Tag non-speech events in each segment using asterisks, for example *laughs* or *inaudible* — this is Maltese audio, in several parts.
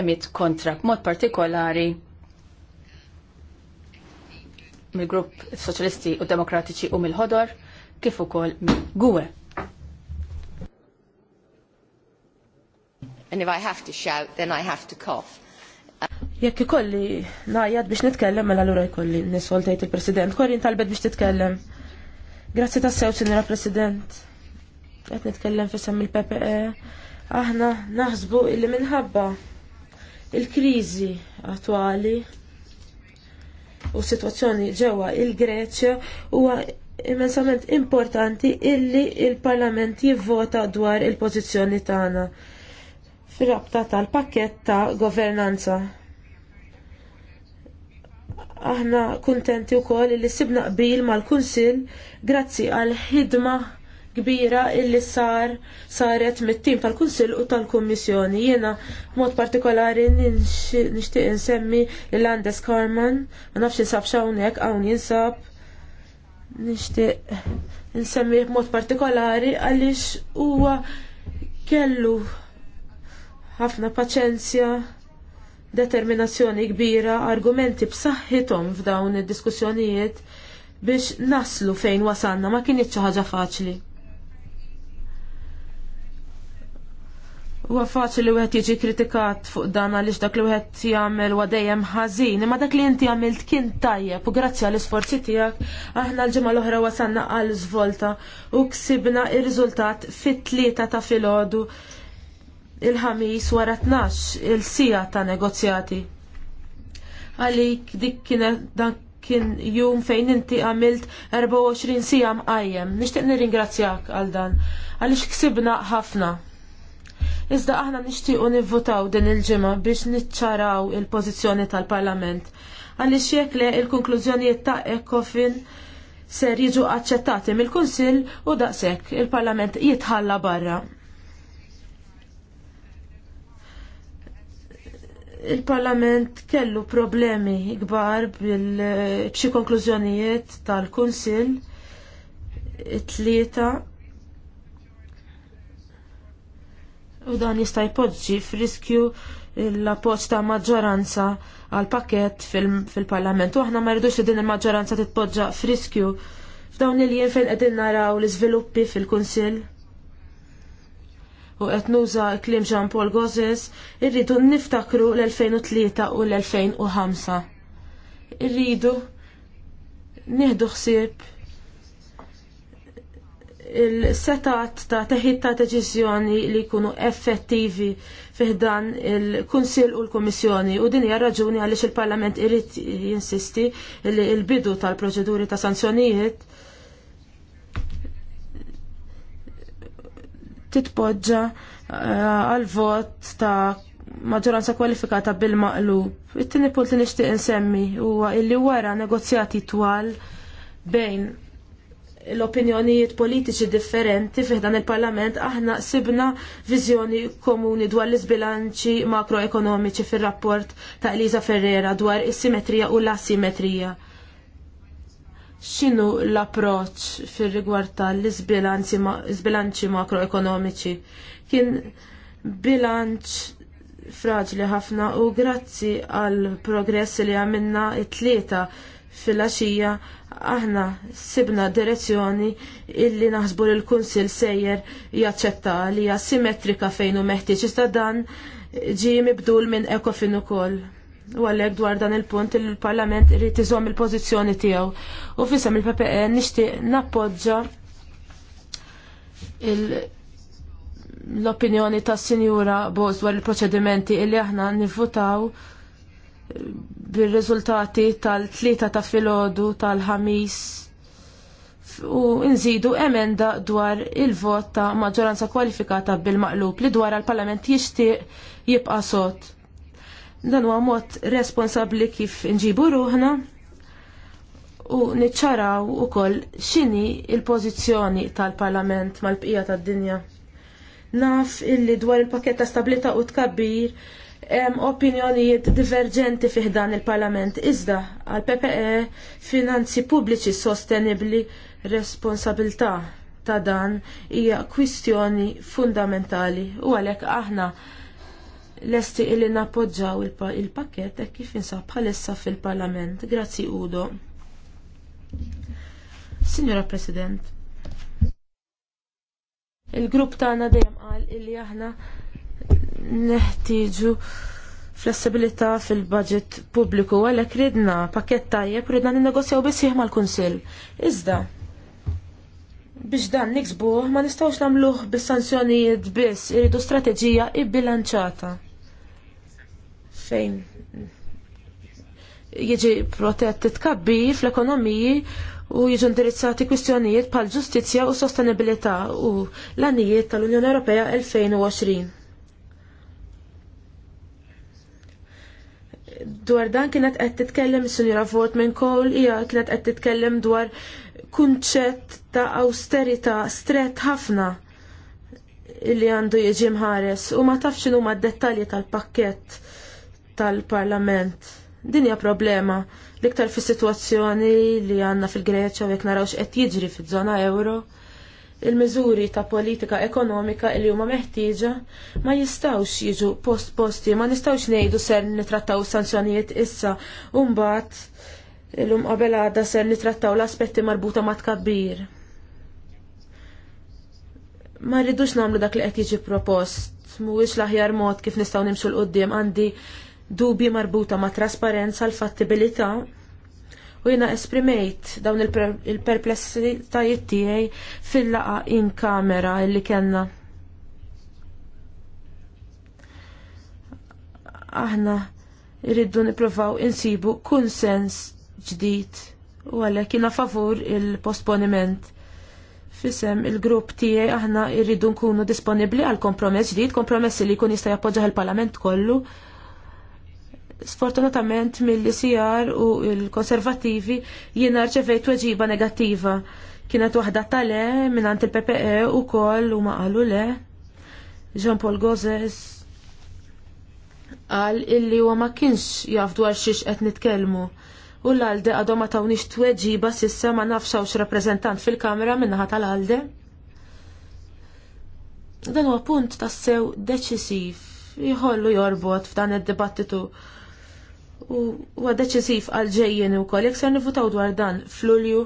emit kontra b'mod partikolari mill-grupp Soċjalisti u Demokratiċi u mill-ħodor kif ukoll mill-GUE. And if I have to shout, then I have to cough. Jekk ikolli najjad biex nitkellem mela allura jkolli nisoltajt il-President. Korri talbet biex titkellem. Grazzi tas-sew, Sinjora President. Qed nitkellem fisem il-PPE. Aħna naħsbu illi minħabba Il-kriżi attwali u situazzjoni ġewwa il-Greċja huwa immensament importanti illi il-Parlament jivvota dwar il-pożizzjoni tagħna fir-rabta tal-pakket ta' governanza. Aħna kuntenti wkoll li sibna qbil mal-Kunsill grazzi għal ħidma kbira illi sar saret mit-tim tal-Kunsill u tal-Kummissjoni. Jiena mod partikolari nixtieq insemmi l-Landes Carman, ma nafx insab hawnhekk hawn jinsab. Nixtieq insemmi b'mod partikolari għaliex huwa kellu ħafna paċenzja, determinazzjoni kbira, argumenti b'saħħithom f'dawn id-diskussjonijiet biex naslu fejn wasanna ma kienitx ħaġa faċli. Huwa faċli li wieħed jiġi kritikat fuq dan għaliex dak li wieħed jagħmel wa dejjem ħażin, imma dak li inti għamilt kien tajjeb u grazzi għall isforzi tiegħek aħna l-ġimgħa l-oħra wasanna għal żvolta u ksibna r riżultat fit-tlieta ta' filgħodu il-ħamis wara tnax il-sija ta' negozjati. Għalik dik kienet dan kien jum fejn inti għamilt 24 sija mqajjem. Nixtieq nirringrazzjak għal dan għaliex ksibna ħafna. Iżda aħna nixtiequ nivvotaw din il-ġimgħa biex niċċaraw il-pożizzjoni tal-Parlament. Għaliex jekk le l konklużjonijiet ta' ECOFIN ser jiġu aċċettati mill-Kunsill u daqshekk il-Parlament jitħalla barra. il-Parlament kellu problemi kbar bil-bxi konklużjonijiet tal kunsill it-tlieta u dan jista' jpoġġi f'riskju l-appoġġ ta' maġġoranza għal pakket fil-Parlament. U aħna ma rridux li din il-maġġoranza titpoġġa f'riskju f'dawn il-jien fejn qegħdin naraw l-iżviluppi fil-Kunsill. U qed nuża klim Jean Paul Gozes irridu niftakru l-2003 u l-2005. Irridu nieħdu ħsieb il-setat ta' teħid ta' deċiżjoni li jkunu effettivi fiħdan il-Kunsil u l-Komissjoni u din hija raġuni għaliex il-Parlament irid jinsisti li l-bidu tal-proċeduri ta' sanzjonijiet titpoġġa eh, għal vot ta' maġġoranza kwalifikata bil-maqlub. It-tieni punt li nixtieq insemmi huwa illi wara negozjati twal bejn l-opinjonijiet politiċi differenti fiħdan il-Parlament aħna sibna viżjoni komuni dwar l-isbilanċi makroekonomiċi fir-rapport ta' Elisa Ferrera dwar is-simetrija u l-asimetrija. X'inhu l-approċċ fir-rigward tal-isbilanċi makroekonomiċi? Kien bilanċ fraġli ħafna u grazzi għal progress li għamilna it-tlieta fil-axija aħna sibna direzzjoni illi naħsbu li l-Kunsil sejjer jaċċetta li hija simmetrika fejn hu meħtieġ iżda dan ġi mibdul minn ekofin ukoll. U għalhekk dwar dan il-punt il parlament irid iżomm il-pożizzjoni tiegħu. U fisem il-PPE nixtieq nappoġġa l-opinjoni tas-Sinjura Bos dwar il-proċedimenti illi aħna nivvutaw bir-riżultati tal-tlieta ta' filgħodu tal-ħamis u nżidu emenda dwar il-vot ta' maġġoranza kwalifikata bil-maqlub li dwar għal-Parlament jixtieq jibqa' sot. Dan huwa mod responsabbli kif nġibu ruħna u niċċaraw ukoll x'inhi il-pożizzjoni tal-Parlament mal-bqija tad-dinja naf illi dwar il-pakket ta' stabilita u tkabbir opinjonijiet diverġenti fiħdan il-Parlament. Iżda għal PPE finanzi pubbliċi sostenibli responsabilità ta' dan hija kwistjoni fundamentali u għalhekk aħna lesti illi nappoġġaw il-pakket hekk kif insab bħalissa fil-Parlament. Grazzi Udo. Signora President, il-grupp tagħna dejjem qal illi aħna neħtieġu flessibilità fil-budget pubbliku għalhekk ridna pakket tajjeb ridna ninnegozjaw biss mal-Kunsill. Iżda biex dan niksbuh ma nistgħux nagħmluh bis-sanzjonijiet biss, iridu strateġija bilanċata Fejn jiġi protett titkabbi fl-ekonomiji u jiġu indirizzati kwistjonijiet bħal ġustizzja u sostenibilità u l-anijiet tal-Unjoni Ewropea 2020. dwar dan kienet qed titkellem is-Sinjura Votman Cole hija kienet qed titkellem dwar kunċett ta' austerità stret ħafna li għandu jiġi mħares u ma tafx huma d-dettalji tal-pakkett tal-Parlament. Din hija problema l-iktar fis-sitwazzjoni li għandna fil-Greċja u jekk narawx qed jiġri fiż-żona euro il-miżuri ta' politika ekonomika li huma meħtieġa ma jistawx jiġu post posti, ma nistawx ngħidu ser nitrattaw sanzjonijiet issa u mbagħad illum qabel għadha ser nitrattaw l-aspetti marbuta ma' tkabbir. Ma rridux nagħmlu dak li qed jiġi propost, mhuwiex l-aħjar mod kif nistgħu nimxu l-qudiem għandi dubi marbuta ma' trasparenza l-fattibilità u jina esprimejt dawn il-perplessitajiet tiegħi fil-laqa in kamera illi kellna. Aħna irridu nippruvaw insibu sens ġdid u għalhekk jiena favur il-posponiment. Fisem il-grupp tiegħi aħna irridu nkunu disponibbli għal kompromess ġdid, kompromess li jkun jista' jappoġġaħ il-Parlament kollu sfortunatament mill-ICR u l-konservativi jiena rċevejt tweġiba negattiva. Kienet waħda tale minnant il-PPE u koll u maqalu le. Jean-Paul Gozes għal illi huwa ma kienx jaf dwar xiex qed nitkellmu. U l alde għadhom ma tawniex tweġiba sissa ma nafxawx rappreżentant fil-kamera minnaħa tal alde Dan huwa punt tassew deċisiv jħollu jorbot f'dan id-dibattitu u huwa deċisiv għal ġejjien ukoll jekk ser nivutaw dwar dan f'Lulju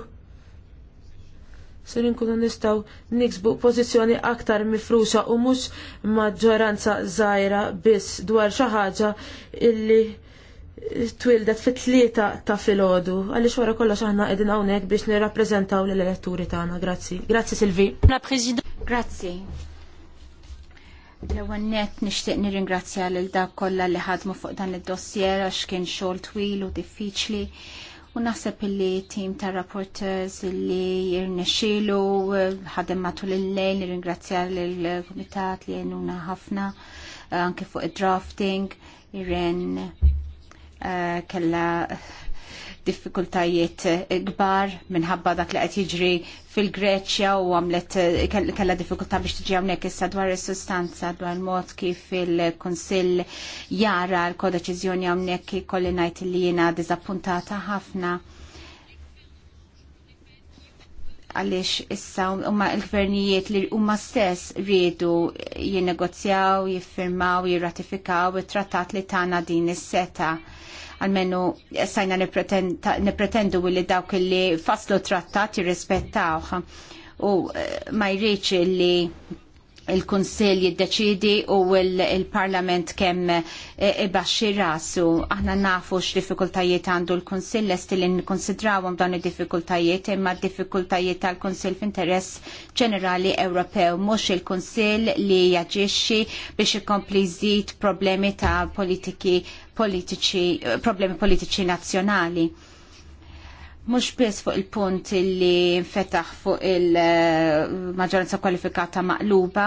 ser nkunu nistgħu niksbu pożizzjoni aktar mifruxa u mhux maġġoranza żgħira biss dwar xi ħaġa illi twildet fit-tlieta ta' filgħodu għaliex wara kollox aħna qegħdin hawnhekk biex nirrappreżentaw lill-elettori tagħna. Grazzi. Grazzi Silvi. Grazzi. L-ewwel nett nixtieq nirringrazzja lil dak kollha li ħadmu fuq dan id-dossier għax kien xogħol twil u diffiċli u naħseb illi tim ta' rapporters li jirnexilu eh, ħadem matul il-lejl nirringrazzja l-komitat li jenuna ħafna eh, anke fuq id-drafting irren eh, kella diffikultajiet kbar eh, minħabba dak li qed jiġri fil-Greċja u għamlet eh, kellha diffikultà biex tiġi hawnhekk issa dwar is-sustanza dwar mod kif il-Kunsill jara l-kodeċiżjoni hawnhekk ikolli ngħid li jiena diżappuntata ħafna għaliex issa huma l-gvernijiet li huma stess rridu jinnegozjaw, jiffirmaw, jirratifikaw it-trattat li tagħna din is-seta' għalmenu sajna nipretendu li dawk li faslu trattat jirrispettawħ u eh, ma jriċ li il-Kunsill jiddeċidi u il-Parlament kemm eh, ibaxxi rasu. Aħna nafu x'diffikultajiet għandu l-Kunsill lest li nkonsidrawhom dawn id-diffikultajiet imma d-diffikultajiet tal-Kunsill f'interess ġenerali Ewropew mhux il-Kunsill li jaġixxi biex ikompli jżid problemi ta' politiki politiċi eh, problemi politiċi nazzjonali mux biss fuq il-punt li fetaħ fuq il-maġġoranza kwalifikata maqluba,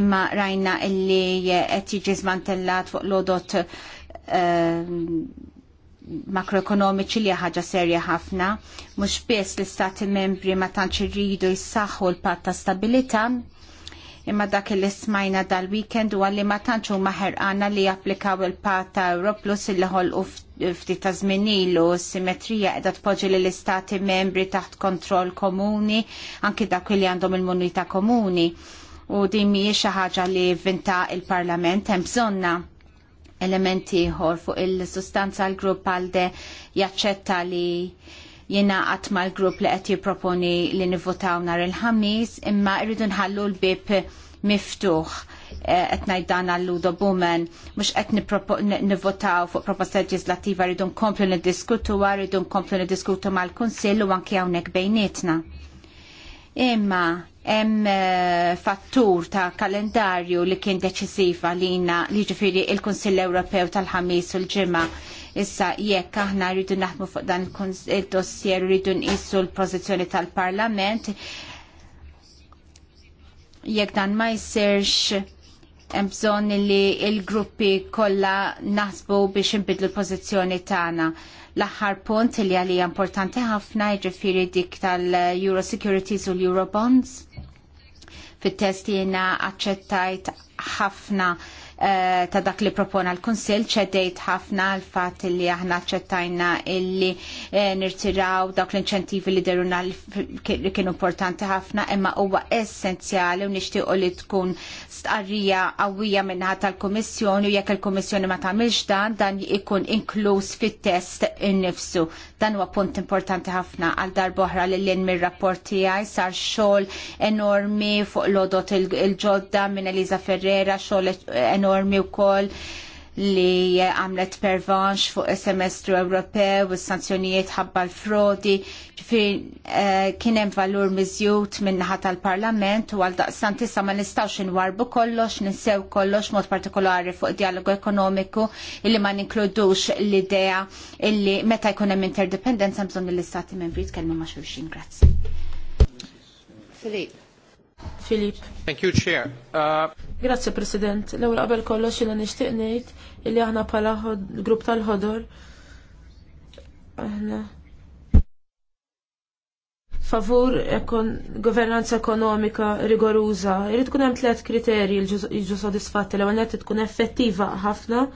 imma rajna illi qed jiġi zmantellat fuq l-odot eh, makroekonomiċi li ħaġa serja ħafna, mhux biss l-istati membri ma tantx irridu jissaħħu l-patt ta' stabilità, imma dak li smajna dal-weekend u għalli ma maħer għana li japplikaw il-pata Europlus il ħol u ftit ta' u simetrija edha tpoġġi li l-istati membri taħt kontroll komuni, anki dak li għandhom il-munita komuni. U din mi xi ħaġa li vinta il-Parlament hemm bżonna elementi ieħor fuq il-sustanza l-grupp għalde jaċċetta li Jiena qatt mal-grupp li qed jipproponi li nivvotaw nhar il-ħamis imma rridu nħallu l-bib miftuħ qed eh, ngħid dan għall-Ludo Bumen mhux qed nivvotaw fuq proposta leġislattiva rridu nkomplu niddiskutuha, rridu nkomplu niddiskutu mal-Kunsill u anke hawnhekk bejnietna. Imma hemm eh, fattur ta' kalendarju li kien li jina li ġifiri il-Kunsill Ewropew tal-ħamis u l-ġimgħa Issa jekk aħna rridu naħdmu fuq dan il-dossier rridu nqisu l-pożizzjoni tal-Parlament jekk dan ma jsirx hemm bżonn li l-gruppi kollha naħsbu biex inbidlu l-pożizzjoni tagħna l-aħħar punt li għalija importanti ħafna jiġifieri dik tal-Euro Securities u l eurobonds Fit-test aċċettajt accettajt ħafna Eh, ta' dak li propona l-Konsil ċedejt ħafna l-fat li aħna ċettajna illi eh, nirtiraw dawk l-inċentivi li deruna li kienu importanti ħafna imma huwa essenzjali u nixtiequ li tkun stqarrija qawwija minnaħa tal-Kummissjoni u jekk il-Kummissjoni ma tagħmilx dan dan ikun inkluż fit-test innifsu Dan huwa punt importanti ħafna għal darboħra li l-in mir-rapport tiegħi sar xogħol enormi fuq l-odot il-ġodda minn Eliza Ferrera, xogħol enormi wkoll li għamlet pervanx fuq semestru Ewropew u s-sanzjonijiet ħabba l-frodi, ġifir eh, kienem valur mizjut minnaħat tal-parlament u għal-daqsan tisa ma nistawx nwarbu kollox, ninsew kollox mod partikolari fuq dialogu ekonomiku illi ma ninkludux l-idea illi meta jkunem interdependenza bżon l-istati membri tkellmu ma xurxin. Grazzi. Filip. Filip. Thank you, Chair. Uh... Grazie, President. L-ewwel qabel kollox jiena nixtieq ngħid illi aħna bħala grupp tal-ħodor aħna favur ekon governanza ekonomika rigoruża. Irid tkun hemm tliet kriterji li jiġu sodisfatti. L-ewwel qed tkun effettiva ħafna,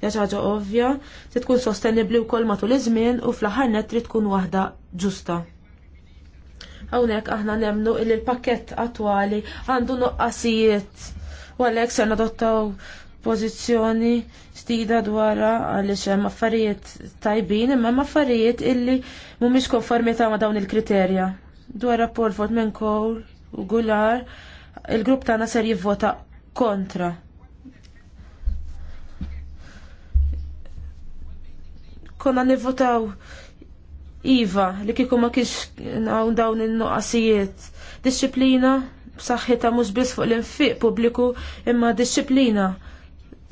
hija ħaġa ovvja, trid tkun sostenibbli wkoll matul iż-żmien u fl-aħħar net trid tkun waħda ġusta. Hawnhekk aħna nemnu il l-pakkett attwali għandu nuqqasijiet u għalhekk se adottaw pożizzjoni stida dwara għaliex hemm affarijiet tajbin imma hemm affarijiet illi mhumiex konformità ma' dawn il-kriterja. Dwar rapport vot minn Kowl u Gular, il-grupp tagħna ser jivvota kontra. Konna nivvotaw Iva, li kiku ma kiex hawn dawn il-nuqqasijiet. Disciplina, b'saħħitha mhux biss fuq l-infiq pubbliku imma disciplina.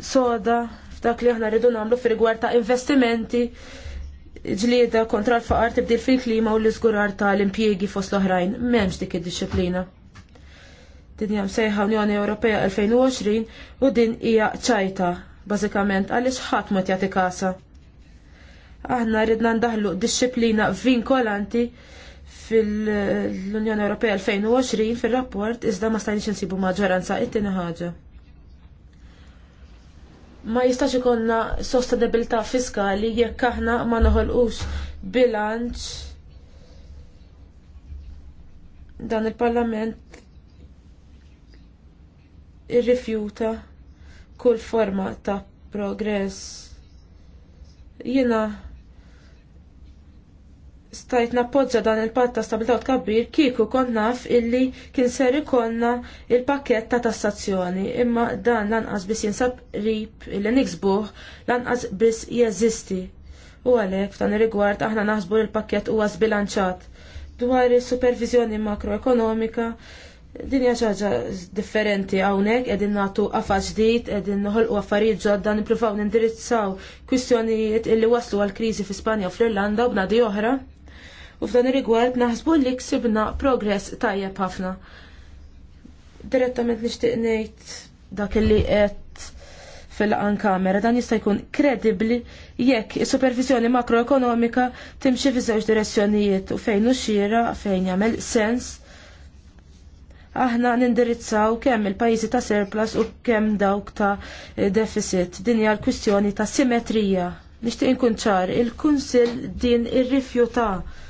soda f'dak li aħna rridu nagħmlu fir-rigward ta' investimenti ġlieda kontra l-faqar tibdil fil-klima u l-iżgurar tal-impjiegi fost l-oħrajn. M'hemmx dik id disciplina Din hija msejħa Unjoni Ewropea 2020 u din hija ċajta bażikament għaliex ħadd ma tjagħti kasa. Aħna ridna ndaħlu disċiplina vinkolanti fil-Unjoni Ewropea 2020 fil-rapport iżda ma stajniex nsibu maġġoranza it-tieni ħaġa. Ma jistax ikonna sostenibilità fiskali jekk aħna ma noħolqux bilanċ dan il-Parlament irrifjuta kull forma ta' progress. Jiena stajt nappoġġa dan il-patt ta' stabilità u tkabbir kieku kont naf illi kien ser ikollna il-pakket ta' tassazzjoni imma dan lanqas biss jinsab qrib illi niksbuh lanqas biss jeżisti. U għalhekk f'dan ir-rigward aħna naħsbu li l-pakket huwa zbilanċat dwar is-supervizjoni makroekonomika din hija xi ħaġa differenti hawnhekk qegħdin nagħtu edin ġdid, qegħdin noħolqu affarijiet ġodda nippruvaw nindirizzaw kwistjonijiet illi waslu għal kriżi fi Spanja u fl-Irlanda u bnadi oħra u f'dan ir-rigward naħsbu li ksibna progress tajjeb ħafna. Direttament nixtieq ngħid dak li qed fil-laqan kamera dan jista' jkun kredibbli jekk is-supervizjoni makroekonomika timxi fi żewġ direzzjonijiet u fejn uxira, fejn jagħmel sens aħna nindirizzaw kemm il-pajjiżi ta' surplus u kemm dawk ta' deficit. Din hija l-kwistjoni ta' simetrija. Nixtieq inkun ċar, il-Kunsill din irrifjuta il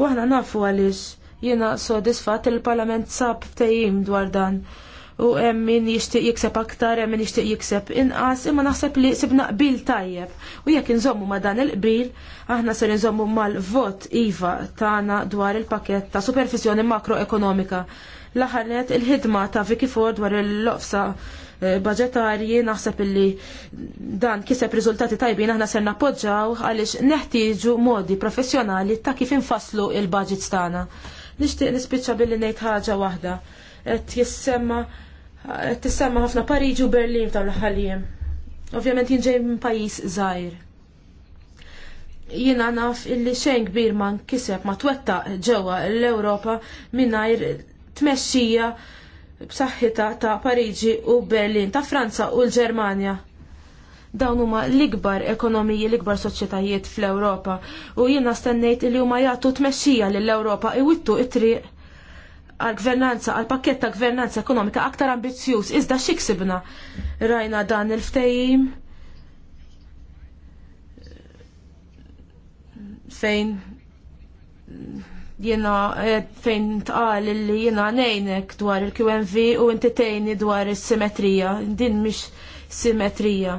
U aħna nafu għaliex jiena sodisfatt il-Parlament sab ftejim dwar dan. U hemm min jixtieq jikseb aktar, emmin jishtiq jixtieq jikseb inqas, imma naħseb li sibna qbil tajjeb. U jekk inżommu ma dan il-qbil, aħna ser nżommu mal-vot iva tagħna dwar il-pakett ta' supervizjoni makroekonomika. l il-ħidma ta' Vicky Ford dwar il-loqsa budgetarji naħseb illi dan kiseb riżultati tajbin aħna ser nappoġġaw għaliex neħtieġu modi professjonali ta' kif infasslu il-budgets tagħna. Nixtieq nispiċċa billi ngħid ħaġa waħda. Qed jissemma qed tissemma ħafna Pariġi u Berlin ta' l-ħaliem. Ovvjament jinġej minn pajjiż żgħir jina naf illi xejn kbir ma nkiseb ma twettaq ġewwa l-Ewropa mingħajr tmexxija B'saħħita ta' Pariġi u Berlin, ta' Franza u l-Ġermanja. Dawn huma l-ikbar ekonomiji, l-ikbar soċjetajiet fl-Ewropa u jiena stennejt li huma jagħtu tmexxija lill-Ewropa iwittu it-triq għal gvernanza, għal pakket ta' gvernanza ekonomika aktar ambizzjuż, iżda xiksibna rajna dan il-ftejim fejn jena eh, fejn tqal li jena nejnek dwar il-QMV u inti tejni dwar is-simetrija, din mhix simetrija.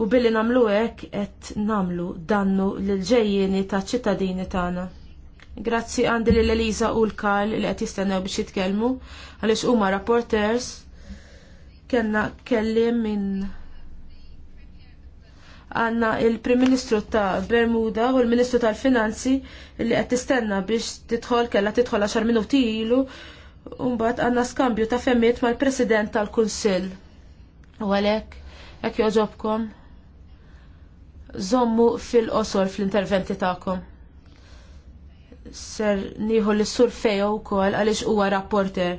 U billi namlu hekk qed namlu dannu l ġejjini taċ ċittadini tagħna. Grazzi għandi l Eliza u l-Karl li qed jistennew biex jitkellmu għaliex huma rapporters kellna kellim minn għanna il-Prim Ministru ta' Bermuda u l-Ministru tal-Finanzi li qed tistenna biex tidħol kella tidħol 10 minuti ilu Umbat għanna skambju ta' femmiet mal-President tal-Kunsill. U għalek, jek joġobkom, zommu fil-qosor fl-interventi ta'kom. Ser nieħu l-sur fejo u kol għalix huwa rapporter,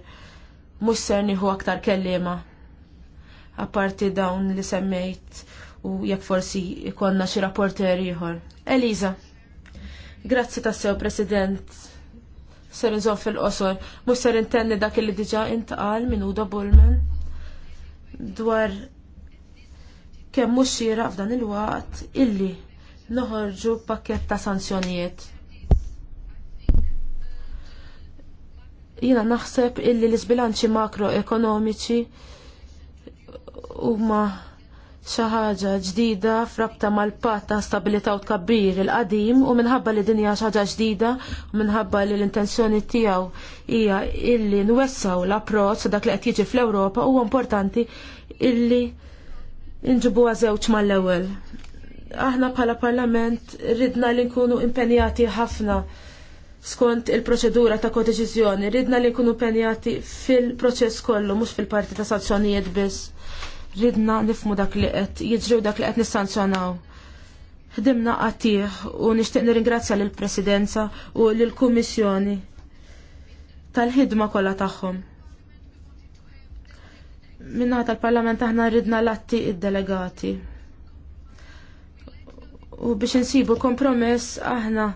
mux ser niħu aktar kellima. Aparti dawn li semmejt u jekk forsi konna xi rapporter ieħor. Eliza, grazzi tassew President. Ser nżomm fil-qosor, mhux ser intenni dak li diġà intqal minn Uda Bullman dwar kemm mhux xira f'dan il-waqt illi noħorġu pakket ta' sanzjonijiet. Jiena naħseb illi l izbilanċi makroekonomiċi huma xi ħaġa ġdida frabta mal-patt ta' stabilità u tkabbir il-qadim u minħabba li din hija xi ħaġa ġdida u minħabba li l-intenzjoni tiegħu hija illi nwessaw l-approċċ dak li qed jiġi fl-Ewropa huwa importanti illi nġibu żewġ mal-ewwel. Aħna bħala Parlament ridna li nkunu impenjati ħafna skont il-proċedura ta' kodeċiżjoni, ridna li nkunu impenjati fil-proċess kollu mhux fil-parti ta' sanzjonijiet biss ridna nifmu dak li qed jiġri dak li qed nissanzjonaw. Ħdimna qatih u nixtieq nirringrazzja lill presidenza u lill kummissjoni tal-ħidma kollha tagħhom. Minna tal-Parlament aħna ridna latti id-delegati. U biex insibu kompromess aħna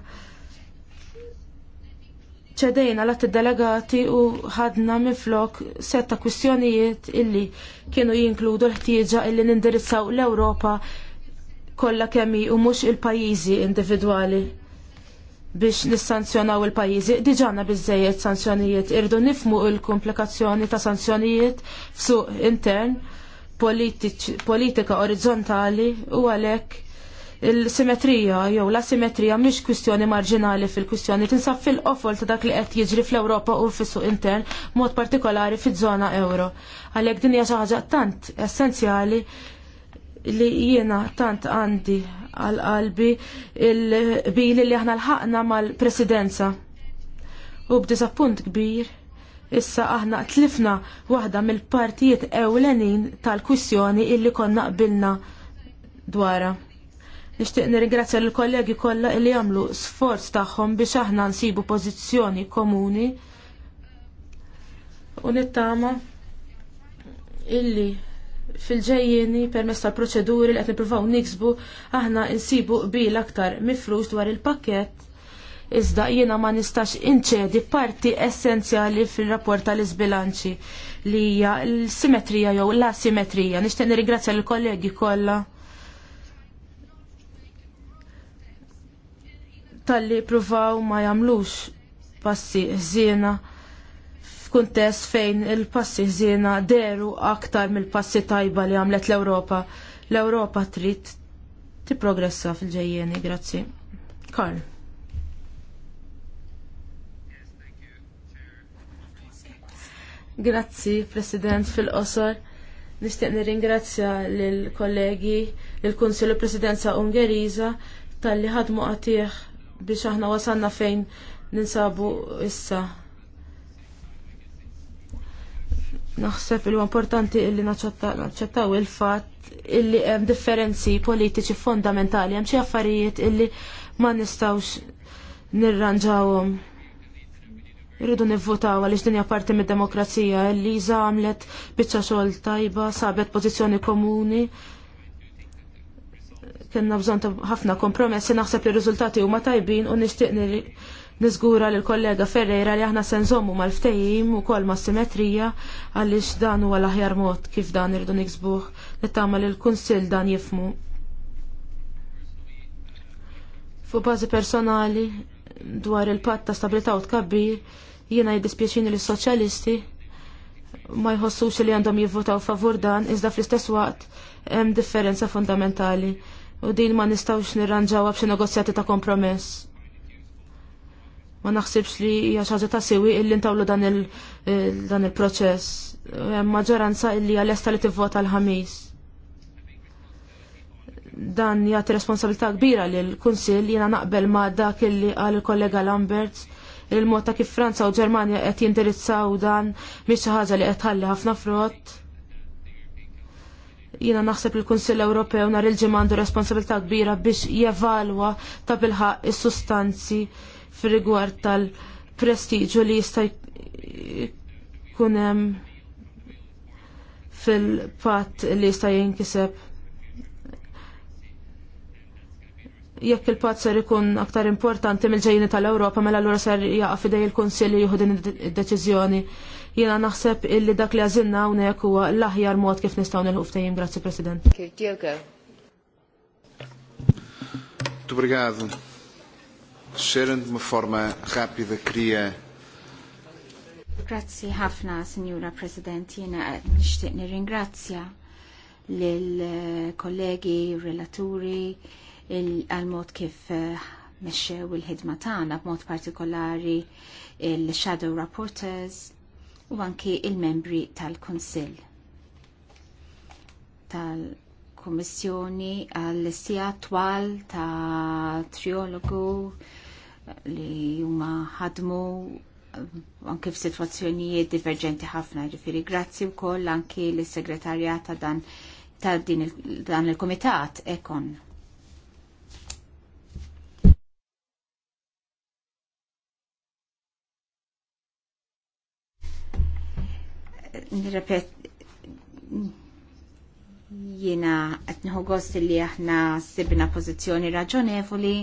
ċedejna l delegati u ħadna miflok setta kwistjonijiet illi kienu jinkludu l-ħtieġa illi nindirizzaw l-Ewropa kollha kemmi u mhux il-pajjiżi individwali biex nissanzjonaw il-pajjiżi. Diġana bizzejiet sanzjonijiet irdu nifmu il-komplikazzjoni ta' sanzjonijiet f'suq intern politika orizzontali u għalhekk il-simetrija jew la simetrija mhix kwistjoni marġinali fil-kwistjoni tinsab fil-qofol ta' dak li qed jiġri fl-Ewropa u fis-suq intern mod partikolari fiż-żona euro. Għalhekk din hija xi ħaġa tant essenzjali li jiena tant għandi għal qalbi il-bili li aħna l-ħaqna mal-presidenza. U b'disappunt kbir, issa aħna tlifna waħda mill-partijiet ewlenin tal kwistjoni illi konna qbilna dwara. Nixtieq nirringrazzja lill kollegi kollha li jagħmlu sforz tagħhom biex aħna nsibu pożizzjoni komuni u nittama illi fil-ġejjeni permess tal-proċeduri li qed nippruvaw niksbu aħna nsibu qbil aktar mifrux dwar il-pakkett iżda jiena ma nistax inċedi parti essenzjali fil-rapport tal-isbilanċi li hija l-simetrija jew l-asimetrija. Nixtieq nirringrazzja lill kollegi kollha tal-li pruvaw ma jamlux passi ħżiena f'kuntest fejn il-passi ħżiena deru aktar mill-passi tajba li għamlet l-Ewropa. L-Ewropa trid tipprogressa fil-ġejjeni, grazzi. Karl. Grazzi, President, fil-qosor. Nistieq nirringrazzja lill kollegi lill kunsilu Presidenza Ungeriża talli ħadmu qatih biex aħna wasanna fejn ninsabu issa. Naħseb il importanti illi naċċettaw il-fatt illi hemm differenzi politiċi fondamentali, hemm xi affarijiet illi ma nistawx nirranġawhom. Irridu nivvutaw għaliex dinja parti mid-demokrazija illi għamlet biċċa xogħol tajba, sabet pożizzjoni komuni kena bżon ta' ħafna kompromessi naħseb li riżultati huma tajbin u nixtieq niżgura l kollega Ferreira li aħna se nżommu mal-ftehim ukoll ma' simetrija għaliex dan huwa l-aħjar mod kif dan irdu niksbuh nittama li l-kunsill dan jifmu. Fu bażi personali dwar il-patt ta' stabilità u tkabbir jiena jiddispjaċini li soċjalisti ma jħossux li għandhom jivvotaw favur dan iżda fl-istess waqt hemm differenza fundamentali u din ma nistawx nirranġawha b'xi negozjati ta' kompromess. Ma naħsibx li hija xi ħaġa ta' siwi illi ntawlu dan il-proċess. Hemm maġġoranza illi hija lesta li tivvota l-ħamis. Dan jagħti responsabilità kbira l kunsill jiena naqbel ma' dak illi għal il-kollega Lambert il-mod ta' kif Franza u Ġermania qed jindirizzaw dan mhix xi ħaġa li qed ħalli ħafna frott Jiena naħseb il-Kunsill Ewropew nhar il-ġimgħa għandu responsabilità kbira biex jevalwa ta' bilħa il sustanzi fir-rigward tal-prestiġu li jista' jkun hemm fil-patt li jista' jinkiseb. jekk il-patt ser ikun aktar importanti mill-ġejjini tal-Ewropa mela allura ser jaqa' fidej il-Kunsill jieħu din id-deċiżjoni. id deċiżjoni Jena naħseb illi dak li għazinna unek huwa l-aħjar mod kif nistaw nil-ħuftajim. Grazie, President. Diogo. Obrigado. Sharon, de uma forma rápida, queria Grazzi ħafna, Signora President, jena nishtiq nirringrazzja lill-kollegi, relaturi, għal-mod kif eh, mexxew il-ħidma tagħna b'mod partikolari il-Shadow Rapporters u anki il-membri tal-Konsil tal komissjoni għall-sija twal ta' triologu li huma ħadmu eh, anke f'sitwazzjonijiet divergenti ħafna, ġifiri grazzi wkoll anki l segretarja ta' dan ta' din il-komitat ekon. nirrepet jina għetnħu gost li aħna sibna pozizjoni raġonevoli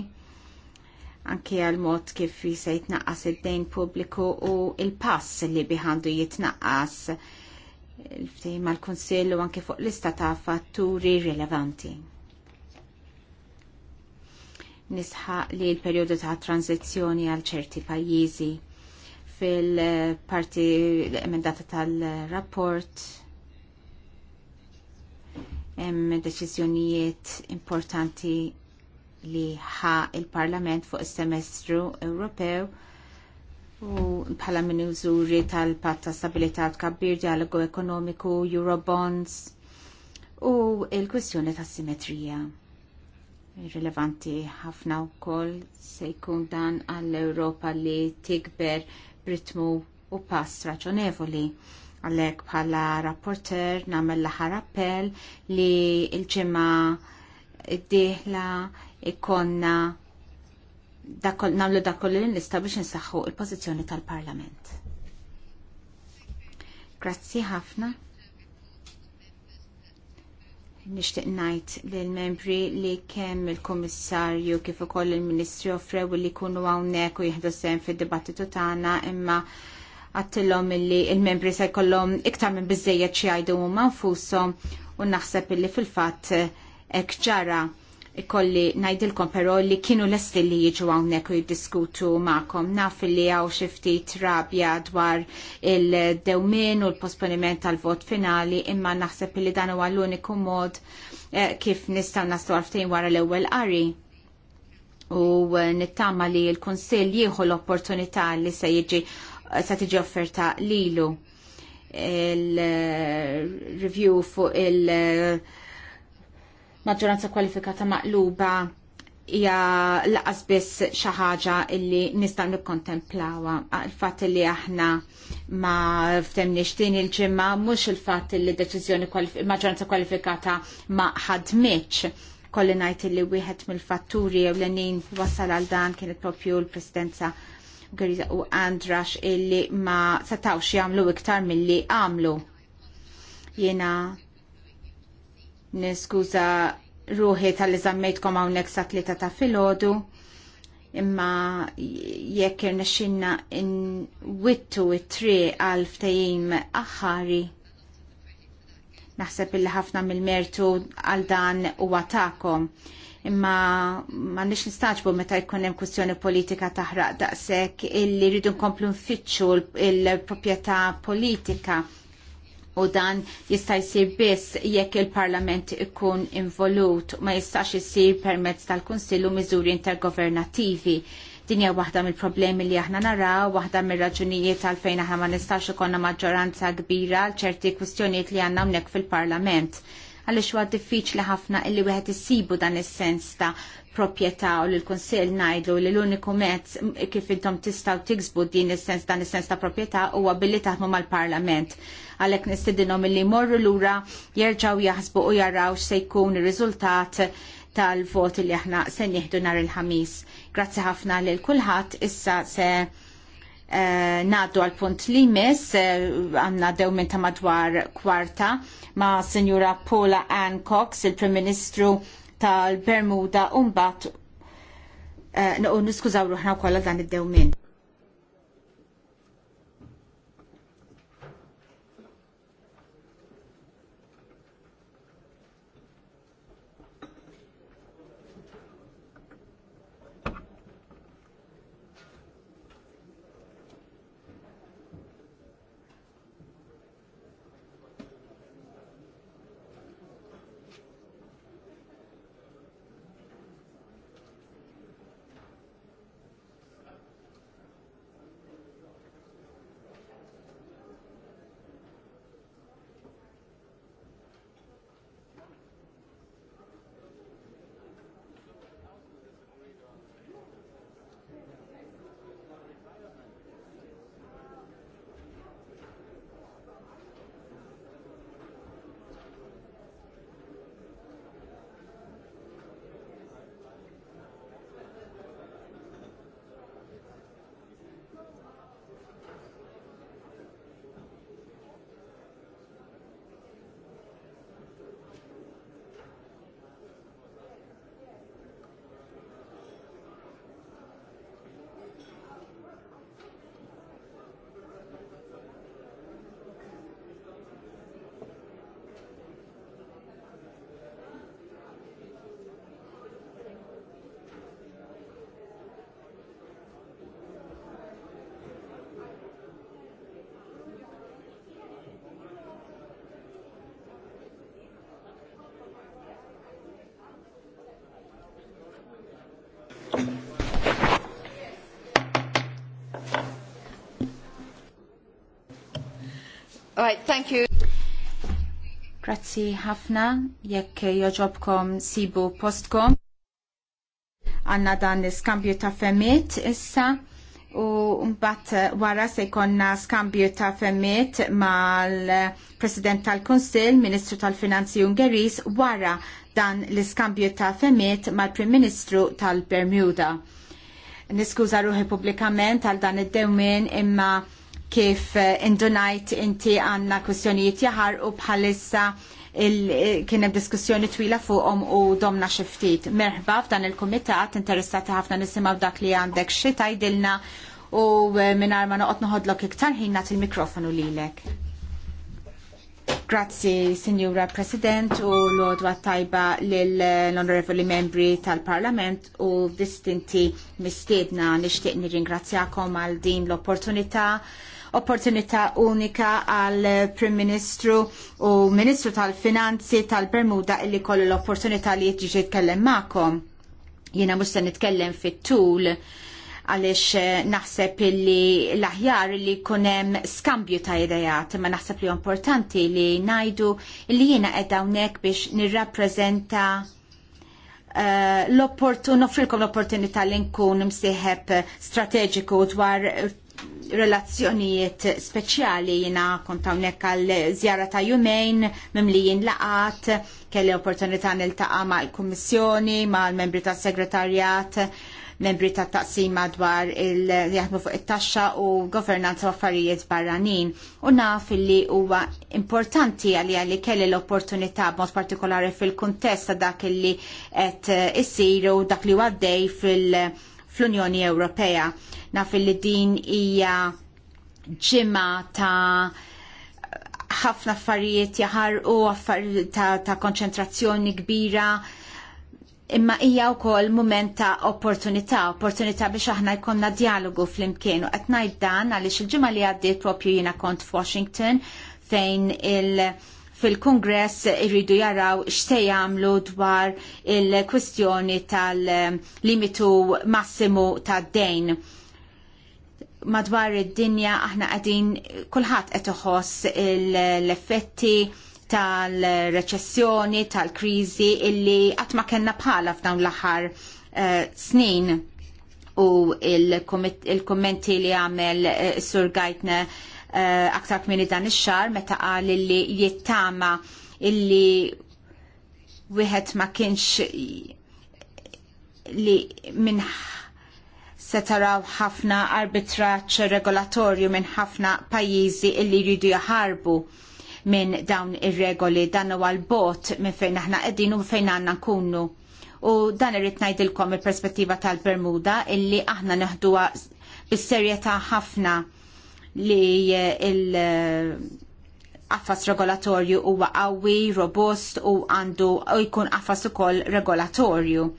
anke għal mod kif se jitnaqqas id-dejn pubbliku u il-pass li biħandu jitnaqqas il-ftejn mal-Kunsill u anke fuq lista ta' fatturi rilevanti. Nisħaq li l-perjodu ta' tranzizzjoni għal ċerti pajjiżi fil-parti emendata tal-rapport hemm deċiżjonijiet importanti li ħa il-Parlament fuq is-semestru Ewropew u bħala minn użuri tal-patt ta' stabilità tkabbir dialogu ekonomiku, Eurobonds u il-kwistjoni ta' simetrija. Rilevanti ħafna wkoll se jkun dan għall-Ewropa li tikber b'ritmu u pass raġonevoli. Għalhekk bħala rapporter nagħmel l-aħħar appell li l-ġimgħa id-dieħla ikonna nagħmlu dakollu kollu li nista' biex insaħħu il-pożizzjoni tal-Parlament. Grazzi ħafna nixtieq ngħid lill membri li kemm il-Kummissarju kif ukoll il-Ministri offrew li jkunu hawnhekk u jieħdu sehem fid-dibattitu tagħna imma għattilhom illi il-membri se jkollhom iktar minn biżejjed xi jgħidu huma nfushom u naħseb illi fil-fatt hekk ġara ikolli najdilkom però li kienu lesti li jiġu hawnhekk u jiddiskutu magħkom. Naf li għaw xi ftit dwar il dewmin u l-posponiment tal-vot finali imma naħseb li dan huwa l-uniku mod eh, kif nistaw nastu għarftin wara l-ewwel qari u eh, nittama li l-Kunsill jieħu l-opportunità li se jieġi eh, se tiġi offerta lilu il-review fuq il-, -review maġġoranza kwalifikata maqluba hija laqas biss xi ħaġa illi nistgħu nikkontemplawha il-fatt li aħna ma ftemniex din il-ġimgħa mhux il-fatt li deċiżjoni maġġoranza kwalifikata ma ħadmitx kolli ngħid li wieħed mill-fatturi jew lenin wassal għal dan kienet propju l-presidenza Griza u Andrax illi ma setawx jagħmlu iktar milli għamlu. Jena Niskuża ruħi tal-eżammejtkom hawnhekk sa tlieta ta' filgħodu imma jekk irnexxinna wittu it-tri għal ftehim aħħari. Naħseb illi ħafna mill-mertu għal dan huwa għatakom. imma ma nix nistaġbu meta jkun hemm kwistjoni politika taħraq daqshekk illi rridu nkomplu nfittxu l-proprjetà politika u dan jista' jsir biss jekk il-Parlament ikun involut ma jistax jsir permezz tal-Kunsillu miżuri intergovernattivi. Din hija waħda mill-problemi li aħna naraw, waħda mir-raġunijiet għalfejn aħna ma nistax ikonna maġġoranza kbira għal ċerti kwistjonijiet li għandna hawnhekk fil-Parlament għaliex huwa diffiċli ħafna illi wieħed issibu dan is-sens ta' proprjetà u l-Kunsill ngħidu li l-uniku mezz kif intom tistgħu tiksbu din is-sens dan is-sens ta' proprjetà huwa billi taħdmu mal-Parlament. Għalhekk nistidinhom illi jmorru lura jerġgħu jaħsbu u jaraw x'se jkun ir-riżultat tal-voti li aħna se nieħdu nhar il-ħamis. Grazzi ħafna lil kulħadd issa se Eh, naddu għal punt li mis, eh, għanna dew minn ta' madwar kwarta ma' Senjura Paula Ann Cox, il-Prim Ministru tal-Bermuda, un bat, eh, niskużaw ruħna u kolla dan id-dew minn. Right, thank you. Grazzi ħafna jekk joġobkom sibu postkom. Għanna dan l-skambju ta' femmit issa u mbagħad wara se jkollna skambju ta' femmiet mal-President tal-Kunsill, Ministru tal-Finanzi Ungeris wara dan l-iskambju ta' femmiet mal-Prim Ministru tal-Bermuda. Niskuża ruħi pubblikament għal dan id-dewmien imma kif eh, indunajt inti għanna kwistjonijiet jaħar u bħalissa eh, kienem diskussjoni twila fuqhom u domna xiftit. Merħba f'dan il-komitat interessati ħafna nisimgħu dak li għandek xi tajdilna u eh, minar ma noqgħod noħodlok iktar ħin nagħti il-mikrofonu lilek. Grazzi, Signora President, u l-odwa tajba l-onorevoli membri tal-Parlament u distinti mistiedna nixtieq nirringrazzjakom għal din l-opportunità opportunità unika għal Prim Ministru u Ministru tal-Finanzi tal-Bermuda illi kollu l-opportunità li jiġi jitkellem magħkom. Jiena mhux se nitkellem fit-tul għalix eh, naħseb illi l-aħjar li kunem skambju ta' idejat, ma naħseb li importanti li najdu li jena hawnhekk biex nirrapprezenta eh, l-opportun, offrilkom l-opportunità li nkun msieħeb strateġiku dwar relazzjonijiet speċjali jina kont hawnhekk għal żjara ta' jumejn mimlijin laqat, kelli opportunità niltaqa' mal-Kummissjoni, mal-membri tas-Segretarjat, membri ta' taqsima dwar il-jaħdmu fuq it-taxxa u governanza affarijiet barranin. U naf li huwa importanti għalija li kelli l-opportunità b'mod partikolari fil-kuntest ta' dak li qed issiru u dak li għaddej fil- fl-Unjoni Ewropea. Naf li din hija ġimma ta' ħafna affarijiet jaħarqu u ta', ta konċentrazzjoni kbira imma hija wkoll mument ta' opportunità, opportunità biex aħna jkollna dialogu fl-imkien u qed ngħid dan għaliex il-ġimgħa li għaddiet propju jiena kont Washington fejn il- fil-Kongress irridu jaraw x'se jagħmlu dwar il-kwistjoni tal-limitu massimu tad-dejn. Madwar id-dinja aħna qegħdin kulħadd qed iħoss l-effetti tal-reċessjoni, tal-kriżi illi qatt ma kellna bħala f'dawn l-aħħar eh, snin u il-kommenti li għamel eh, Sur Gajtna Eh, aktar kmini dan ix-xar meta qal li jittama illi wieħed ma kienx li minn se taraw ħafna arbitraċ regolatorju minn ħafna pajjiżi illi jridu jaħarbu minn dawn ir-regoli dan huwa l-bot minn fejn aħna qegħdin u fejn għandna nkunu. U dan irrid ngħidilkom il-perspettiva tal-Bermuda illi aħna neħduha bis-serjetà ħafna li eh, il- eh, affas regolatorju huwa qawwi, robust u għandu jkun affas ukoll regolatorju.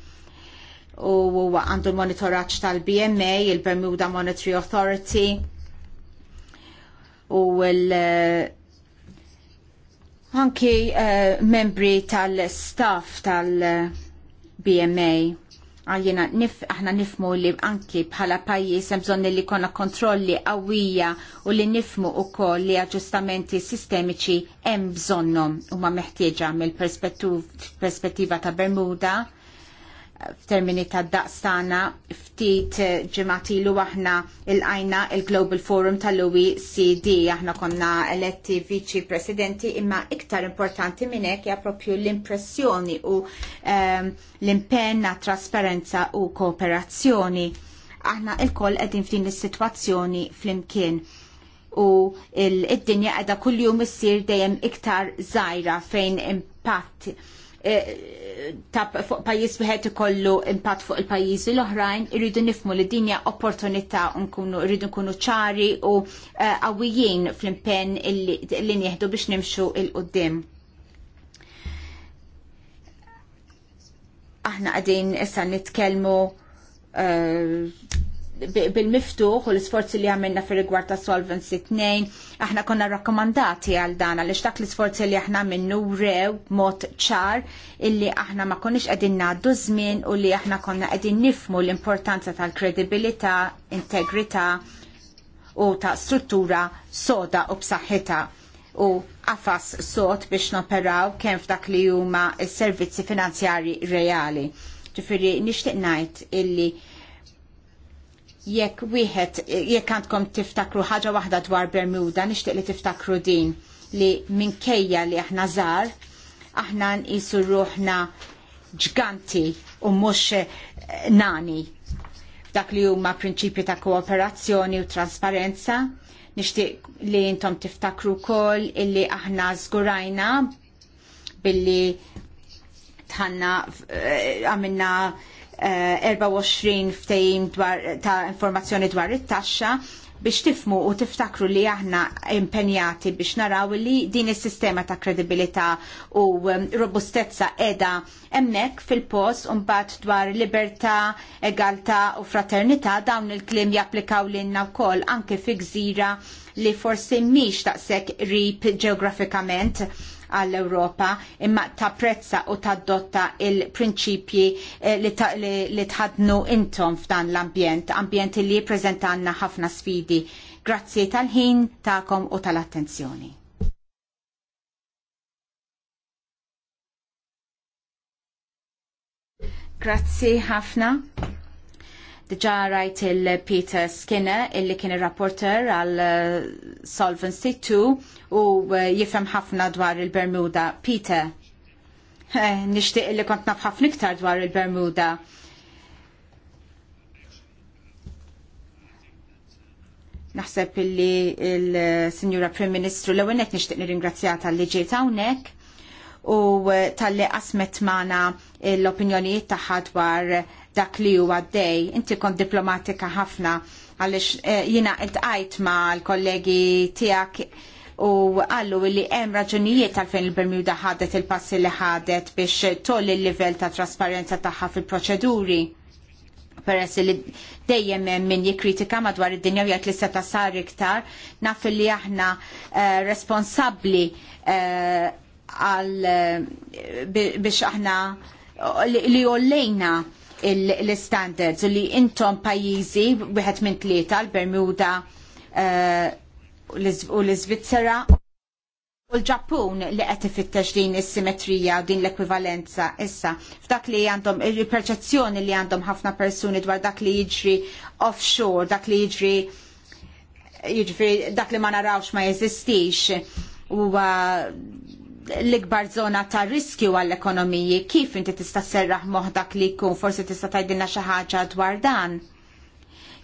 U għandu l-monitoraġġ tal-BMA, il-Bermuda Monetary Authority u l- eh, anki uh, membri tal-staff tal-BMA għajjena ah, nif, aħna nifmu li anki bħala pajis bżonni li konna kontrolli għawija u li nifmu u koll li aġustamenti sistemiċi hemm bżonnom u ma meħtieġa mill-perspettiva ta' Bermuda f'termini ta' tagħna ftit eh, ġematilu aħna il-għajna il-Global Forum tal-OECD aħna konna eletti viċi presidenti imma iktar importanti minn hekk hija propju l-impressjoni u um, l-impenn għat trasparenza u kooperazzjoni. Aħna il-koll qegħdin f'din is-sitwazzjoni flimkien u id-dinja qiegħda kuljum issir dejjem iktar żgħira fejn impatt Eh, ta' fuq pajjiż wieħed ikollu impatt fuq il-pajjiżi l-oħrajn, irridu nifmu li din hija opportunità nkunu irridu nkunu ċari u eh, qawwijin fl-impenn li nieħdu biex nimxu il qudiem Aħna qegħdin issa nitkellmu eh, bil-miftuħ u l-isforzi li għamilna fir rigward ta' Solvency 2, aħna konna rakkomandati għal dan għaliex dak l-isforzi li aħna minnu rew mod ċar illi aħna ma konniex qegħdin ngħaddu żmien u li aħna konna qegħdin nifmu l-importanza tal-kredibilità, integrità u ta' struttura soda u b'saħħitha u qafas sod biex noperaw kemm f'dak li huma s-servizzi finanzjarji reali. Ġifieri nixtieq ngħid illi jekk wieħed jekk għandkom tiftakru ħaġa waħda dwar Bermuda nixtieq li tiftakru din li minkejja li aħna żar aħna nqisu ruħna ġganti u mhux eh, nani dak li huma prinċipji ta' kooperazzjoni u trasparenza nixtieq li intom tiftakru wkoll illi aħna żgurajna billi tħanna eh, għamilna uh, 24 eh, ftehim ta' informazzjoni dwar it-taxxa biex tifmu u tiftakru li aħna impenjati biex naraw li din is-sistema ta' kredibilità u um, robustezza edha emmek fil-post unbat dwar libertà, egaltà u fraternità dawn il-klim japplikaw l-inna u anke fi gżira li forsi miex taqsek rip ġeografikament għall ewropa imma tapprezza u tadotta il-prinċipji eh, li tħadnu intom f'dan l-ambjent, ambjent li jippreżentanna ħafna sfidi. Grazzi tal-ħin tagħkom u tal-attenzjoni. Grazzi ħafna. Diġa rajt il-Peter Skinner illi kien il-rapporter għal eh, Solvency 2 u eh, jifem ħafna dwar il-Bermuda. Peter, eh, nishtiq illi kont naf ħafna iktar dwar il-Bermuda. Naħseb illi il-Sinjura Prim Ministru l-ewwel qed nixtieq nirringrazzjata li ġiet hawnhekk u tal-li qasmet maħna l-opinjonijiet tagħha dwar dak li huwa dej. Inti kont diplomatika ħafna għaliex eh, jina jina iltqajt ma' l-kollegi tiegħek u għallu li hemm raġunijiet għalfejn il-Bermuda ħadet il-passi li ħadet biex toll il-livell ta' trasparenza tagħha fil-proċeduri. Peress li dejjem hemm min jikkritika madwar id-dinja u jgħid li seta' sar iktar, naf li aħna responsabli eh, responsabbli eh, għal biex aħna li jollejna l-standards u li intom pajjiżi wieħed minn tlieta l-Bermuda eh, u l-Iżvizzera u l-Ġappun li qed ifittex din is-simetrija u din l-ekwivalenza issa f'dak li għandhom il-perċezzjoni li għandhom ħafna persuni dwar dak li jiġri offshore, dak li jiġri jiġri dak li ma narawx ma jeżistix u eh, l-ikbar zona ta' riskju għall-ekonomiji, kif inti tista' serraħ moħdak li jkun forsi tista' tgħidilna xi ħaġa dwar dan?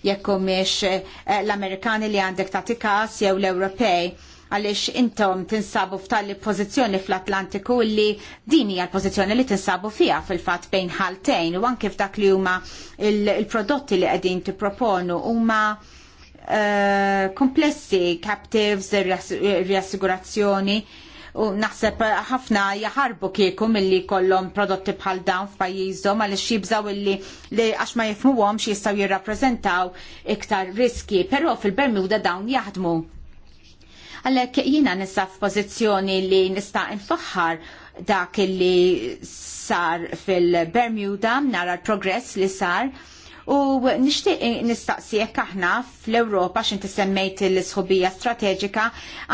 Jekk mhix eh, l-Amerikani li għandek tagħti każ jew l-Ewropej għaliex intom tinsabu f'tali pożizzjoni fl-Atlantiku li din hija l-pożizzjoni li tinsabu fiha fil-fatt bejn ħaltejn u anke f'dak li huma il-prodotti li qegħdin tipproponu huma eh, komplessi captives, riassigurazzjoni, u naħseb ħafna jaħarbu kieku milli kollhom prodotti bħal dawn f'pajjiżhom għaliex jibżaw illi li għax ma xi jistgħu jirrappreżentaw iktar riski, però fil-Bermuda dawn jaħdmu. Għalhekk jiena nista' f'pożizzjoni li nista' nfaħħar dak li sar fil-Bermuda nara l-progress li sar U nixtieq nistaqsijek aħna fl-Ewropa x'inti semmejt l-sħubija strateġika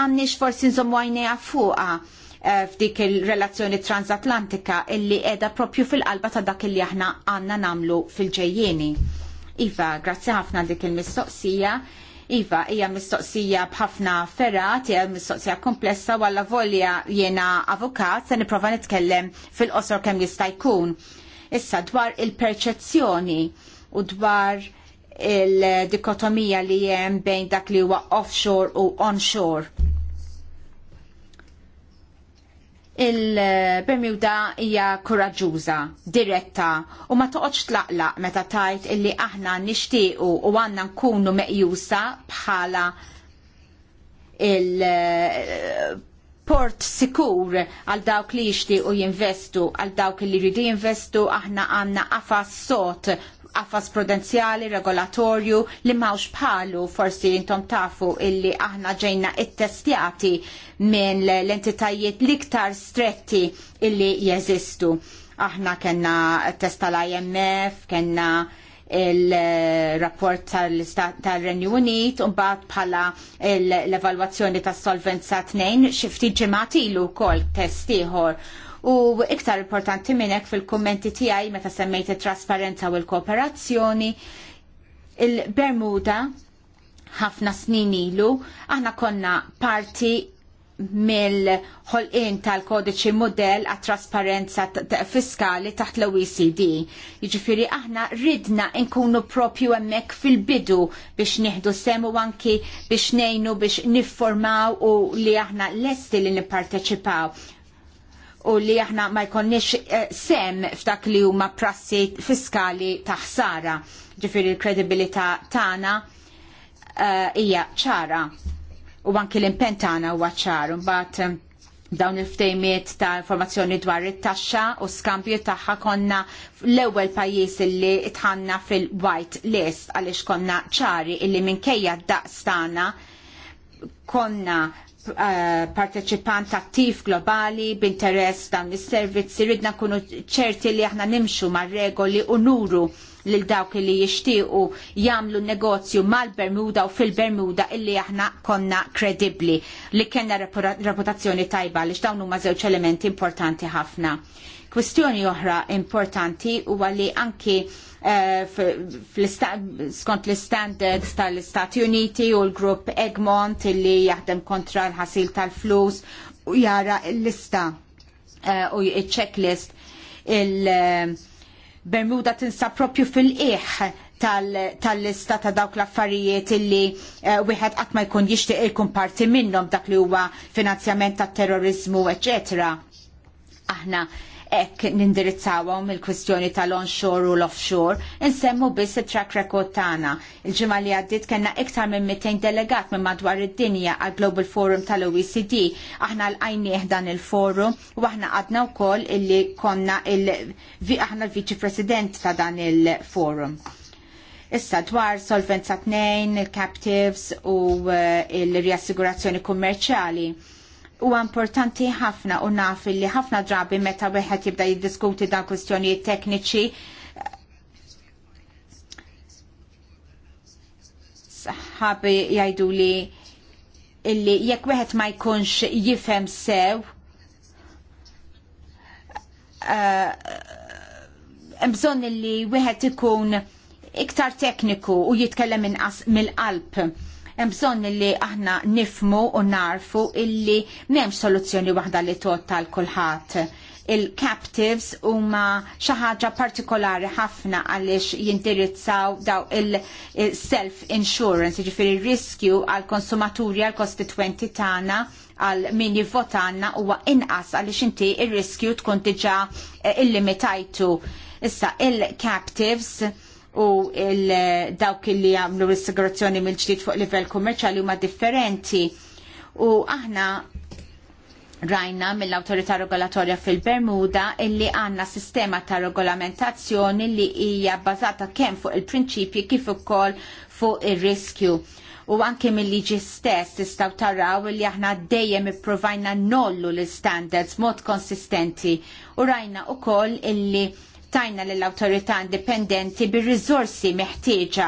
għandniex forsi nżommu għajnejha fuqha eh, f'dik il-relazzjoni transatlantika illi qiegħda propju fil-qalba ta' dak illi aħna għandna nagħmlu fil-ġejjieni. Iva, grazzi ħafna dik il-mistoqsija. Iva, hija mistoqsija bħafna ferrat, hija mistoqsija komplessa, walla volja jiena avukat, se nipprova nitkellem fil-qosor kemm jista' jkun. Issa dwar il-perċezzjoni u dwar il-dikotomija li hemm bejn dak li huwa offshore u onshore. Il-Bermuda hija kuraġuża, diretta u ma toqgħodx tlaqlaq meta tajt illi aħna nixtiequ u għandna nkunu meqjusa bħala il- port sikur għal dawk li jixtiequ jinvestu, għal dawk li jridu jinvestu aħna għandna qafas sot affas prudenzjali, regolatorju li mawx palu forsi intom tafu illi aħna ġejna it-testjati minn l-entitajiet liktar stretti illi jeżistu. Aħna kena testa l-IMF, kena il-rapport tal-Renju Unit, bat bħala l-evalwazzjoni tas solvenza 2, xifti ġematilu kol testiħor U iktar importanti minnek fil-kommenti tiegħi meta semmejt it-trasparenza u l-kooperazzjoni, il-Bermuda ħafna snin ilu, aħna konna parti mill-ħolqien tal-kodiċi model għat trasparenza fiskali taħt l-OECD. Jiġifieri aħna ridna nkunu propju hemmhekk fil-bidu biex nieħdu semu anki biex ngħinu biex nifformaw u li aħna lesti li nipparteċipaw u li aħna ma jkonniex eh, sem f'dak li huma prassi fiskali ta' ħsara. Ġifieri l-kredibilità tagħna eh, hija uh, ċara u anki l impent tagħna huwa ċar. Mbagħad eh, dawn il-ftejmiet ta' informazzjoni dwar it-taxxa u skambju tagħha konna l-ewwel pajjiż li tħanna fil-white list għaliex konna ċari illi minkejja daqs tagħna konna Eh, parteċipant attiv globali b'interess dan is-servizzi ridna nkunu ċerti li aħna nimxu mar regoli u nuru lil dawk li jixtiequ jagħmlu negozju mal-Bermuda u fil-Bermuda illi aħna konna kredibbli li kellna reputazzjoni tajba li dawn huma żewġ elementi importanti ħafna. Kwistjoni oħra importanti huwa li anki Eh, skont l-standards tal-Istati Uniti u l-grupp Egmont illi jaħdem kontra l-ħasil tal-flus u jara l-lista eh, u il-checklist il-Bermuda eh, tinsa propju fil-iħ tal-lista ta' dawk l-affarijiet illi wieħed qatt ma jkun jixtieq ikun parti minnhom dak li huwa finanzjament tat terrorizmu, eccetera Aħna ek nindirizzawhom il-kwistjoni tal-onshore u l-offshore, insemmu biss it-track record tagħna. Il-ġimgħa li għaddiet kellna iktar minn 200 delegat minn madwar id-dinja għal Global Forum tal-OECD. Aħna l-għajnieh dan il-forum u aħna għadna wkoll illi konna il- aħna l-viċi president ta' dan il-forum. Issa dwar Solvenza 2, il-captives u eh, il-riassigurazzjoni kummerċjali huwa importanti ħafna u naf li ħafna drabi meta wieħed jibda jiddiskuti dan kwistjonijiet tekniċi ħabi jajdu li illi jekk wieħed ma jkunx jifhem sew eh, hemm uh, bżonn illi wieħed ikun iktar tekniku u jitkellem inqas mill-qalb hemm bżonn li aħna nifmu u narfu illi m'hemmx soluzzjoni waħda li total kulħadd il-captives huma xi ħaġa partikolari ħafna għaliex jindirizzaw daw il-self insurance, jiġifieri riskju għall konsumaturi għall kostitwenti tagħna għal min jivvotanna huwa inqas għaliex inti ir-riskju tkun diġà eh, illimitajtu. Issa il-captives u dawk li għamlu l sigurazzjoni mill-ġdid fuq livell kummerċali huma differenti. U aħna rajna mill-autorità regolatorja fil-Bermuda illi għanna sistema ta' regolamentazzjoni li hija bbażata kemm fuq il-prinċipji kif ukoll fuq ir-riskju. U anke mill-liġi stess tistgħu taraw li aħna dejjem ipprovajna nollu l istandards mod konsistenti u rajna wkoll illi tajna l-autorità indipendenti bir-riżorsi meħtieġa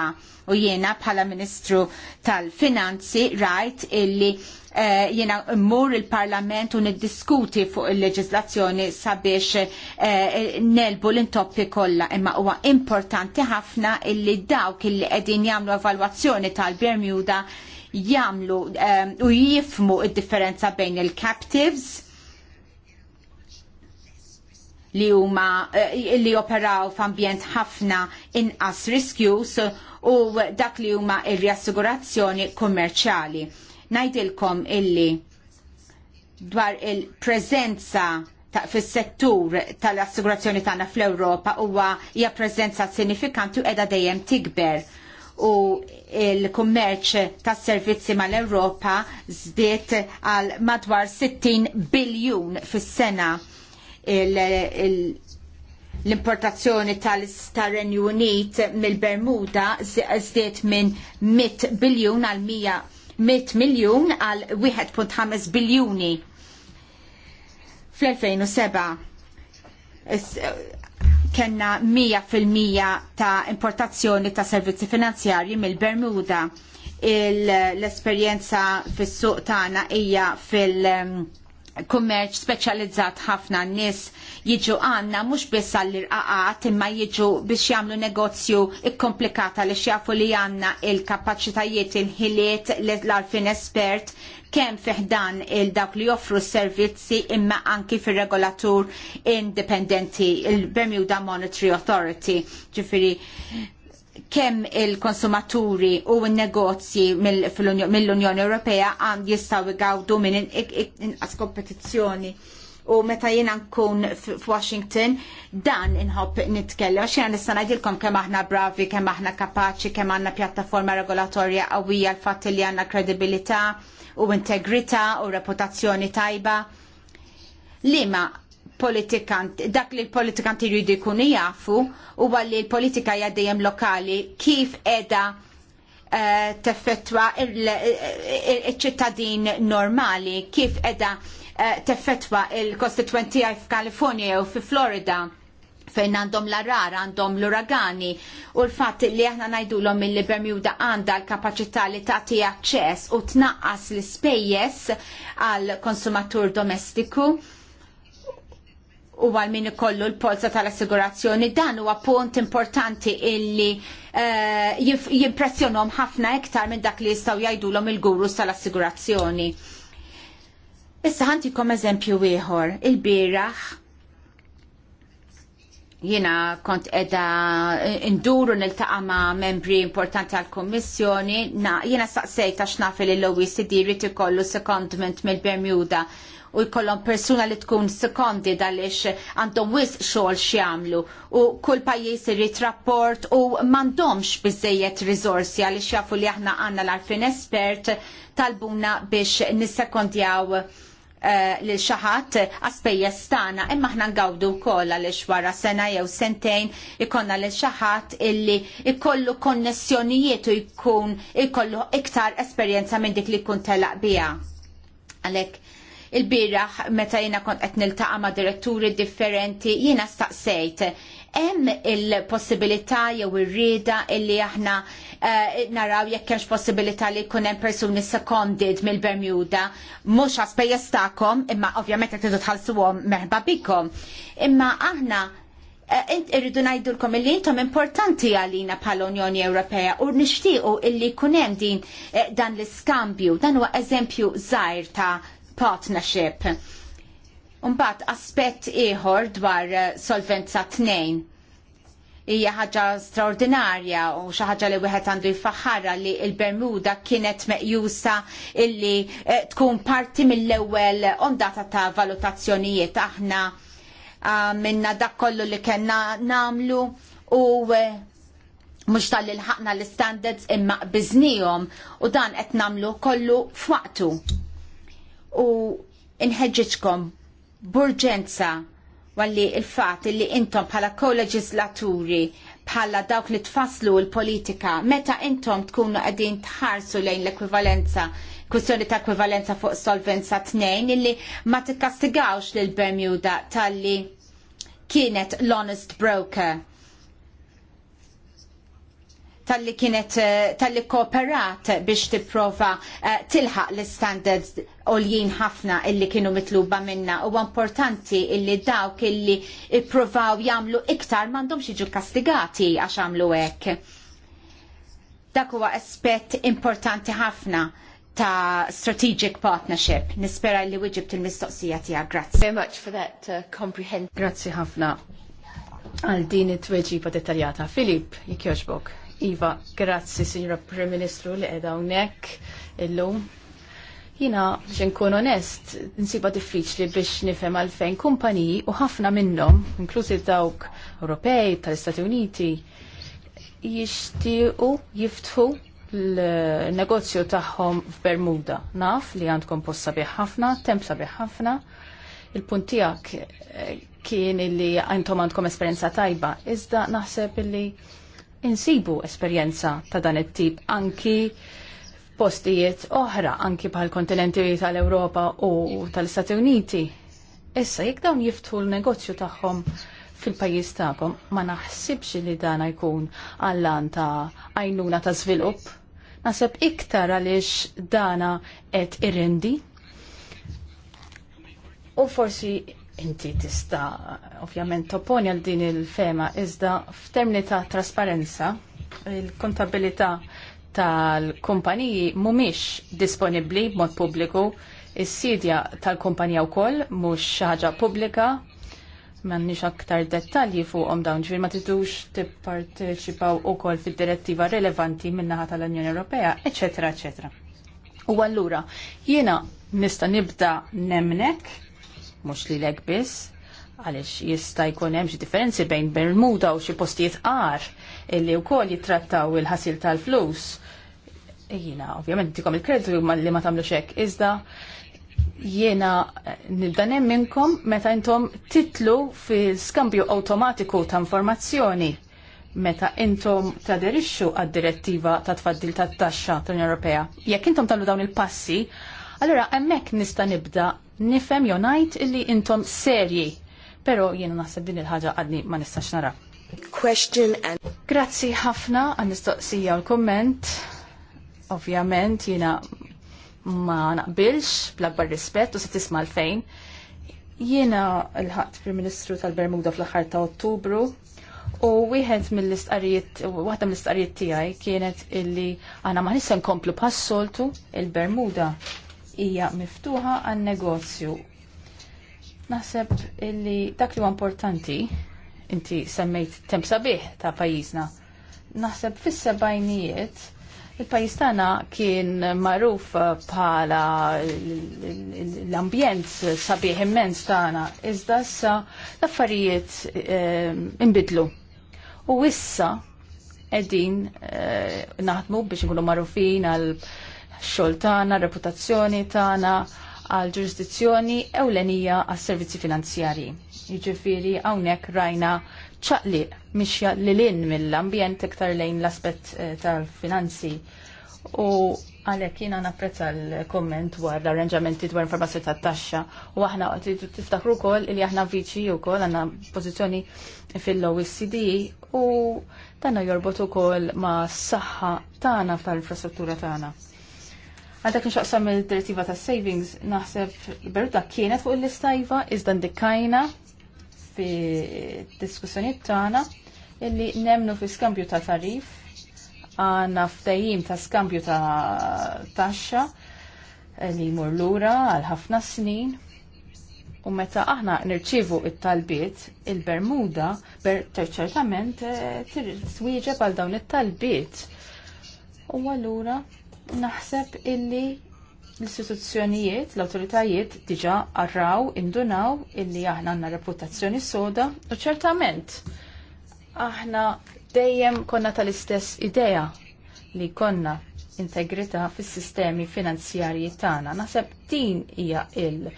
u jiena bħala Ministru tal-Finanzi rajt illi eh, jiena mmur il-Parlament u niddiskuti fuq il-leġislazzjoni sabiex eh, nelbu l-intoppi kollha imma huwa importanti ħafna illi dawk illi qegħdin jagħmlu evalwazzjoni tal-Bermuda jagħmlu eh, u jifmu id-differenza bejn il-captives li huma eh, li operaw f'ambjent ħafna inqas riskjus u dak li huma ir-riassigurazzjoni kummerċjali. Ngħidilkom illi dwar il-preżenza ta' fis-settur tal-assigurazzjoni tagħna fl-Ewropa huwa hija preżenza sinifikanti u qiegħda dejjem tikber u il-kummerċ tas servizzi mal-Ewropa zdiet għal madwar 60 biljun fis-sena l-importazzjoni tal-Renju Unit mill-Bermuda zdiet minn 100 biljun għal 100 miljun għal 1.5 biljuni fl-2007 kena 100% ta' importazzjoni ta' servizzi finanzjarji mill-Bermuda l-esperienza fis-suq tagħna hija fil- -bermuda kummerċ speċjalizzat ħafna n nies jiġu għanna mhux biss għall-irqaqat imma jiġu biex jagħmlu negozju ikkomplikata li xjafu li għandna il-kapaċitajiet il-ħiliet l-arfin espert kemm fiħdan il-dawk li joffru s servizzi imma anki fir-regolatur indipendenti il-Bermuda Monetary Authority. ġifiri kemm il-konsumaturi u n-negozji mill-Unjoni Ewropea għand jistgħu jgawdu minn inqas kompetizzjoni. U meta jiena nkun f'Washington, dan inħobb nitkellem, għax jiena nista' ngħidilkom kemm aħna bravi, kemm aħna kapaċi, kemm għandna pjattaforma regolatorja qawwija l-fatt li għandna kredibilità u integrità u reputazzjoni tajba. Lima politikant, dak li l-politikanti jridu jkunu jafu u li l-politika hija dejjem lokali kif edha eh, teffettwa eh, il-ċittadin normali, kif edha uh, teffettwa il-kostituenti f'Kalifornija u fi Florida fejn għandhom l-arar, għandhom l-uragani u l-fatt li aħna najdulhom li Bermuda għandha l-kapaċità li tagħti aċċess u tnaqqas l-ispejjeż għal konsumatur domestiku u għal min ikollu l-polza tal-assigurazzjoni dan huwa punt importanti illi eh, jimpressjonhom ħafna iktar minn dak li jistgħu jgħidulhom il-gurus tal-assigurazzjoni. Issa ħantikom eżempju ieħor, il-bieraħ jina kont edha induru niltaqa ma' membri importanti għal kommissjoni na jina saqsejta x'naf li l-OECD rrid kollu secondment mill-Bermuda u jkollhom persuna li tkun sekondi dalix għandhom wisq xogħol x'jagħmlu u kull pajjiż irid rapport u m'għandhomx biżejjed riżorsi għaliex jafu li aħna għandna l-arfin espert talbuna biex nissekondjaw eh, li xaħat għaspejja stana imma ħna ngawdu kolla li xwara sena jew sentejn ikonna li xaħat illi ikollu konnessjonijiet u jkun ikollu iktar esperjenza minn dik li kun telaq bija. Għalek Il-biraħ meta jiena kont qed niltaqa' ma' diretturi differenti jiena staqsejt hemm il-possibilità jew ir-rieda illi aħna uh, naraw jekk hemmx possibilità li jkun hemm persuni seconded mill-Bermuda mhux għaspejjeż tagħkom imma ovvjament qed tidu tħallsuhom meħba bikom. Imma aħna eh, int irridu najdulkom illi intom importanti għalina pal Unjoni Ewropea u nixtiequ illi kunem din eh, dan l-iskambju, dan huwa eżempju zaħir ta' partnership. Umbat aspett ieħor dwar eh, solvenza tnejn hija ħaġa straordinarja u xi ħaġa li wieħed għandu jfaħħarha li l-Bermuda kienet meqjusa illi eh, tkun parti mill-ewwel ondata ta' valutazzjonijiet aħna ah, minna dak kollu li kellna namlu u eh, mhux tal ħaqna l-standards imma biznijom u dan qed namlu kollu f'waqtu u inħedġiċkom burġenza għalli il-fat li intom bħala koleġislaturi bħala dawk li tfasslu l-politika, meta intom tkunu għedin tħarsu lejn l ekvivalenza kwistjoni ta' ekvivalenza fuq solvenza t-nejn illi ma t-kastigawx l Bermuda tal-li kienet l-honest broker tal-li kienet eh, tal-li kooperat biex tipprova eh, tilħaq l-standards oljin ħafna illi kienu mitluba minna u importanti illi dawk illi ipprovaw jamlu iktar mandom jiġu kastigati għax għamlu hekk. Dak huwa aspett importanti ħafna ta' strategic partnership. Nispera li wieġib il-mistoqsija tiegħek. Grazzi. Very much for that uh, comprehensive. Grazzi ħafna għal din it-tweġiba dettaljata. Filip, jekk Iva, grazzi, Signora Prim Ministru, li edha unnek illum. Jina, biex nkun onest, nsiba diffiċli biex nifhem għalfejn kumpaniji u ħafna minnhom, inklużi dawk Ewropej tal-Istati Uniti, jixtiequ jiftħu l-negozju tagħhom f'Bermuda. Naf li għandkom post sabiħ ħafna, temp sabiħ ħafna. Il-punt tiegħek eh, kien li għandkom għandkom esperjenza tajba. Iżda naħseb li insibu esperjenza ta' dan it-tip anki postijiet oħra, anki bħal kontinenti tal-Europa u tal-Stati Uniti. Issa jekk dawn jiftħu l-negozju tagħhom fil-pajjiż tagħkom, ma naħsibx li dan jkun għallan ta' għajnuna ta' żvilupp. Naseb iktar għaliex dana qed irrendi. U forsi Inti tista' ovvjament topponi għal din il-fema iżda f'termini ta' trasparenza il-kontabilità tal-kumpaniji mhumiex disponibbli b'mod pubbliku is-sidja tal-kumpanija wkoll mhux ħaġa pubblika m'għandniex aktar dettalji fuqhom dawn ġifier ma tridux tipparteċipaw ukoll fid-direttiva rilevanti min-naħa tal-Unjoni Ewropea, eċetera, eċetera. U allura jiena nista' nibda nemnek mhux lilek biss, għaliex jista' jkun hemm xi differenzi bejn Bermuda u xi postijiet għar illi wkoll jittrattaw il-ħasil tal-flus. Jiena, ovvjament tikom il-kreditu li ma tagħmlux hekk, iżda jiena eh, nibdan hemm minnkom meta intom titlu fi skambju awtomatiku ta' informazzjoni meta intom taderixxu għad-direttiva ta' tfaddil tat taxxa tal-Unjoni Ewropea. Jekk intom tagħmlu dawn il-passi, allura hemmhekk nista' nibda nifhem jew ngħid illi intom serji. Però jiena naħseb din il-ħaġa għadni ma nistax nara. Question and Grazzi ħafna għan mistoqsija u l-komment. Ovvjament jiena ma naqbilx bl-akbar rispett u se tisma' l-fejn. Jiena l-ħadd Prim Ministru tal-Bermuda fl-aħħar ta' Ottubru U wieħed mill-istqarijiet, waħda mill-istqarijiet tiegħi kienet illi għana ma nista nkomplu pas-soltu il-Bermuda hija miftuħa għan negozju. Naħseb illi dak li huwa importanti inti semmejt temp sabiħ ta' pajjiżna. Naħseb fis-sebajnijiet il pajjiż tagħna kien magħruf bħala l-ambjent sabiħ immens tagħna, iżda issa l-affarijiet eh, inbidlu. U issa qegħdin eh, naħdmu biex nkunu magħrufin għal xogħol tagħna, reputazzjoni tagħna għal ġurisdizzjoni ewlenija għas servizzi finanzjarji. Jiġifieri hawnhekk rajna ċaqli mixja lilin mill-ambjent iktar lejn l-aspett eh, tal-finanzi. U għalhekk jiena napprezza l-komment dwar l-arranġamenti dwar informazzjoni tat-taxxa u aħna tiftakru wkoll li aħna viċi wkoll għandna pożizzjoni fil-OECD u tagħna jorbot ukoll ma' s-saħħa tagħna tal-infrastruttura tagħna. Għadak nxaqsam il-direttiva ta' savings, naħseb l l-beruta kienet fuq il istajva iżda ndikajna fi diskussjoniet tagħna illi nemnu fi skambju ta' tarif, għanna ftajim ta' skambju ta' taxxa li jmur lura għal ħafna snin. U meta aħna nirċivu it-talbiet, il-Bermuda, ċertament, tir-swieġeb għal dawn it-talbiet. U għallura, Naħseb illi l-istituzzjonijiet, l-autoritajiet diġa arraw, indunaw illi aħna għanna reputazzjoni soda u ċertament aħna dejjem konna tal-istess idea li konna integrita fis sistemi finanzjarji tagħna. Naħseb din hija il-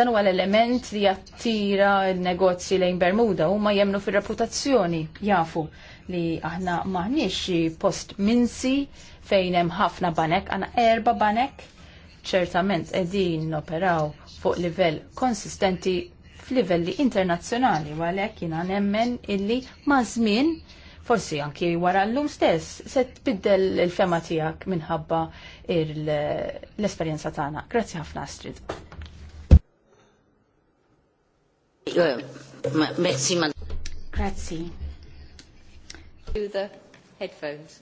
dan huwa l-element li jattira il-negozji lejn Bermuda u ma jemnu fir reputazzjoni jafu li aħna maħniex post minsi fejn hemm ħafna banek, għana erba banek, ċertament edin noperaw fuq livell konsistenti f'livelli internazzjonali, għalhekk jiena nemmen illi ma' żmien forsi anki wara l-lum stess se tbiddel il-fema tiegħek minħabba l-esperjenza tagħna. Grazzi ħafna Astrid. Grazzi. The headphones.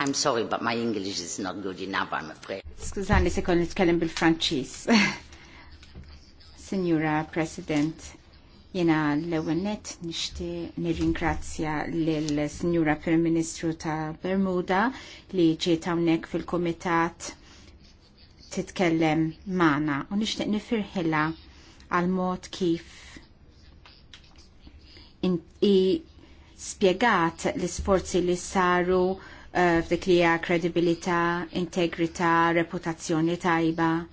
I'm sorry, but my English is not good enough, I'm afraid. Skużani se kon nitkellem bil-Franċiż. *laughs* Signora President, jena l-ewwel nett nixtieq nirringrazzja l Signora Prim Ministru ta' Bermuda li ġiet hawnhekk fil-Kumitat titkellem mana. u nixtieq nifirħilha għal mod kif i spjegat l-isforzi li saru Eh, f'dik li hija kredibilità, integrità, reputazzjoni tajba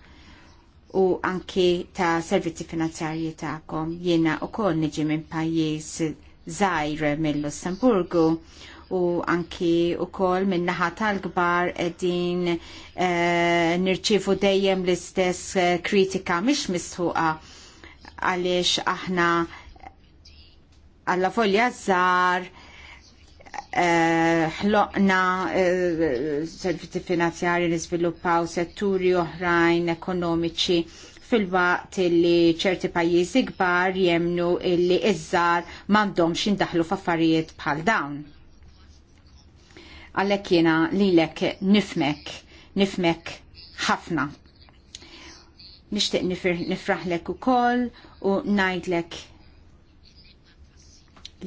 u anki ta' servizzi finanzjarji tagħkom. Jiena wkoll niġi minn pajjiż żgħir mill-Lussemburgu u anki u minn naħa tal-gbar edin e, eh, nirċivu dejjem l-istess eh, kritika mish misħuqa għalix aħna għalla volja zzar ħloqna eh, servizzi finanzjari li setturi oħrajn ekonomiċi fil-waqt li ċerti pajjiżi kbar jemnu illi iż-żar m'għandhomx jindaħlu f'affarijiet bħal dawn. Għalhekk jiena lilek nifmek, nifmek ħafna. Nixtieq nifraħlek ukoll u ngħidlek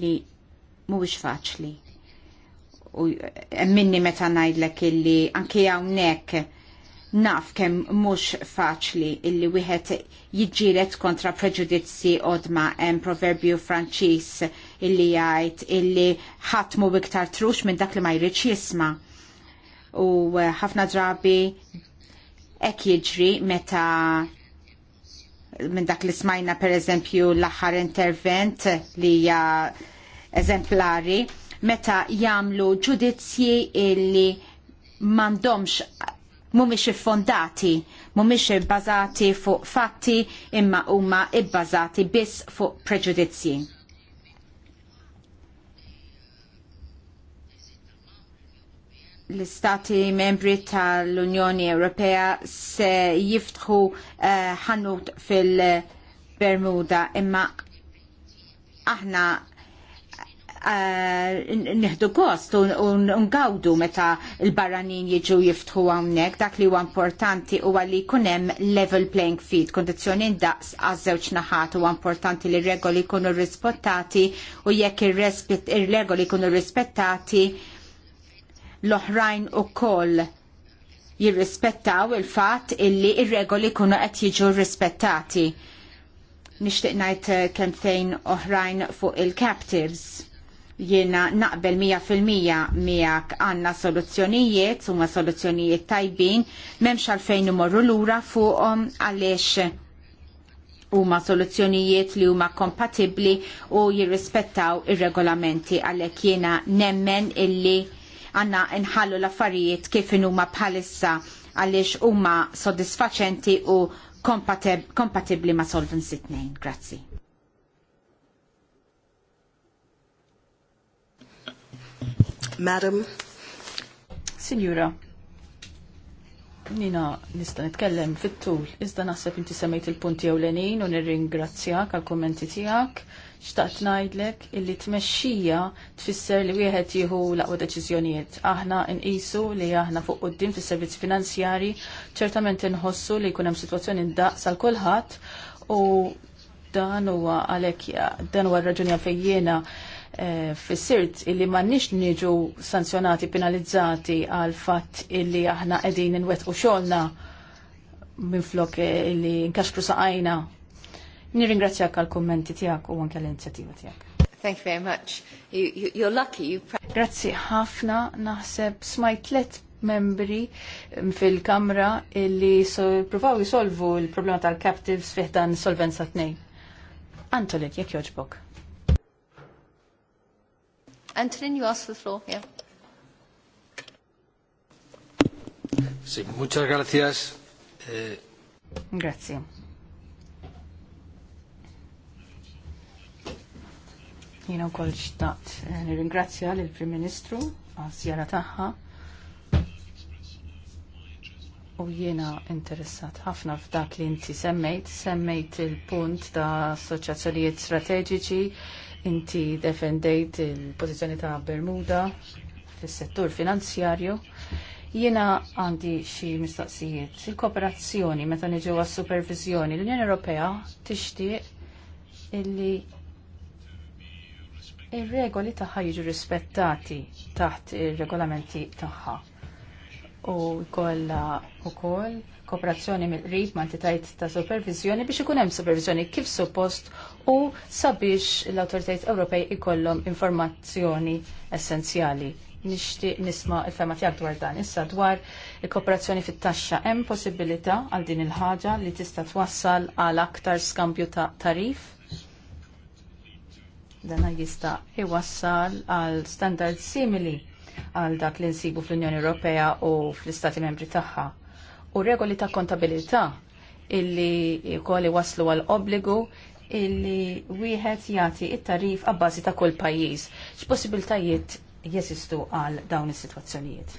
li mhuwiex faċli u eh, minni meta najdlek illi anke hawnhekk naf kem mux faċli illi wieħed jiġġielet kontra preġudizzi odma hemm proverbju Franċiż illi jgħid illi ħatmu biktar trux minn dak li ma jridx jisma. U eh, ħafna drabi hekk jiġri meta minn dak li smajna per eżempju l-aħħar intervent li hija eżemplari meta jagħmlu ġudizzji illi m'għandhomx mhumiex iffondati, mhumiex ibbażati fuq fatti imma huma ibbażati biss fuq preġudizzji. l-istati membri tal-Unjoni Ewropea se jiftħu eh, ħanut uh, fil-Bermuda imma aħna Eh, nieħdu gost u ngawdu meta l-barranin jiġu jiftħu hawnhekk dak li huwa importanti huwa li jkun hemm level playing field, kondizzjoni daqs għaż-żewġ naħat huwa importanti li regoli jkunu rispettati u jekk ir-regoli jkunu rispettati l-oħrajn ukoll jirrispettaw il-fatt illi r regoli jkunu qed jiġu rispettati nishtiq najt eh, kemtejn oħrajn fuq il-captives. Jiena naqbel 100% miak għandna soluzzjonijiet, huma soluzzjonijiet tajbin, memx għalfejn imorru lura fuqhom għaliex huma soluzzjonijiet li huma kompatibbli u jirrispettaw ir-regolamenti għalhekk jiena nemmen illi għandna nħallu l-affarijiet kif huma bħalissa għaliex huma sodisfaċenti u kompatibbli ma' Solvency 2. Grazzi. Madam. Signora, Nina, nista nitkellem fit-tul. Iżda naħseb inti semmejt il-punti ewlenin u nirringrazzjak għal kommenti tiegħek. Xtaqt ngħidlek illi tmexxija tfisser li wieħed jieħu laqwa deċiżjonijiet. Aħna nqisu li aħna fuq quddiem fis-servizzi finanzjari ċertament inħossu li jkun hemm sitwazzjoni ndaqs għal kulħadd u dan huwa għalhekk dan huwa r-raġuni għalfejn jiena Eh, fissirt illi nix niġu sanzjonati, penalizzati għal fatt illi aħna edin n-wet u xolna minn flok eh, illi nkaxpru saqajna. Nirringrazzjak għal kommenti tijak u anke l-inizjativa tijak. Thank you very much. You, you, you're lucky. You Grazzi ħafna naħseb smajt tlet membri mm, fil-kamra illi so, provaw jisolvu l-problema tal-captives fiħdan solvenza t-nej. Antolet, jek joġbok. Antonin, you ask the floor Yeah. Sí, muchas gracias. Eh... Grazie. Jien u koll ċtaqt. Eh, nirringrazzja l-Prim Ministru għal-sjara taħħa. U jiena interessat ħafna f'dak li inti semmejt, semmejt il-punt ta' assoċjazzjonijiet strateġiċi Inti defendejt il-pozizjoni ta' Bermuda fis-settur finanzjarju. Jiena għandi xi mistaqsijiet. Il-kooperazzjoni meta niġu għas-supervizjoni l-Unjoni Ewropea tixtieq illi ir-regoli tagħha jiġu rispettati taħt ir-regolamenti tagħha. U kollha wkoll kooperazzjoni mill-qrib ma' entitajiet ta' supervizjoni biex ikun hemm supervizjoni kif suppost u sabiex l-awtoritajiet Ewropej ikollhom informazzjoni essenzjali. Nixtieq nisma' il-fema tiegħek dwar dan issa dwar il-kooperazzjoni fit-taxxa hemm possibilità għal din il-ħaġa li tista' twassal għal aktar skambju ta' tarif dana jista iwassal għal standard simili għal dak li nsibu fl-Unjoni Ewropea u fl-Istati Membri tagħha u regoli ta' kontabilità illi kolli waslu għal obbligu illi wieħed jagħti it-tarif għabbażi ta' kull pajjiż. X'possibiltajiet jeżistu għal dawn is-sitwazzjonijiet?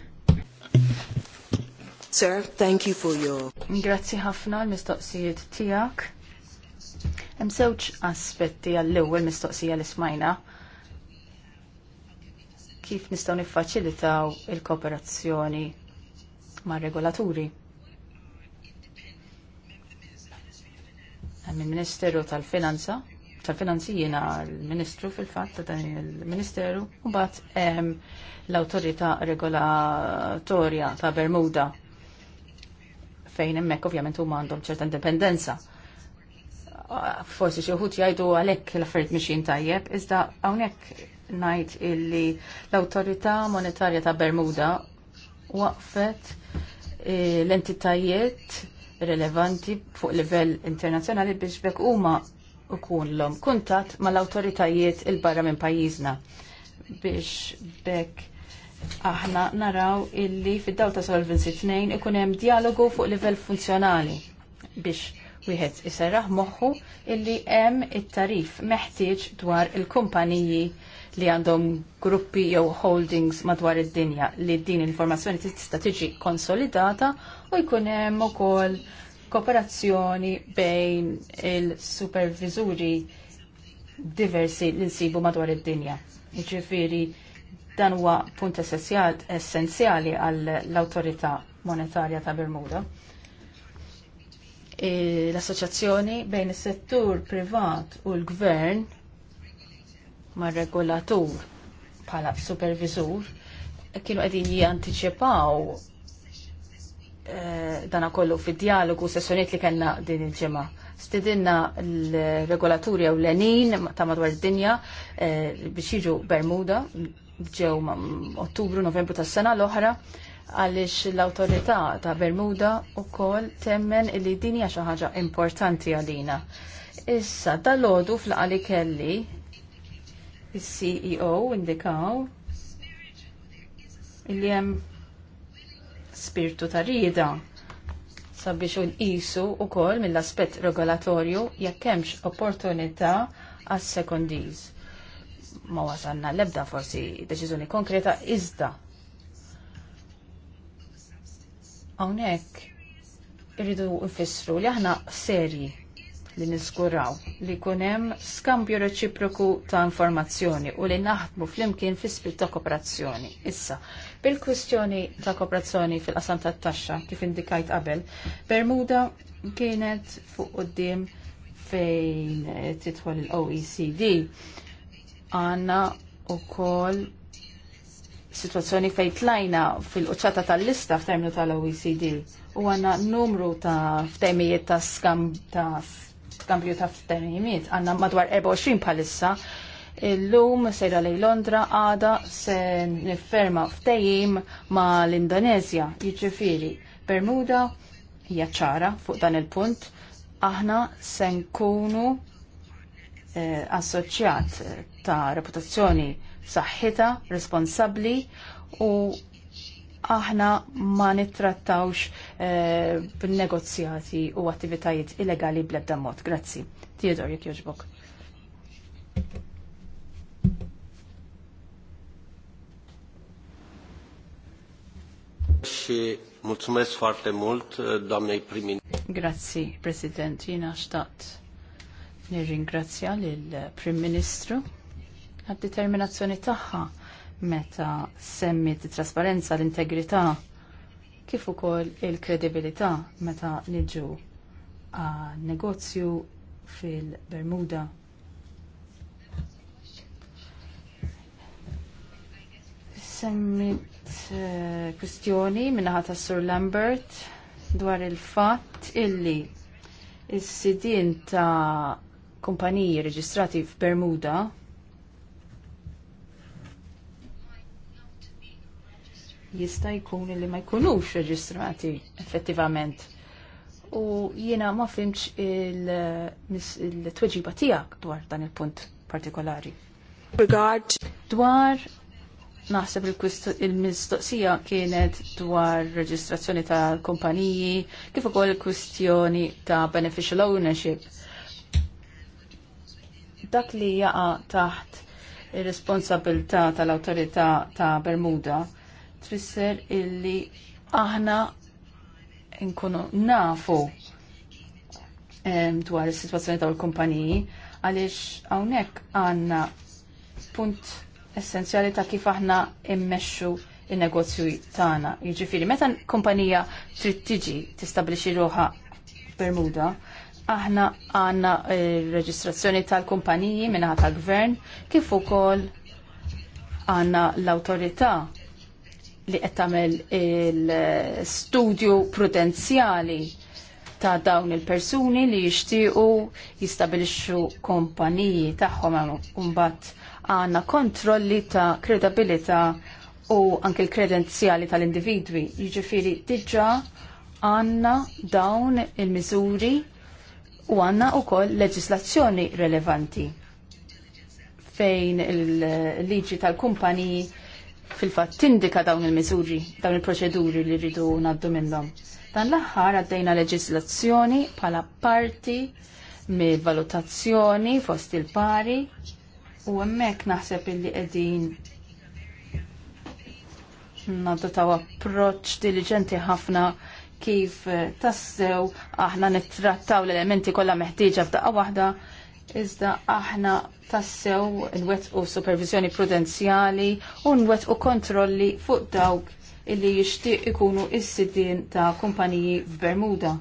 Sir, thank you for your... Grazzi ħafna l-mistoqsijiet tiegħek. Hemm żewġ aspetti għall-ewwel mistoqsija li smajna. Kif nistgħu niffaċilitaw il-kooperazzjoni mar-regolaturi? mill-Ministeru tal-Finanza, tal-Finanzi jiena l-Ministru fil-fatt ta' dan il-Ministeru, u bat l autorita Regolatorja ta' Bermuda fejn hemmhekk ovvjament huma għandhom ċerta indipendenza. Forsi xi wħud jgħidu għalhekk l-affarijiet mixin tajjeb, iżda hawnhekk ngħid illi l autorita Monetarja ta' Bermuda waqfet eh, l-entitajiet relevanti fuq livell internazzjonali biex bekk huma ukunlhom kuntatt mal-awtoritajiet il-barra minn pajjiżna biex bekk aħna naraw illi fid-dawl ta' Solvency 2 ikun hemm dialogu fuq livell funzjonali biex wieħed iserraħ moħħu illi hemm it-tarif meħtieġ dwar il-kumpaniji li għandhom gruppi jew holdings madwar id-dinja li din l-informazzjoni tista' tiġi konsolidata u jkun hemm ukoll kooperazzjoni bejn il superviżuri diversi li nsibu madwar id-dinja. Jiġifieri dan huwa punt essenzjali għall-Awtorità Monetarja ta' Bermuda e, l-assoċjazzjoni bejn is-settur privat u l-gvern mar-regolatur bħala supervisur kienu qegħdin jantiċipaw eh, dana kollu fid-dialogu sessjoniet li kellna din il-ġimgħa. Stidinna l-regolaturi u l-enin ta' madwar id-dinja eh, biex jiġu Bermuda ġew ottubru, novembru tas sena l-oħra għaliex l-autorità ta' Bermuda u kol temmen li din hija xi ħaġa importanti għalina. Issa, dal-ħodu fl-għali kelli il-CEO indikaw li hemm spirtu ta' rieda sabiex un-isu u kol mill-aspet regolatorju hemmx opportunità għas sekondiz. Ma wasanna lebda forsi deċiżjoni konkreta iżda. Hawnhekk irridu nfissru li aħna serji li niskuraw li jkun hemm skambju reċiproku ta' informazzjoni u li naħdmu flimkien fi spirit ta' kooperazzjoni. Issa, bil-kwistjoni ta' kooperazzjoni fil-qasam tat taxxa kif indikajt qabel, Bermuda kienet fuq qoddim fejn titħol l-OECD għanna u koll situazzjoni fej tlajna fil-qoċata tal-lista f'terminu tal-OECD u għanna numru ta' f'temijiet ta' skam ta' skambju ta' ftehimiet għandna madwar 24 palissa. Illum sejra lej Londra għada se nifferma ftehim ma' l-Indonezja, jiġifieri Bermuda hija ċara fuq dan il-punt. Aħna se nkunu eh, assoċjat ta' reputazzjoni saħħita, responsabbli u aħna ma nittrattawx eh, b'negozjati u attivitajiet illegali bl-ebda mod. Grazzi. Tiedor, jek joġbok. mult, Grazzi, President. Jina xtaqt nirringrazzja lill prim Ministru għad-determinazzjoni tagħha meta semmit trasparenza l-integrità kif ukoll il-kredibilità meta niġu għal negozju fil-Bermuda. Semmit eh, kwistjoni minnaħa ta' Sur Lambert dwar il-fatt illi is-sidin ta' kumpaniji reġistrati f'Bermuda jista' jkun li ma jkunux reġistrati effettivament. U jiena ma fimx il-tweġiba il tiegħek dwar dan il-punt partikolari. Regard dwar naħseb il-mistoqsija il kienet dwar reġistrazzjoni ta' kumpaniji, kif ukoll kwistjoni ta' beneficial ownership. Dak li jaqa' taħt ir-responsabilità tal-awtorità ta' Bermuda tfisser illi aħna nkunu nafu dwar is-sitwazzjoni ta' l-kumpaniji għaliex hawnhekk għandna punt essenzjali ta' kif aħna immexxu il-negozju tagħna. Jiġifieri meta kumpanija trid tiġi tistabbilixxi ruħha Bermuda, aħna għandna r eh, reġistrazzjoni tal-kumpaniji minnaħa tal-gvern kif ukoll għandna l-awtorità li qed tagħmel il-studju prudenzjali ta' dawn il-persuni li jixtiequ jistabilixxu kompaniji tagħhom mbagħad għandna kontrolli ta' kredabilità u anke l-kredenzjali tal-individwi. Jiġifieri diġà għandna dawn il-miżuri u għandna wkoll leġislazzjoni relevanti fejn il-liġi tal-kumpaniji fil-fatt tindika dawn il-miżuri, dawn il-proċeduri li rridu naddu minnhom. Dan l-aħħar għaddejna leġislazzjoni bħala parti mill-valutazzjoni fost il-pari u hemmhekk naħseb illi qegħdin taw approċ diligenti ħafna kif eh, tassew aħna nittrattaw l-elementi kollha meħtieġa f'daqqa waħda iżda aħna tassew il-wet u supervizjoni prudenzjali u n-wet u kontrolli fuq dawk illi jixtieq ikunu is-sidien ta' kumpaniji f'Bermuda.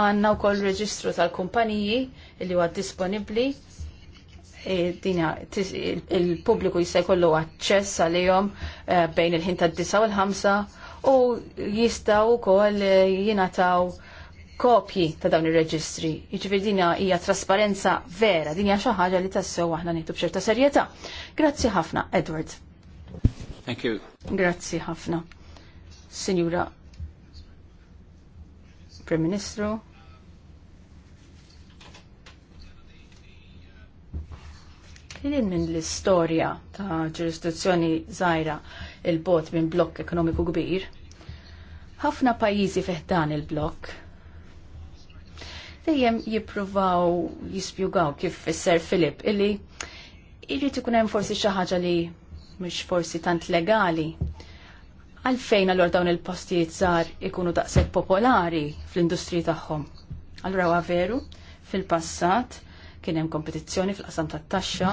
Għanna wkoll reġistru tal-kumpaniji illi huwa disponibbli e, dinja il-pubbliku jista' jkollu aċċess għalihom e, bejn il-ħin tad-disa u l-ħamsa u jistgħu wkoll jingħataw kopji ta' dawn ir-reġistri. Jiġifieri din hija trasparenza vera, dinja xi ħaġa li tassew aħna nitu b'ċerta serjetà. Grazzi ħafna, Edward. Thank you. Grazzi ħafna. Sinjura Prim Ministru. Kien minn l-istorja ta' ġurisdizzjoni żgħira il-bot minn blokk ekonomiku kbir. Ħafna pajjiżi fih dan il-blokk dejjem jippruvaw jispjugaw kif fisser Filip illi irrid ikun hemm forsi xi ħaġa li mhux forsi tant legali. Għalfejn allura dawn il-postijiet żgħar ikunu daqshekk popolari fl-industriji tagħhom. Allura huwa veru fil-passat kien hemm kompetizzjoni fil-qasam tat-taxxa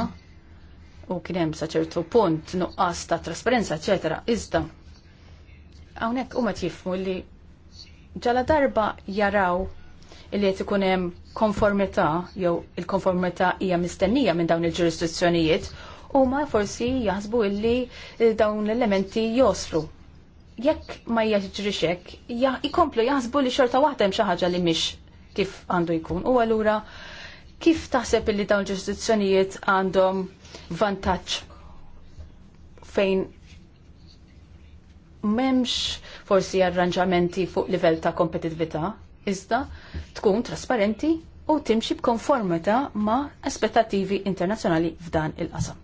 u kien hemm sa ċertu punt nuqqas ta' trasparenza, eċetera. Iżda hawnhekk huma jifmu li ġala darba jaraw Illi qed ikun hemm konformità jew il-konformità hija mistennija minn dawn il-ġurisdizzjonijiet huma forsi jaħsbu illi eh, dawn l-elementi joslu. Jekk ma jiġrix hekk, ikomplu jaħsbu li xorta waħda hemm xi ħaġa li mhix kif għandu jkun. U allura kif taħseb illi dawn il ġurisdizzjonijiet għandhom vantaġġ fejn memx forsi arranġamenti fuq livell ta' kompetitività iżda tkun trasparenti u timxi b'konformità ma' aspettativi internazzjonali f'dan il-qasam.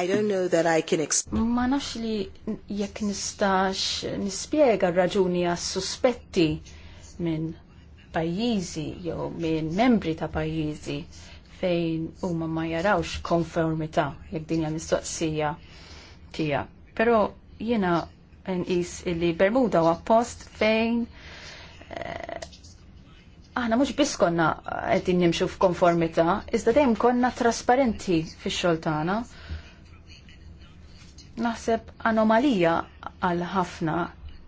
I don't know that I can Ma nafx li jekk nistax nispjega raġuni għas suspetti minn pajjiżi jew minn membri ta' pajjiżi fejn huma ma jarawx konformità jekk din hija mistoqsija tiegħek. Però jiena nqis illi Bermuda huwa post fejn eh, aħna mhux biss konna qegħdin nimxu f'konformità, iżda dejjem konna trasparenti fix-xogħol tagħna. Naħseb anomalija għal ħafna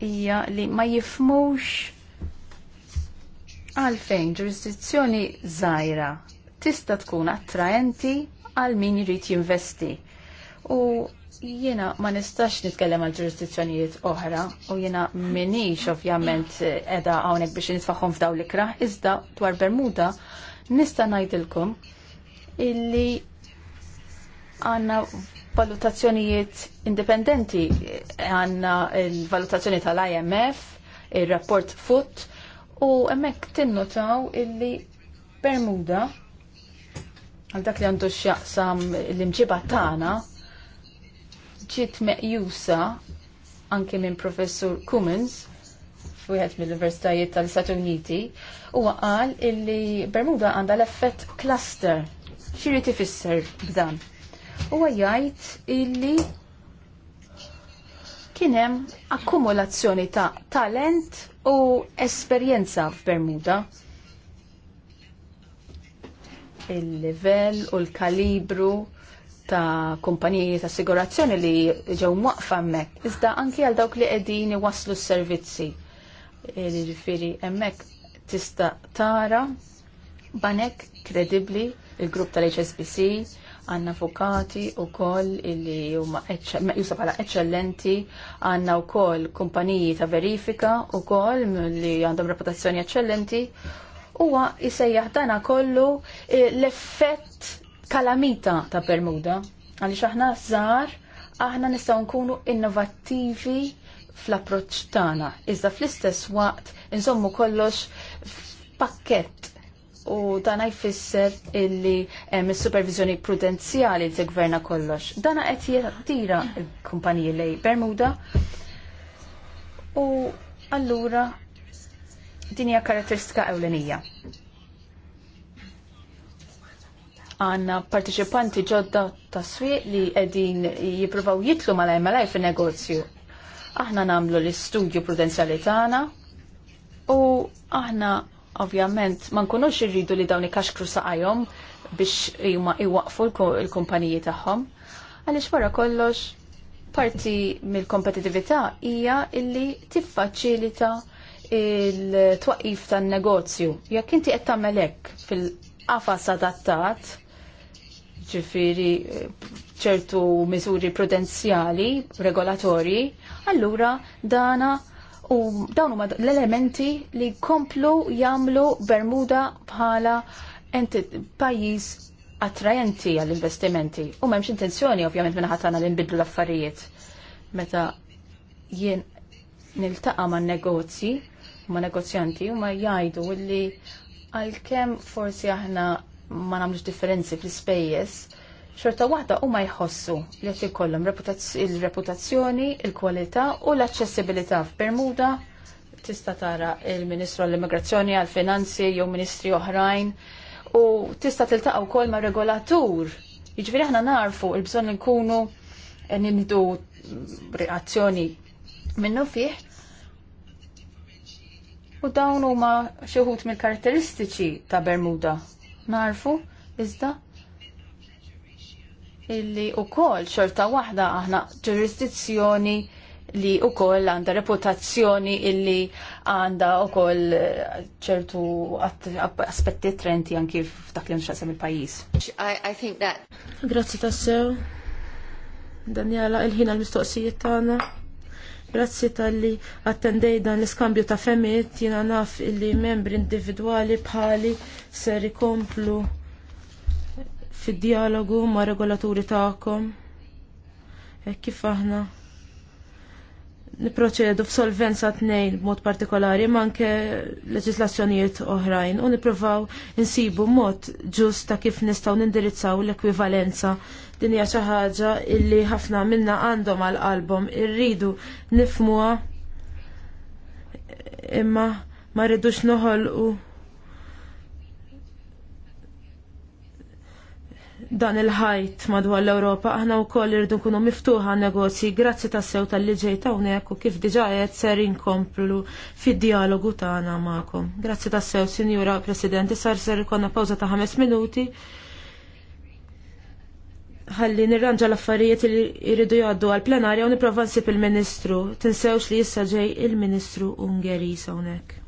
hija li ma jifmux għalfejn ġurisdizzjoni żgħira tista' tkun attraenti għal min jrid jinvesti. U Jiena ma nistax nitkellem għal ġurisdizzjonijiet oħra u jiena minix ovvjament edha hawnhekk biex nitfaħħom f'daw l-ikra, iżda dwar Bermuda nista' ngħidilkom illi għandna valutazzjonijiet indipendenti għandna il-valutazzjoni tal-IMF, il-rapport FUT u hemmhekk tinnotaw illi Bermuda għal dak li għandu x'jaqsam l-imġiba tagħna ġiet meqjusa anke minn professur Cummins f'wieħed mill-Universitajiet tal-Istati Uniti huwa qal illi Bermuda għandha l-effett cluster. X'irid ifisser b'dan? Huwa jgħid illi kien hemm akkumulazzjoni ta' talent u esperjenza f'Bermuda il-level u l-kalibru ta' kumpaniji ta' assigurazzjoni li ġew mwaqfa hemmhekk, iżda anki għal dawk li qegħdin iwasslu s-servizzi. Jiġifieri hemmhekk tista' tara banek kredibbli il-grupp tal-HSBC, għanna avukati u koll illi huma meqjusa bħala eccellenti, għanna u koll kumpaniji ta' verifika u koll li għandhom reputazzjoni eccellenti, huwa jisejjaħ dana kollu eh, l-effett kalamita ta' Bermuda. Għaliex aħna żgħar aħna nistgħu nkunu innovattivi fl-approċċ tagħna. Iżda fl-istess waqt insommu kollox pakket u dan jfisser illi hemm is-supervizjoni prudenzjali gverna kollox. Dana qed jattira l-kumpaniji lej Bermuda. U allura din hija karatteristika ewlenija għanna partiċipanti ġodda ta' swieq li edin jipruvaw jitlu mal MLI fin negozju Aħna namlu l-istudju prudenzjali tagħna u aħna ovvjament ma nkunux irridu li dawn ikaxkru saqajhom biex juma iwaqfu l-kumpaniji tagħhom. Għaliex wara kollox parti mill-kompetitività hija illi tiffaċilita il-twaqif tan-negozju. Jekk inti qed tagħmel hekk fil-qafas adattat, ġifiri ċertu miżuri prudenzjali, regolatorji, allura dana u dawn huma l-elementi li komplu jagħmlu Bermuda bħala pajjiż attrajenti għall-investimenti. U m'hemmx intenzjoni ovvjament minna ħatana li nbidlu l-affarijiet. Meta jien niltaqa' man negozji, ma' negozjanti u ma' jgħidu li għalkemm forsi aħna ma nagħmlux differenzi fl-ispejjeż, xorta waħda huma jħossu li qed ikollhom il-reputazzjoni, il-kwalità u l-aċċessibilità f'Bermuda tista' tara il-Ministru għall-Immigrazzjoni għall-Finanzi jew ministri oħrajn u tista' tiltaqa' wkoll ma' regolatur. Jiġifieri aħna narfu l bżonn nkunu nindu reazzjoni minnu fih u dawn huma xi wħud mill-karatteristiċi ta' Bermuda narfu iżda illi u xorta wahda aħna ġurisdizzjoni li u koll għanda reputazzjoni illi għanda u koll ċertu aspetti trenti anki f'dak li nxasem il-pajis. I, think that. Grazzi tassew. Daniela, il-ħin għal-mistoqsijiet tagħna. Grazzi tal-li attendej dan l-iskambju ta' femiet, jina naf illi membri individuali bħali ser ikomplu fid-dialogu ma' regolaturi ta'kom. E kif aħna niproċedu f'solvenza tnejn b'mod partikolari manke leġislazzjonijiet oħrajn u niprofaw insibu mod ġust ta' kif nistgħu nindirizzaw l ekvivalenza Din hija xi ħaġa illi ħafna minna għandhom għal qalbhom irridu nifmuha imma ma rridux noħolqu dan il-ħajt madwar l-Ewropa, aħna wkoll irridu nkunu miftuħa negozji grazzi tas sew tal-liġej hawnhekk u kif diġà qed ser inkomplu fid-dialogu tagħna magħkom. Grazzi tas sew, Sinjura President, sar ser ikonna pawża ta' ħames minuti ħalli nirranġa l-affarijiet li jridu jgħaddu għal plenarja u niprofa nsib il-Ministru. Tinsewx li jissa ġej il-Ministru Ungeris hawnhekk.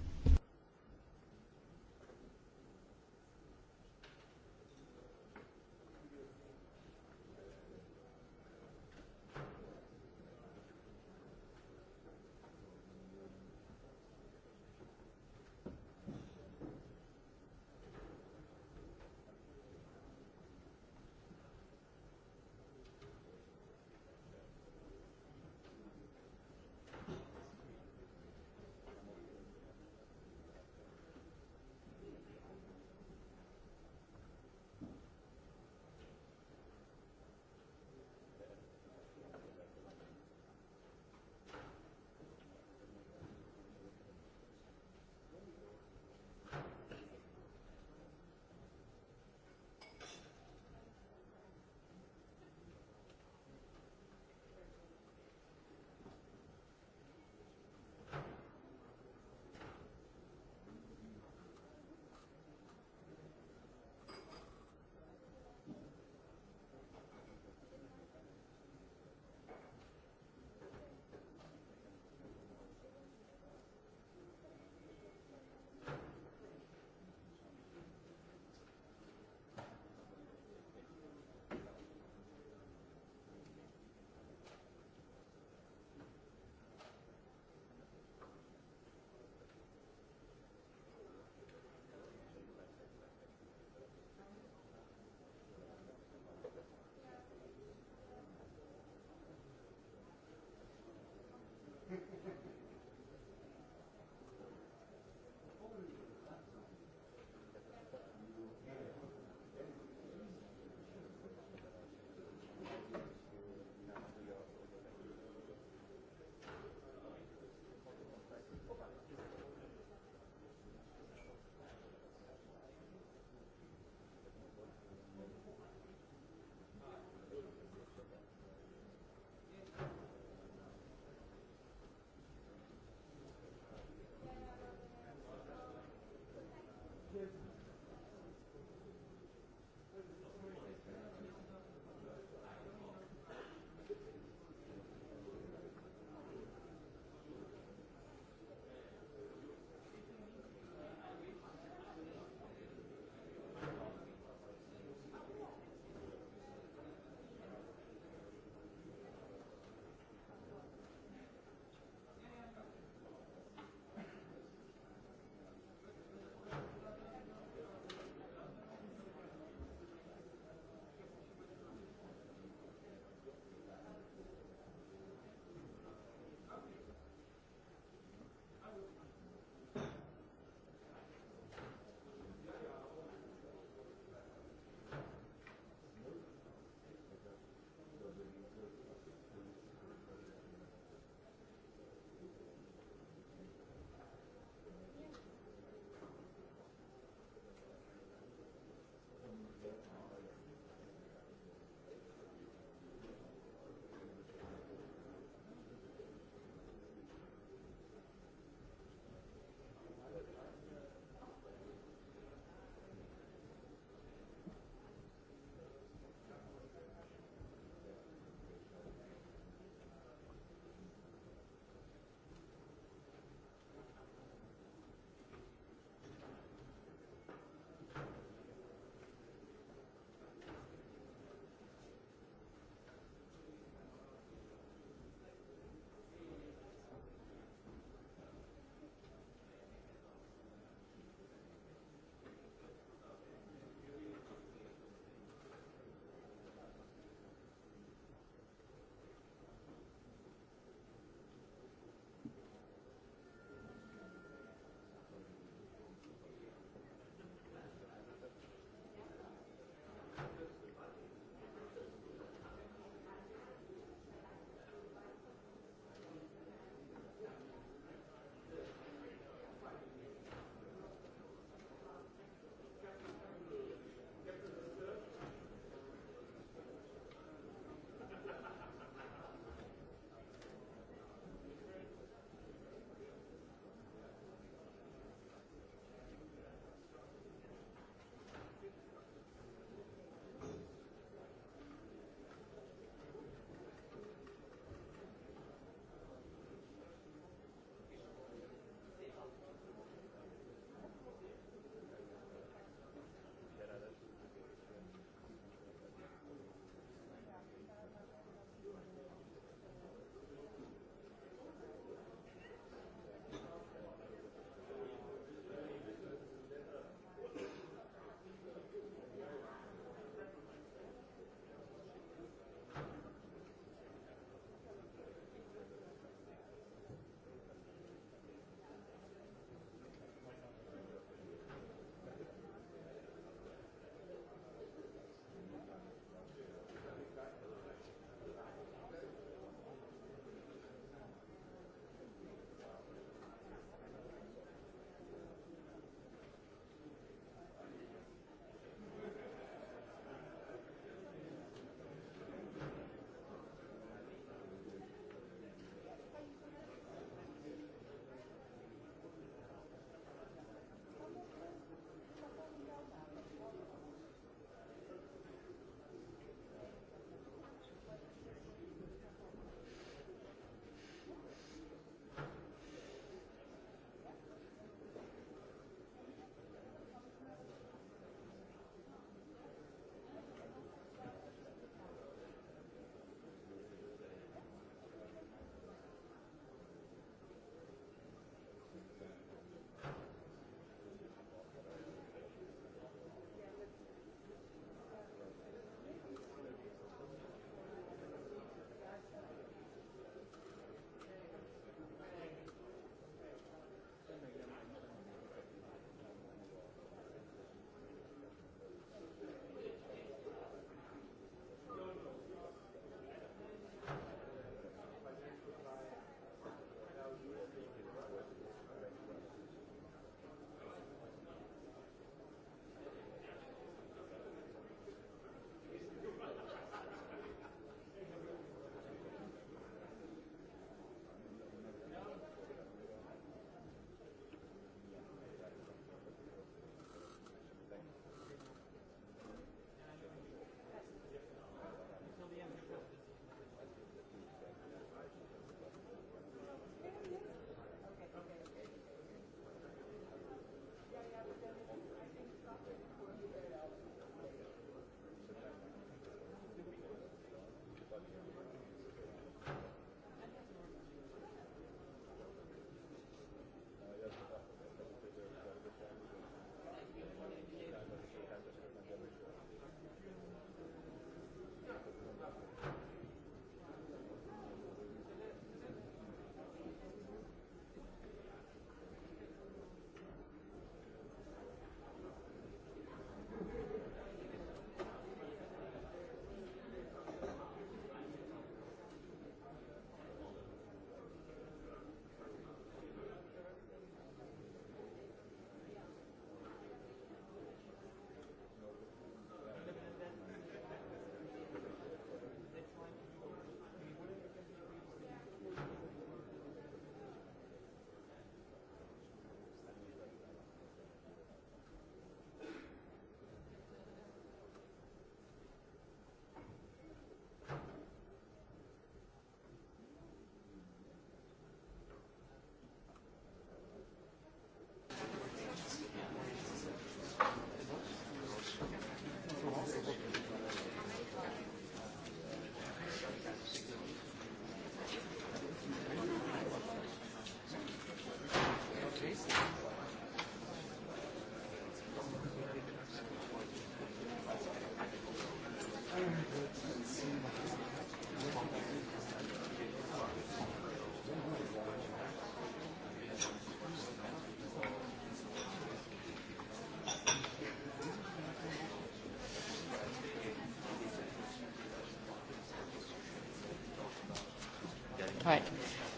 Uh,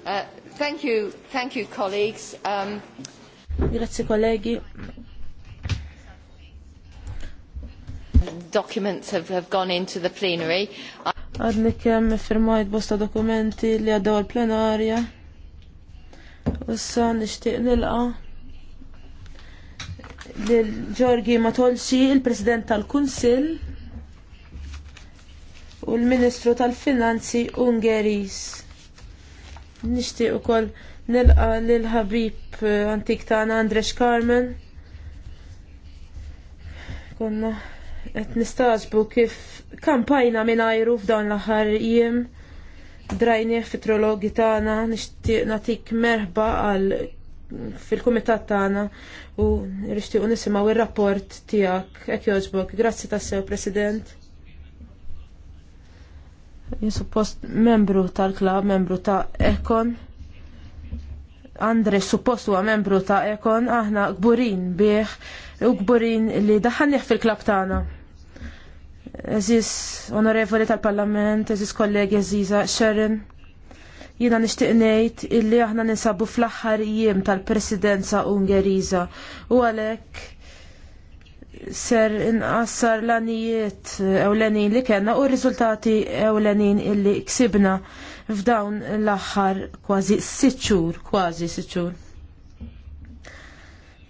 um, Grazie colleghi. Documents have, have gone into the plenary. Għadni kem firmajt bosta dokumenti li għaddaw l-plenarja. Ussa nishtiq nilqa lil Giorgi Matolsi, il-President tal-Kunsil u l-Ministru tal-Finanzi Ungeris. Nixtieq ukoll nilqa l ħabib eh, antik tagħna Andres Carmen. Konna qed nistaġbu kif kampajna minn ajru f'dawn l-aħħar jiem drajni fitrologi tagħna nixtieq nagħtik merħba għal fil-kumitat tagħna u nixtiequ nisimgħu r rapport tiegħek hekk jogħġbok. Grazzi tassew President suppost membru tal-klab, membru ta' Ekon. Andre suppost huwa membru ta' Ekon, aħna gburin bih u gburin li daħanniħ fil-klab tagħna. Eżis onorevoli tal-Parlament, eżis kollegi eżiza Sharon. Jina nixtieq ngħid illi aħna ninsabu fl-aħħar jiem tal-Presidenza Ungeriża u għalhekk ser inqassar l-anijiet ewlenin li kellna u r-riżultati ewlenin illi ksibna f'dawn l-aħħar kważi sitxur, kważi sitxur.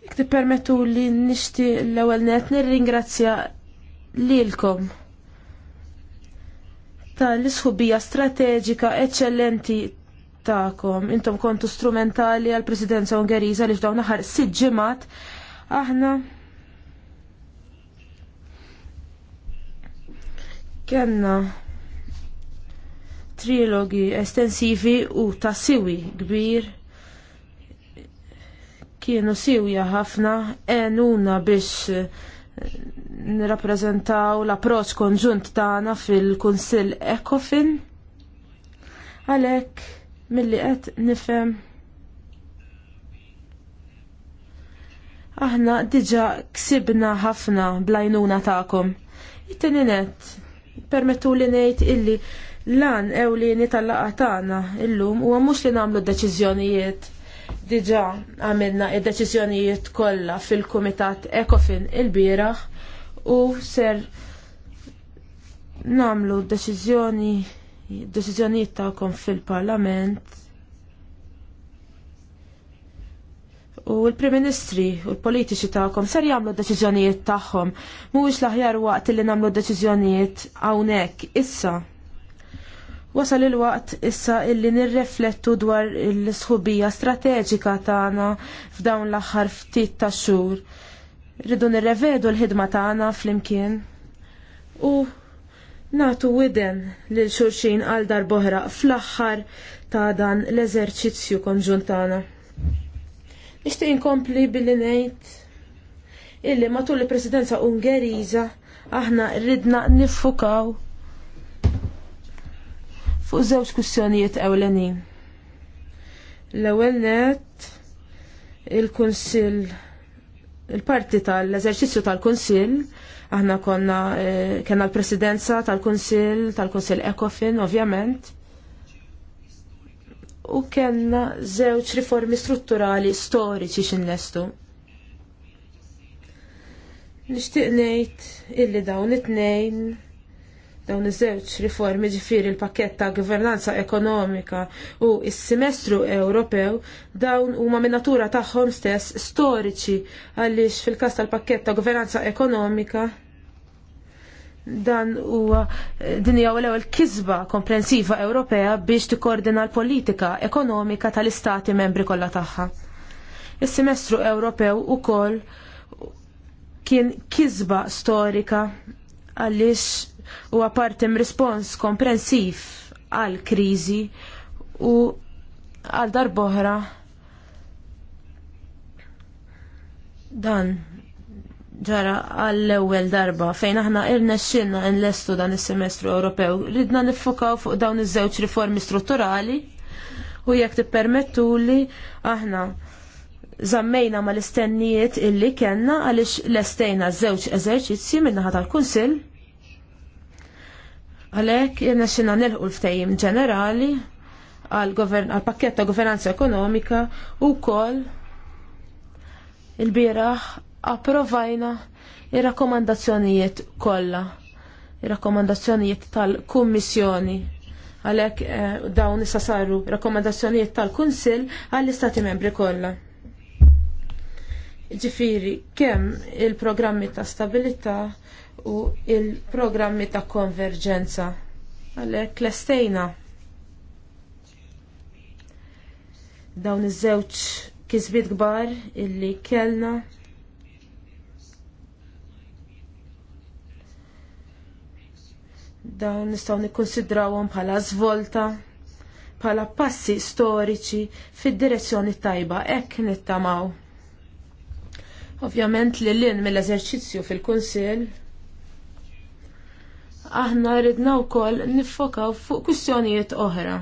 Jek tippermettu li nixti l-ewwel net nirringrazzja lilkom tal-isħubija strateġika eċċellenti tagħkom. Intom kontu strumentali għall presidenza Ungheriża li f'dawn aħħar siġġimat aħna Kellna trilogi estensivi u ta' siwi kbir kienu siwja ħafna una biex eh, nirrapprezentaw l-approċ konġunt tagħna fil-Kunsill Ecofin. Għalhekk milli qed nifhem aħna diġa ksibna ħafna blajnuna tagħkom. It-tieni permettu li ngħid illi lan ewlieni tal-laqa tagħna illum huwa mhux li nagħmlu deċiżjonijiet diġà għamilna id-deċiżjonijiet kollha fil-Kumitat Ekofin il-bieraħ u ser nagħmlu deċiżjoni deċiżjonijiet tagħkom fil-Parlament u l-Prim-Ministri u l-politiċi tagħkom ser jagħmlu d-deċiżjonijiet tagħhom. Mhuwiex l-aħjar waqt li nagħmlu d-deċiżjonijiet hawnhekk issa. Wasal il-waqt issa illi nirreflettu dwar l-sħubija strateġika tagħna f'dawn l-aħħar ftit ta' xhur. Rridu nirrevedu l-ħidma tagħna flimkien. U natu widen lil xulxin għal darboħra fl-aħħar ta' dan l-eżerċizzju konġuntana. Nixtieq inkompli billi ngħid illi matul il-Presidenza ungeriza aħna rridna nifukaw fuq żewġ kussjonijiet ewlenin. L-ewwel net il-Kunsill il-parti tal-eżerċizzju tal-Kunsill aħna konna eh, kena l-presidenza tal-Kunsill, tal-Kunsill Ecofin, ovvjament u kellna żewġ riformi strutturali storiċi xinnestu. Nixtieq ngħid illi dawn it-tnejn dawn iż-żewġ riformi ġifieri l-pakket ta' governanza ekonomika u s-semestru Ewropew dawn huma min natura tagħhom stess storiċi għaliex fil-każ tal-pakket ta' governanza ekonomika dan huwa din hija l-ewwel kisba komprensiva Ewropea biex tikkoordina l-politika ekonomika tal-istati membri kollha tagħha. Is-semestru Ewropew ukoll kien kisba storika għaliex huwa partim rispons komprensiv għal kriżi u għal darboħra dan ġara għall-ewwel darba fejn aħna irnexxilna nlestu dan is-semestru Ewropew. Ridna niffukaw fuq dawn iż-żewġ riformi strutturali u jekk tippermettuli aħna zammejna ma l-istennijiet illi kellna għaliex lestejna żewġ eżerċizzji min-naħa tal-Kunsill. Għalhekk xinna nilħu l ftejim ġenerali għal pakkett ta' governanza ekonomika u wkoll il biraħ approvajna il rakkomandazzjonijiet kollha, ir-rakkomandazzjonijiet tal-Kummissjoni għalhekk eh, dawn issa saru rakkomandazzjonijiet tal-Kunsill għall-Istati Membri kollha. Ġifiri, kemm il-programmi ta' stabilità u il-programmi ta' konverġenza għalhekk lestejna dawn iż-żewġ kisbit kbar illi kellna Dawn nistgħu nikkonsidrawhom bħala żvolta bħala passi storiċi fid-direzzjoni tajba hekk nittamaw. Ovvjament li l-in mill-eżerċizzju fil-Kunsill aħna rridna wkoll niffokaw fuq kwistjonijiet oħra.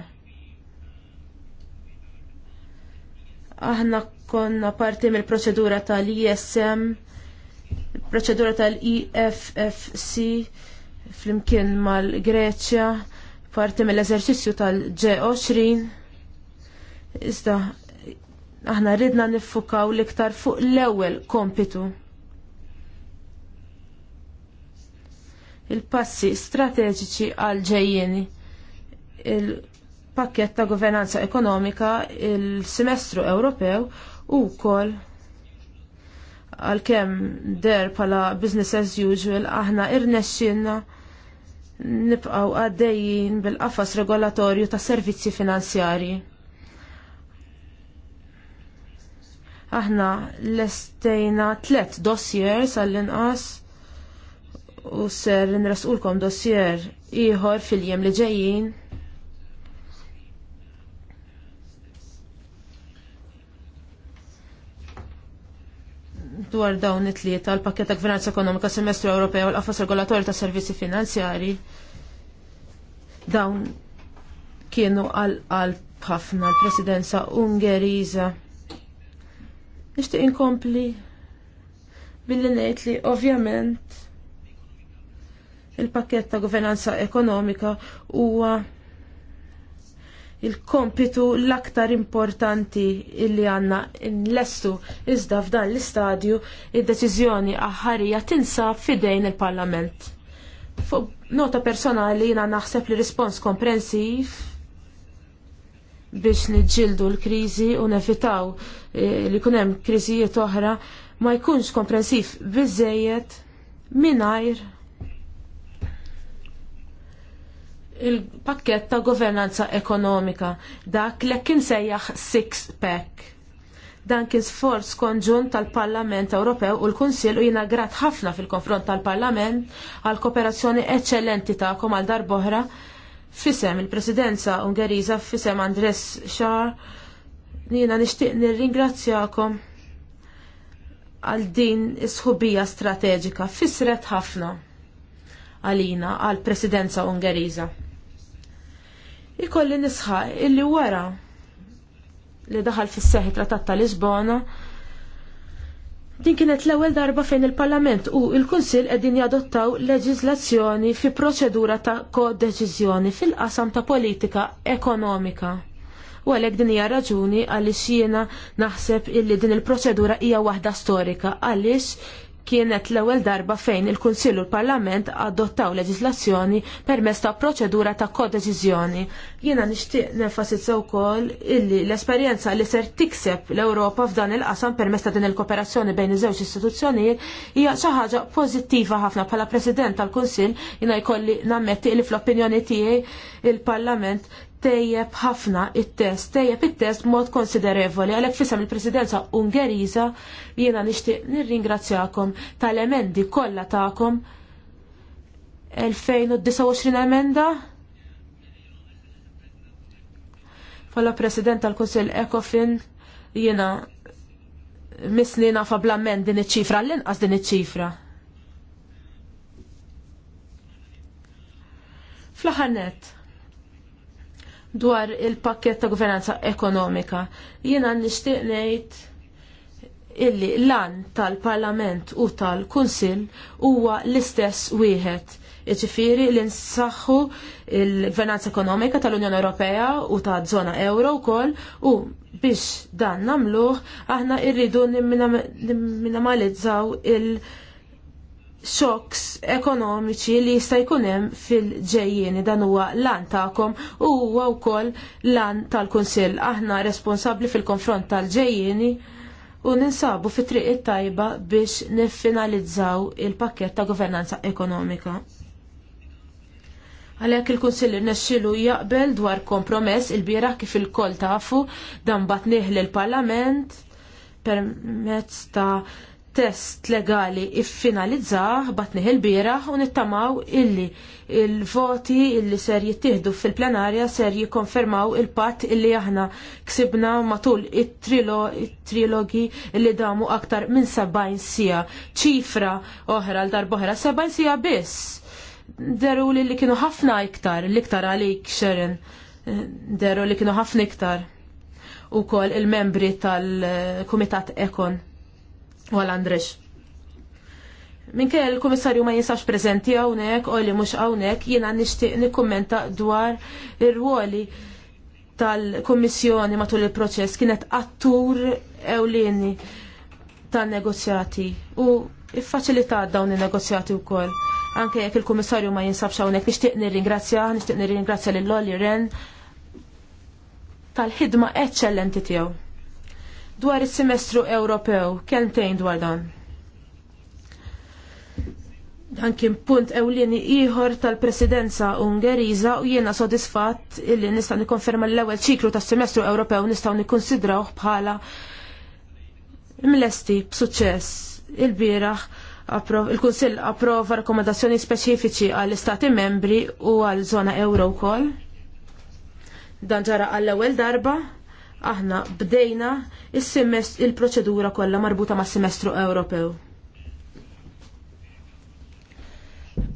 aħna konna parti mill proċedura tal-ISM, proċedura tal-EFFC, flimkien mal-Greċja parti mill-eżerċizzju tal-G20. Iżda aħna ridna niffukaw l-iktar fuq l-ewwel kompitu. Il-passi strateġiċi għal ġejjeni il-pakket ta' governanza ekonomika, il-semestru Ewropew u wkoll għalkemm der pala business as usual aħna irnexxinna nibqaw għaddejjin bil-qafas regolatorju ta' servizzi finanzjarji. Aħna lestejna tlet dossier għall-inqas u ser nresqulkom dossier ieħor fil-jem li ġejjin dwar dawn it-tlieta l-pakket ta' gvernanza ekonomika semestru Ewropew u l-qafas regolatorju ta' servizzi finanzjari dawn kienu għal ħafna l-presidenza Ungeriża. Nixtieq inkompli billi ngħid li ovvjament il-pakket ta' governanza ekonomika huwa il-kompitu l-aktar importanti illi għanna l-estu iżda f'dan l-istadju il deċiżjoni aħħarija tinsab fidejn il-Parlament. Fu nota personali jina naħseb li rispons komprensiv biex nġildu l-krizi u nefitaw eh, li kunem kriżijiet oħra ma jkunx komprensiv bizzejiet minajr il-pakket ta' governanza ekonomika, dak li kien sejjaħ six pack. Dan kien sforz konġunt tal-Parlament Ewropew u l-Kunsill u jina grat ħafna fil-konfront tal-Parlament għal kooperazzjoni eccellenti tagħkom għal darboħra fisem il-Presidenza Ungeriża fisem Andres Xar jina nixtieq nirringrazzjakom għal din is-sħubija strateġika fisret ħafna għalina għal presidenza Ungeriża. Ikolli nisħaq illi wara li daħal fis seħi trattat ta' Lisbona din kienet l-ewwel darba fejn il-Parlament u il-Kunsill qegħdin jadottaw leġiżlazzjoni fi proċedura ta' kodeċiżjoni fil-qasam ta' politika ekonomika u għalek din hija raġuni għaliex jiena naħseb illi din il-proċedura hija waħda storika għaliex kienet l-ewwel darba fejn il-Kunsill u l-Parlament adottaw leġislazzjoni permezz ta' proċedura ta' kodeċiżjoni. Jiena nixtieq nenfasizza wkoll illi l-esperjenza li ser tikseb l-Ewropa f'dan il-qasam permezz ta' din il-kooperazzjoni bejn iż-żewġ istituzzjonijiet hija xi ħaġa pożittiva ħafna bħala President tal-Kunsill jiena jkolli nammetti li fl-opinjoni tiegħi il-Parlament tejjeb ħafna it-test, tejjeb it-test mod konsiderevoli, għalhekk fisem il-presidenza Ungeriża jiena nixtieq nirringrazzjakom tal-emendi kollha tagħkom 2029 emenda. Fala president tal-Kunsill Ecofin jiena misli nafa blamen din iċ-ċifra, l-inqas din iċ-ċifra. fl dwar il-pakket ta' governanza ekonomika. Jiena nixtieq ngħid illi l-an tal-Parlament u tal-Kunsill huwa l-istess wieħed. Iġifieri li nsaħħu il-gvernanza ekonomika tal-Unjoni Ewropea u ta' żona euro wkoll u biex dan nagħmluh aħna rridu nimminimalizzaw il-, -il xoks ekonomiċi li jista' jkun hemm fil-ġejjieni dan huwa lan tagħkom u huwa wkoll lan tal-Kunsill. Aħna responsabbli fil-konfront tal-ġejjieni u ninsabu fi triq it-tajba biex niffinalizzaw il-pakket ta' governanza ekonomika. Għalhekk il-Kunsill irnexxielu jaqbel dwar kompromess il-bieraħ kif il-kol tafu dan batniħ lill l-Parlament permezz ta' test legali iffinalizzah batniħ il-biraħ u nittamaw illi il-voti illi ser jittihdu fil-plenarja ser jikonfermaw il-pat illi aħna ksibna matul it-trilogi illi damu aktar minn 70 sija ċifra oħra l-darboħra 70 sija biss deru li li kienu ħafna iktar l-iktar għalik xerin deru li kienu ħafna iktar u kol il-membri tal-komitat ekon Wal Andrex. Minkejja l-Kummissarju ma jisax preżenti hawnhekk u li mhux hawnhekk jiena nixtieq nikkummenta dwar ir-ruoli tal-Kummissjoni matul il-proċess kienet attur ewlieni tan-negozjati u iffaċilita dawn in-negozjati wkoll. Anke jekk il-Kummissarju ma jinsabx hawnhekk nixtieq nishtiq nixtieq nirringrazzja l Lolli Ren tal-ħidma eċċellenti tiegħu dwar is-semestru Ewropew, kelmtejn dwar dan. Dan kien punt ewlieni ieħor tal-Presidenza Ungeriża u jiena sodisfatt illi nista' nikkonferma l-ewwel ċiklu tas-semestru Ewropew nistgħu nikkonsidrawh bħala mlesti b'suċċess il-bieraħ il-Kunsill approva rakkomandazzjoni speċifiċi għall-Istati membri u għall-żona Euro wkoll. Dan ġara għall-ewwel darba aħna bdejna il-proċedura il kollha marbuta mas semestru Ewropew.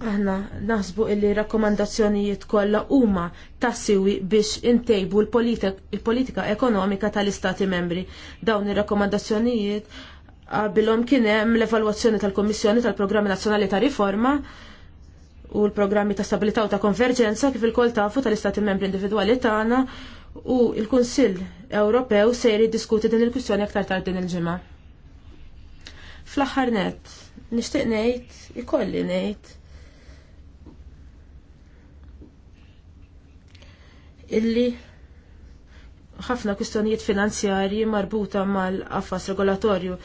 Aħna naħsbu illi rakkomandazzjonijiet kollha huma tassiwi biex intejbu l-politika ekonomika tal-Istati membri. Dawn ir-rakkomandazzjonijiet qabilhom kien hemm l-evalwazzjoni tal-Kommissjoni tal-Programmi Nazzjonali ta' Riforma u l-programmi ta' stabilità u ta' konverġenza kif il-kol tafu tal-istati membri individwali tagħna u il-Kunsill Ewropew se jrid diskuti din il-kwistjoni aktar tard din il-ġimgħa. Fl-aħħar nett nixtieq ngħid, ikolli ngħid illi ħafna kwistjonijiet finanzjarji marbuta mal-qafas regolatorju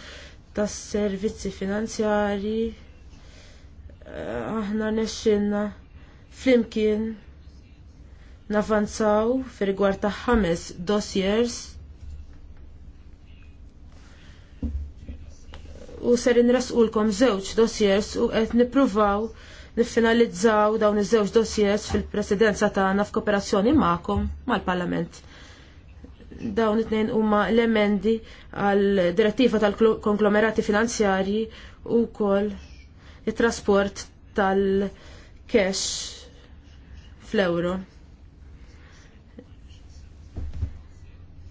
tas servizzi finanzjarji eh, aħna nexxinna flimkien navanzaw fir rigward ta' ħames dossiers u ser inresqulkom żewġ dossiers u qed nippruvaw niffinalizzaw dawn iż-żewġ dossiers fil-presidenza tagħna f'kooperazzjoni magħkom mal-Parlament. Dawn it-tnejn huma l-emendi għad direttiva tal-konglomerati finanzjarji u wkoll it-trasport tal-cash fl-euro.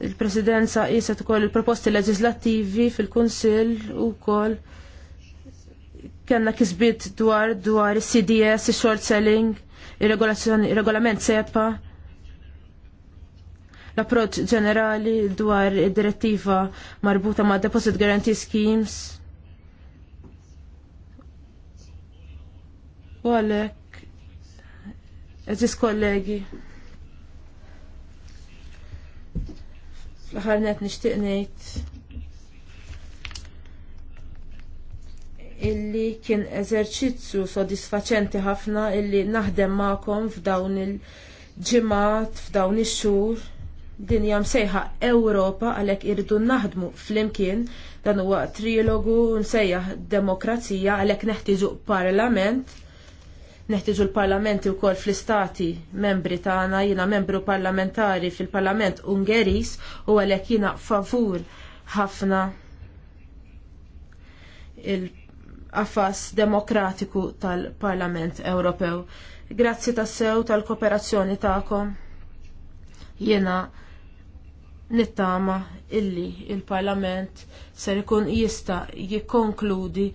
Il-Presidenza qiset ukoll il-proposti leġislattivi fil-Kunsill ukoll kellna kisbiet dwar dwar is-CDS, short selling, ir-regolament SEPA, l-approċ ġenerali dwar id-direttiva marbuta ma' deposit guarantee schemes. U għalek, eżis kollegi. Ħarnet aħħar nixtieq ngħid illi kien eżerċizzju sodisfaċenti ħafna illi naħdem magħkom f'dawn il-ġimgħat, f'dawn ix-xhur din hija msejħa Ewropa għalhekk irridu naħdmu flimkien dan huwa trilogu msejjaħ demokrazija għalhekk neħtieġu parlament neħtiġu l-parlamenti u kol fl-istati membri tagħna jina membru parlamentari fil-parlament Ungeris u għalek jina favur ħafna il-affas demokratiku tal-Parlament Ewropew. Grazzi tas-sew tal-kooperazzjoni ta'kom. Jena nittama illi il-Parlament ser ikun jista jikkonkludi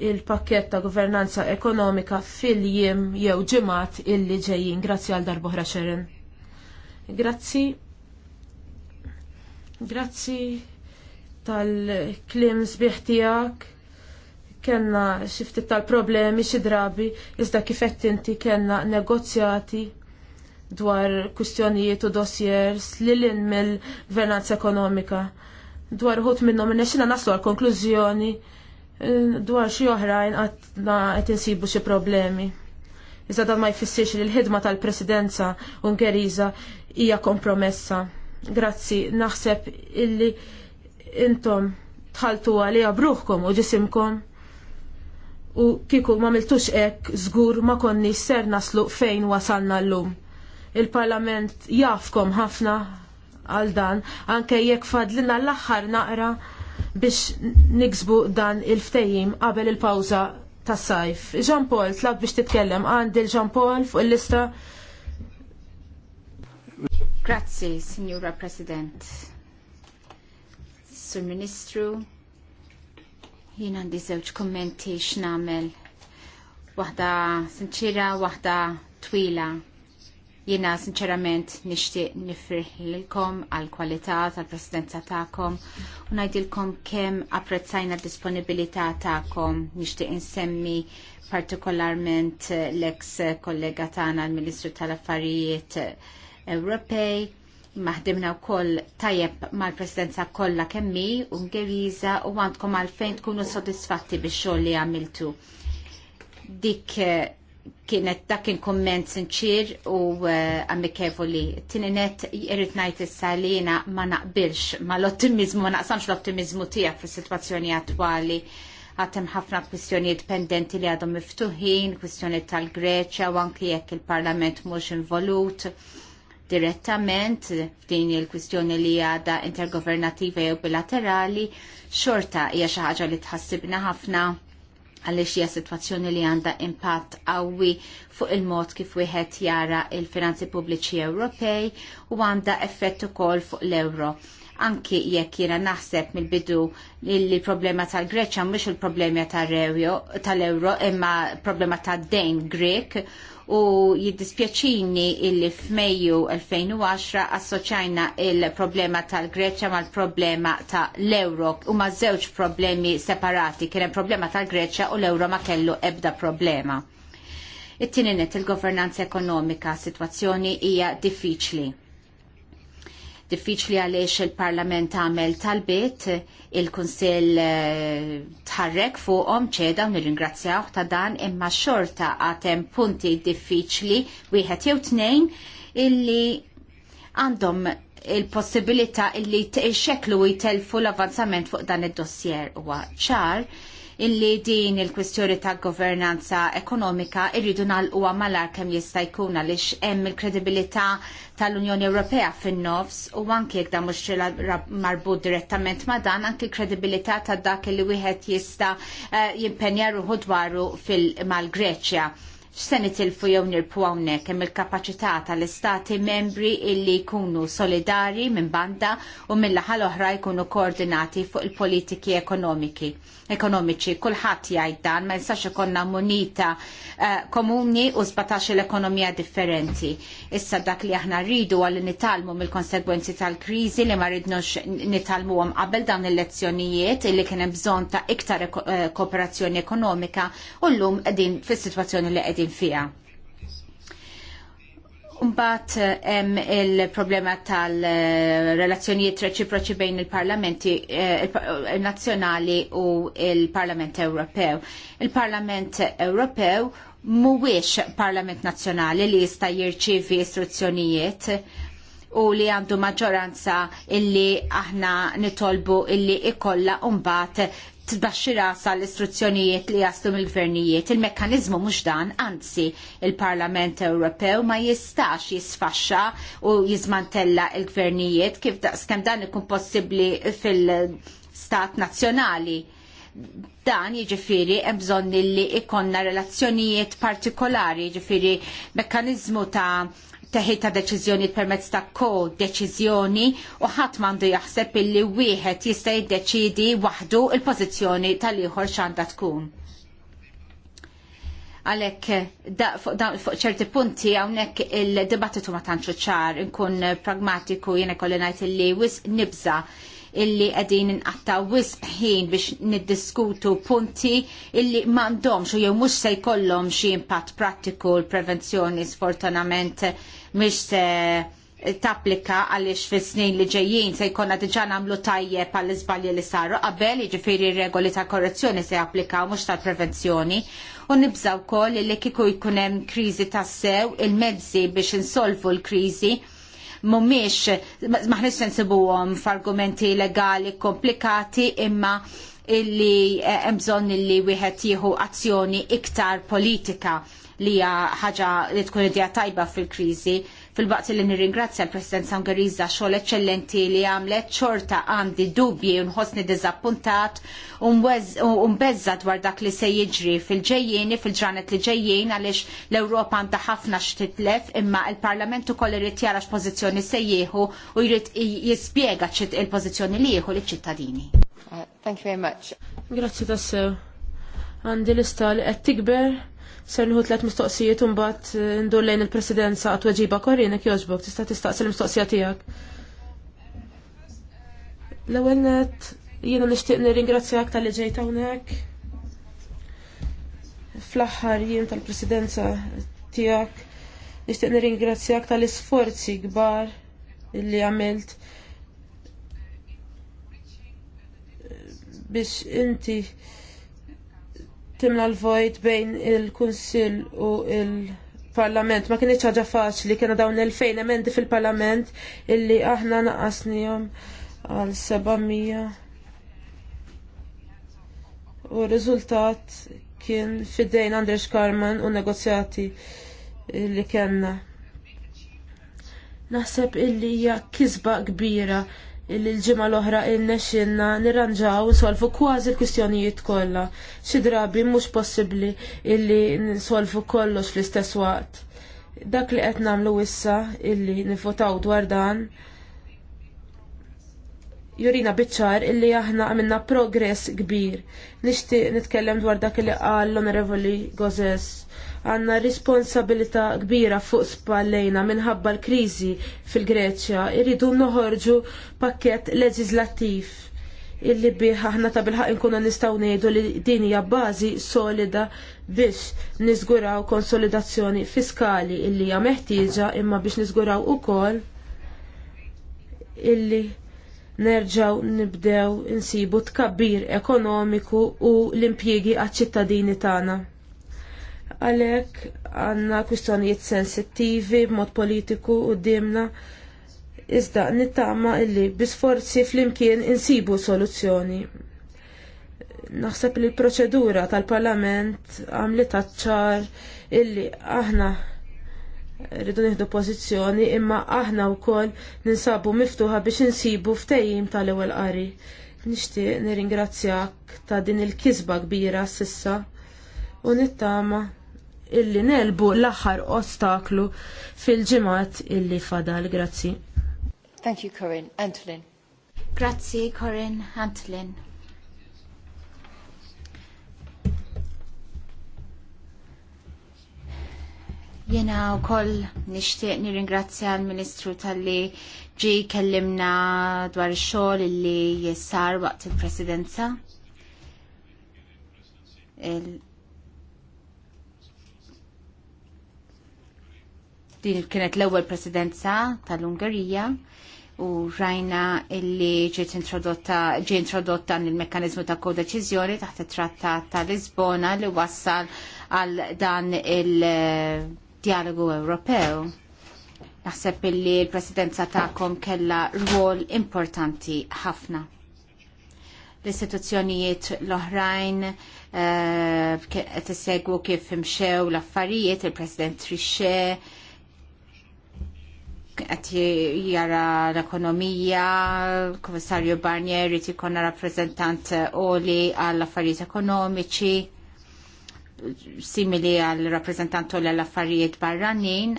il-pakket ta' governanza ekonomika fil-jiem jew ġimat illi ġejjin. Grazzi għal darbohra xerin. Grazzi. Grazzi tal-klim sbieħ tijak. Kenna xifti tal-problemi xi drabi, iżda kifett inti kenna negozjati dwar kustjonijiet u dossiers li l-in mill-gvernanza ekonomika. Dwar ħut minnom minna naslu għal-konklużjoni Eh, dwar xi oħrajn qed insibu xi problemi. Iżda dan ma jfissirx li l-ħidma tal-presidenza Ungeriża hija kompromessa. Grazzi, naħseb illi intom tħaltu għali għabruħkom u ġisimkom u kiku ma miltux ek zgur ma konni ser naslu fejn wasalna l-lum. Il-parlament jafkom ħafna għal dan, anke jekk fadlina l-axħar naqra biex niksbu dan il-ftejim qabel il-pawza tas sajf. Jean Paul, tlab biex titkellem, għandi Jean Paul fuq il-lista. Grazzi, Signora President. Sur Ministru, jien għandi żewġ kommenti x'namel. Waħda sinċira, waħda twila Jiena sinċerament nixtieq nifirħilkom għal kwalità tal-presidenza tagħkom u ngħidilkom kemm apprezzajna d disponibilità tagħkom nixtieq insemmi partikolarment l-ex kollega tagħna l-Ministru tal-Affarijiet Ewropej maħdimna u koll tajjeb mal-presidenza kollha kemmi u ngeriza u għandkom għalfejn tkunu sodisfatti bix xogħol li għamiltu. Dik kienet dak kien komment sinċir u eh, amikevoli. Tininet irrit ngħid issa salina ma naqbilx mal-ottimizmu, ma naqsamx l-ottimizmu tiegħek fis-sitwazzjoni attwali għatem ħafna kwistjonijiet pendenti li għadhom miftuħin, kwistjoni tal-Greċja u anki jekk il-Parlament mhux involut direttament f'din il-kwistjoni li għadha intergovernativa jew bilaterali, xorta hija xi ħaġa li tħassibna ħafna għaliex hija sitwazzjoni li għandha impatt qawwi fuq il-mod kif wieħed jara il-finanzi pubbliċi Ewropej u għandha effett ukoll fuq l-euro. Anki jekk jiena naħseb mill-bidu li l-problema tal-Greċja mhux il-problema tal-euro imma problema tad-dejn Grek u jiddispjaċini illi f'Mejju 2010 assoċajna il-problema tal-Greċja mal-problema tal euro u ma' żewġ problemi separati kien hemm problema tal-Greċja u l-Euro ma kellu ebda problema. It-tieni il-governanza ekonomika, situazzjoni hija diffiċli diffiċli għaliex il-Parlament għamel talbiet il-Kunsill eh, tħarrek fuqhom ċeda u nirringrazzjaw ta' dan imma xorta għatem punti diffiċli wieħed jew tnejn illi għandhom il-possibilità illi xeklu jitelfu l-avanzament fuq dan id-dossier huwa ċar illi din il-kwistjoni ta' governanza ekonomika irridu nagħlquha malar kemm jista' jkun għaliex hemm il-kredibilità tal-Unjoni Ewropea fin-nofs u anke jekk dan mhux marbut direttament ma' dan anke l-kredibilità ta' dak li wieħed jista' eh, jimpenja ruħu dwaru mal-Greċja x'se nitilfu jew nirpu hawnhekk hemm il-kapaċità tal-istati membri illi jkunu solidari minn banda u mill l oħra jkunu koordinati fuq il-politiki ekonomiki ekonomiċi. Kulħadd jgħid dan, ma jistax ikonna munita eh, komuni u sbatax l-ekonomija differenti. Issa dak li aħna rridu għalli nitalmu mill-konsegwenzi tal-kriżi li ma rridnux nitalmuhom qabel dawn il-lezzjonijiet illi kien hemm bżonn ta' iktar eh, kooperazzjoni ekonomika u llum qegħdin fis-sitwazzjoni li qegħdin fiha. Umbat hemm eh, il-problema tal-relazzjonijiet reċiproċi bejn il-parlamenti eh, eh, nazzjonali u il-Parlament Ewropew. Il-Parlament Ewropew mhuwiex Parlament Nazzjonali li jista' jirċievi istruzzjonijiet u li għandu maġġoranza illi aħna nitolbu illi ikolla mbagħad tbaxxi rasa l-istruzzjonijiet li jaslu mill-gvernijiet. Il-mekkanizmu mhux dan, anzi, il-Parlament Ewropew ma jistax jisfaxxa u jizmantella l gvernijiet kif kemm dan ikun possibbli fil-stat nazzjonali dan jiġifieri hemm bżonn li ikonna relazzjonijiet partikolari, jiġifieri mekkaniżmu ta' teħi ta' deċizjoni permezz ta' ko deċiżjoni u ħadd m'għandu jaħseb illi wieħed jista' jiddeċidi waħdu il-pożizzjoni tal-ieħor x'għandha tkun. Għalhekk fuq ċerti punti hawnhekk il-dibattitu ma tantxu ċar, inkun pragmatiku jien ikolli ngħid illi wis nibża' illi qegħdin inqattaw wisq ħin biex niddiskutu punti illi m'għandhomx u jew mhux se jkollhom xi impatt prattiku l-prevenzjoni sfortunament mhix se tapplika għaliex fis snin li ġejjin se jkollna diġan nagħmlu tajjeb għall iżbalji li saru qabel jiġifieri regoli ta' korrezzjoni se japplikaw mhux tal prevenzjoni u nibżaw wkoll li kiku jkun hemm kriżi sew il-mezzi biex insolvu l-kriżi mhumiex maħniex sensibuhom f'argumenti legali komplikati imma illi eh, hemm bżonn illi wieħed jieħu azzjoni iktar politika li hija ħaġa li tkun idea tajba fil-kriżi Fil-waqt li nirringrazzja l-Presidenza Ungheriża xogħol eċċellenti li għamlet xorta għandi dubji u nħossni diżappuntat u mbeżza dwar dak li se jiġri fil-ġejjieni fil-ġranet li ġejjien għaliex l-Ewropa għandha ħafna x'titlef imma il-Parlament ukoll irid jara x'pożizzjoni se jieħu u jrid jispjega il-pożizzjoni li jieħu liċ-ċittadini. Uh, thank you very much. Grazie tassew għandi l l-ista li qed tikber ser nħu tlet mistoqsijiet un mbagħad eh, ndur lejn il-presidenza għat weġiba korrinek jogħġbok, tista' tistaqsi l-mistoqsija tiegħek. L-ewwel net jiena nixtieq nirringrazzjak tal-li ġejt hawnhekk. Fl-aħħar jien tal-presidenza tiegħek nixtieq nirringrazzjak tal-isforzi kbar li għamilt biex inti timla l-vojt bejn il-Kunsill u il-Parlament. Ma kienieċ ħaġa faċli, kena dawn il-fejn emendi fil-Parlament illi aħna naqasnijom għal 700. U r-riżultat kien fidejn Andres Karman u negozjati illi kena. Naħseb illi hija kisba kbira illi l-ġimgħa l-oħra il innexxinna nirranġaw nsolfu kważi l-kwistjonijiet kollha. Xi drabi mhux possibbli illi nsolvu kollox fl-istess waqt. Dak li qed nagħmlu issa illi nifotaw dwar dan jurina biċċar illi aħna għamilna progress kbir. Nixtieq nitkellem dwar dak li qal l-Onorevoli Gozes għandna responsabilità kbira fuq spallejna minħabba l-kriżi fil-Greċja irridu noħorġu pakkett leġislattiv illi bih aħna ta' bilħaq nkunu nistgħu ngħidu li din hija bażi solida biex niżguraw konsolidazzjoni fiskali illi hija meħtieġa imma biex niżguraw ukoll illi nerġaw nibdew insibu tkabbir ekonomiku u l impjiegi għaċ-ċittadini tagħna. Għalek għanna kwistjonijiet sensittivi b'mod politiku u dimna iżda nittama illi bisforzi flimkien insibu soluzzjoni. Naħseb li l-proċedura tal-Parlament għamlet ċar illi aħna rridu nieħdu pożizzjoni imma aħna wkoll ninsabu miftuħa biex insibu ftejjim tal-ewwel qari. Nixtieq nirringrazzjak ta' din il-kisba kbira sissa u nittama illi nelbu l-aħħar ostaklu fil-ġimat illi fadal. Grazzi. Thank you, Corinne. Antolin. Grazzi, Corinne Antolin. Jena u koll nishtiq nir-ingrazzja l-Ministru tal-li ġi kellimna dwar xogħol illi jessar waqt il-Presidenza. il presidenza Din kienet l-ewwel presidenza tal-Ungerija u rajna illi ġiet introdotta ġie introdotta il-mekkaniżmu ta' kodeċiżjoni taħt it-trattat ta' Lisbona li wassal għal dan il-dialogu Ewropew. Naħseb illi l-presidenza tagħkom kellha rwol importanti ħafna l-istituzzjonijiet l-oħrajn eh, qed uh, segwu kif imxew l-affarijiet, il-President Trichet, qed jara l-ekonomija, komissarju Barnier jrid ikun rappreżentant oli għall affarijiet ekonomiċi, simili għall rappreżentant oli għall affarijiet barranin,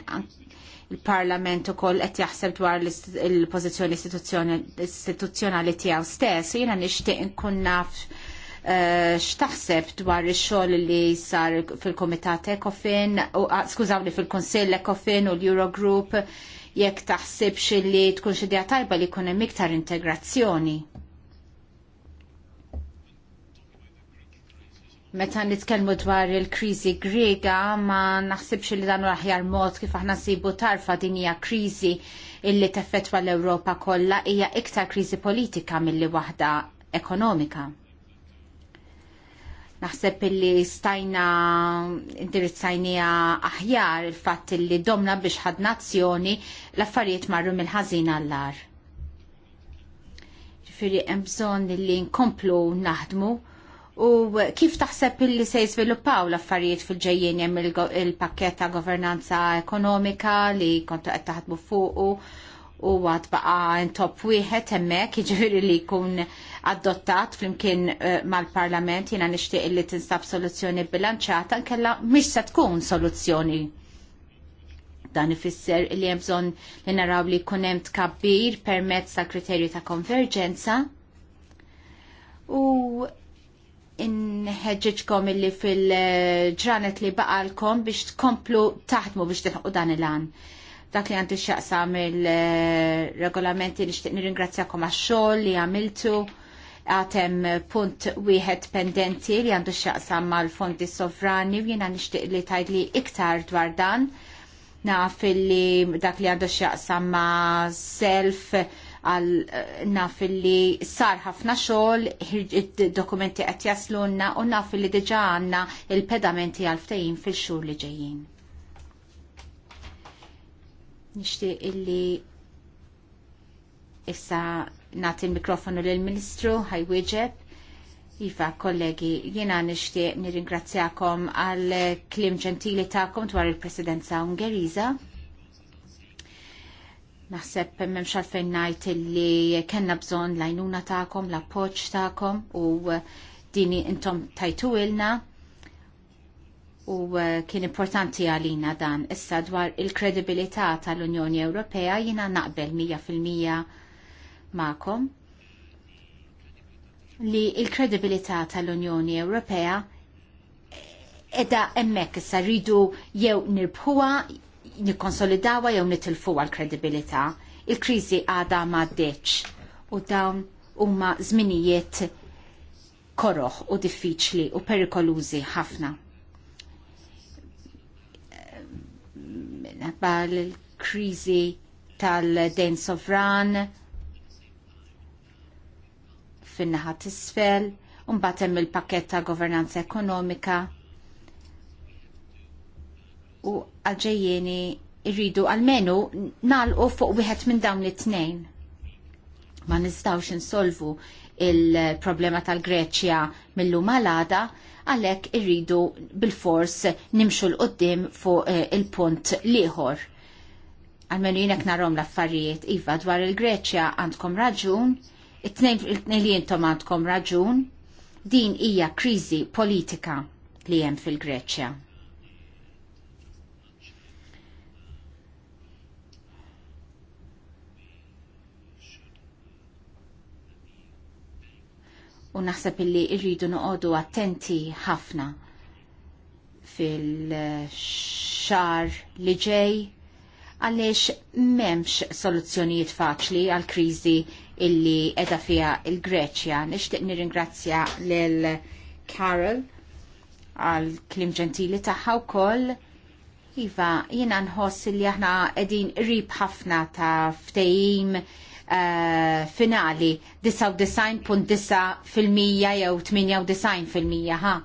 il-parlament ukoll qed jaħseb dwar il-pożizzjoni istituzzjonali tiegħu stess, Jina nixtieq nkun naf eh, xtaħseb dwar ix xol li sar fil-Kumitat Ekofin, ah, skużawni fil-Kunsill Ekofin u l-Eurogroup jekk taħsibx li tkun xi idea tajba li jkun hemm iktar integrazzjoni. meta nitkellmu dwar il-kriżi Griega ma naħsibx li dan aħjar mod kif aħna nsibu tarfa din hija kriżi illi teffettwa l-Ewropa kollha hija iktar kriżi politika milli waħda ekonomika. Naħseb illi stajna indirizzajnija aħjar il-fatt illi domna biex ħad nazzjoni l-affarijiet marru mill ħazina għall-ar. Ġifieri hemm bżonn illi nkomplu naħdmu U kif taħseb illi se jizviluppaw l-affarijiet fil-ġejjien jem il-pakket ta' governanza ekonomika li kontu qed taħdmu fuqu u għad baqa top wieħed hemmhekk jiġifieri li jkun adottat flimkien eh, mal-Parlament jiena nixtieq li tinstab soluzzjoni bilanċata nkella mhix se tkun soluzzjoni. Dan ifisser li hemm bżonn li naraw li jkun hemm tkabbir permezz ta' kriterju ta' konverġenza u inħeġġiġkom illi fil-ġranet li baqalkom biex tkomplu taħdmu biex tilħu dan il-għan dak li għandu xaqsam il-regolamenti nixtieq nirringrazzjakom għax-xogħol li għamiltu għatem punt wieħed pendenti li għandu xaqsam mal-fondi sovrani u jiena nixtieq li tajdli iktar dwar dan naf li dak li għandu xaqsam ma' self għal naf li sar ħafna xogħol, id-dokumenti qed jaslunna u naf li diġa' għandna il-pedamenti għal ftehim fil-xhur li ġejjin. Nixtieq illi issa nagħti l-mikrofonu lill-Ministru ħajwieġeb. Iva, kollegi, jiena nixtieq nirringrazzjakom għal klim ġentili tagħkom dwar il-Presidenza Ungeriza. Naħseb memx għalfejn najt illi kellna bżonn l-għajnuna tagħkom, l-appoġġ tagħkom u dini intom tajtu ilna u eh, kien importanti għalina dan. Issa dwar il-kredibilità tal-Unjoni Ewropea jina naqbel 100% ma'kom li il-kredibilità tal-Unjoni Ewropea edha emmek issa rridu jew nirbħuha, nikkonsolidawha jew nitilfuha l-kredibilità. Il-kriżi għadha ma u dawn huma żminijiet koroħ u diffiċli u perikolużi ħafna. bħal krizi kriżi tal-dejn sovran fin-naħa tisfel, u mbagħad hemm il-pakket ta' governanza ekonomika u għalġejjeni irridu għalmenu nalqu fuq wieħed minn dawn it-tnejn. Ma nistawx insolvu il-problema tal-Greċja mill-lum għal għalhekk irridu bil-fors nimxu l-qoddim fuq eh, il-punt liħor. Għalmenu jinek narom l-affarijiet, Iva, dwar il-Greċja għandkom raġun, it-tnejn li jintom għandkom raġun, din hija kriżi politika li hemm fil-Greċja. u naħseb illi irridu noqogħdu attenti ħafna fil-xar li ġej għaliex m'hemmx soluzzjonijiet faċli għal kriżi illi qiegħda fiha il-Greċja. Nixtieq nirringrazzja lil Carol għal klim ġentili tagħha wkoll. Iva, jiena nħoss li aħna qegħdin qrib ħafna ta' ftehim Eh, finali 99.9% jew 98% ha.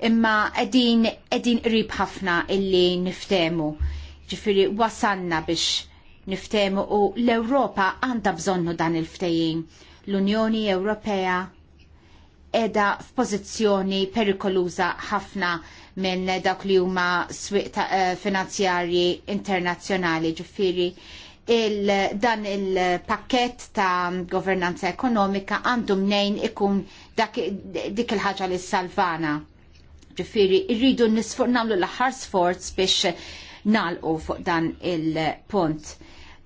Imma edin edin qrib ħafna illi niftemu. Ġifiri wasanna biex niftemu u l-Ewropa għandha bżonnu dan il-ftejjin. L-Unjoni Ewropea edha f'pożizzjoni perikoluża ħafna minn dawk li huma swieq eh, finanzjarji internazzjonali ġifiri il, dan il-pakket ta' governanza ekonomika għandu mnejn ikun dak, dik il-ħagġa li salvana. Ġifiri, irridu nisfuq namlu l-ħar sforz biex nalqu fuq dan il-punt.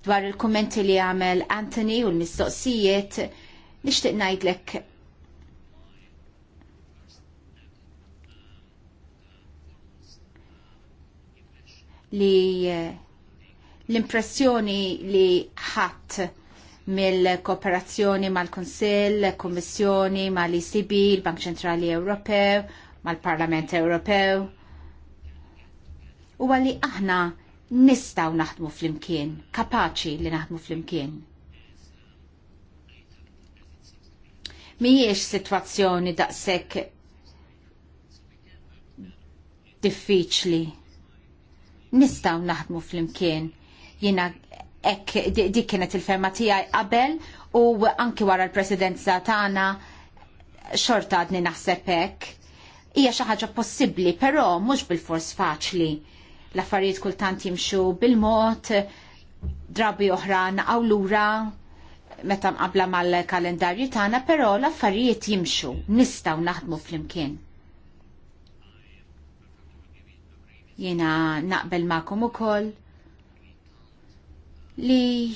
Dwar il-kommenti li għamel Anthony u l-mistoqsijiet, nishtiq najdlek li eh, l-impressjoni li ħadd mill-kooperazzjoni mal-Konsil, Kommissjoni, mal-ECB, il-Bank Ċentrali Ewropew, mal-Parlament Ewropew. U għalli aħna nistaw naħdmu fl-imkien, kapaċi li naħdmu fl-imkien. Mijiex situazzjoni daqsek diffiċli. Nistaw naħdmu fl-imkien Jiena hekk dik kienet il-ferma tiegħi qabel u anki wara l-presidenza tagħna xorta għadni naħseb hekk. Hija xi ħaġa possibbli, però mhux bil-fors faċli. L-affarijiet kultant jimxu bil-mod, drabi oħra naqgħu lura meta mqabla mal-kalendarju tagħna, però l-affarijiet jimxu, nistgħu naħdmu flimkien. Jiena naqbel magħkom ukoll li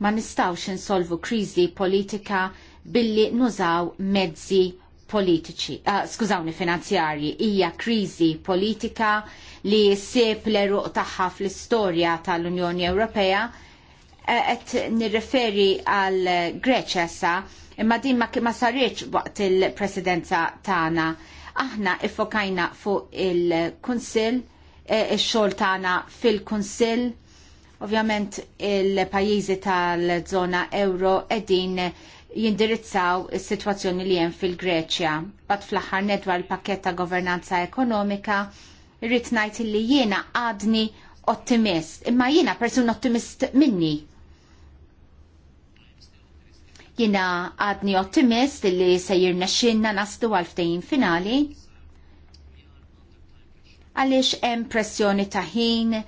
ma nistawx insolvu kriżi politika billi nużaw mezzi politiċi, uh, skużawni finanzjarji, hija kriżi politika li ssib l-eruq tagħha fl-istorja tal-Unjoni Ewropea eh, qed nirreferi għal Greċja sa imma din ma saritx waqt il-presidenza tagħna. Aħna ifokajna fuq il-Kunsill, eh, ix-xogħol tagħna fil-Kunsill, Ovvjament il-pajjiżi tal-żona euro edin jindirizzaw is-sitwazzjoni li hemm fil-Greċja. Bat fl-aħħar nedwa il-pakket ta' governanza ekonomika, irrid ngħid li jiena għadni ottimist, imma jiena persun ottimist minni. Jiena għadni ottimist li se jirnexxinna naslu għal ftehim finali. Għaliex hemm pressjoni ta' ħin,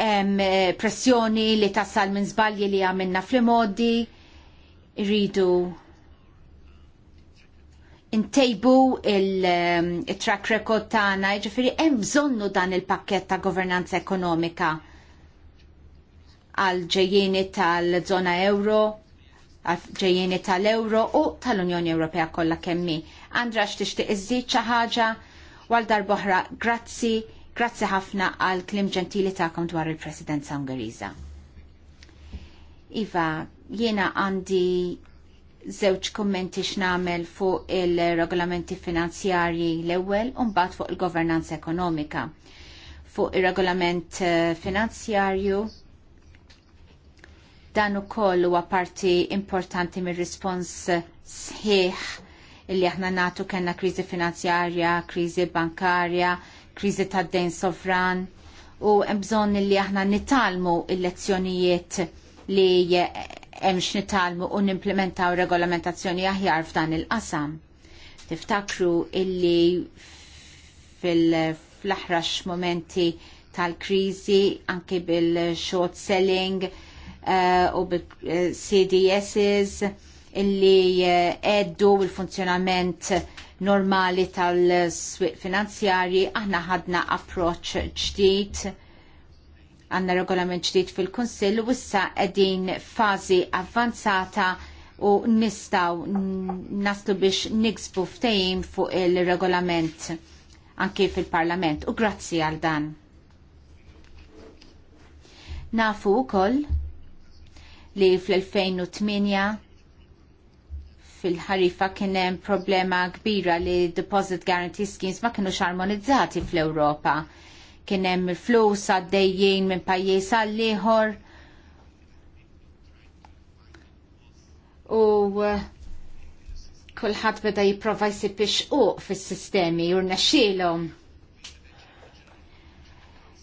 Eh, pressjoni li tasal minn zbalji li għamilna fl-modi, irridu intejbu il-track record tagħna, ġifiri hemm bżonnu dan il-pakket ta' governanza ekonomika għal ġejjeni tal-żona euro, għal ġejjeni tal-euro u tal-Unjoni Ewropea kollha kemmi. Andra x'tixtieq iżid xi ħaġa, għal darboħra grazzi Grazzi ħafna għal klim ġentili ta'kom dwar il-Presidenza Ungeriża. Iva, jiena għandi żewġ kommenti x'namel fuq il-regolamenti finanzjarji l-ewwel u mbagħad fuq il-governanza ekonomika. Fuq ir-regolament eh, finanzjarju dan ukoll huwa parti importanti mir-rispons sħiħ li aħna natu kellna kriżi finanzjarja, kriżi bankarja, kriżi tad-dejn sovran u hemm bżonn li aħna nitalmu il-lezzjonijiet li hemmx nitalmu u nimplementaw regolamentazzjoni aħjar f'dan il-qasam. Tiftakru illi fil-aħrax momenti tal-kriżi anke bil-short selling eh, u bil-CDSs illi għeddu eh, il-funzjonament normali tal-swiq finanzjarji, aħna ħadna approċ ġdid, għanna regolament ġdid fil-Kunsill u issa qegħdin fazi avvanzata u nistaw naslu biex niksbu ftehim fuq il-regolament anki fil-Parlament u grazzi għal dan. Nafu wkoll li fl-2008 fil-ħarifa kien hemm problema kbira li deposit guarantee schemes ma kinux armonizzati fl-Ewropa. Kien hemm il-flus għaddejjin minn pajjiż għal ieħor. U uh, kulħadd beda jipprova jsib ixquq fis-sistemi u rnexxielhom.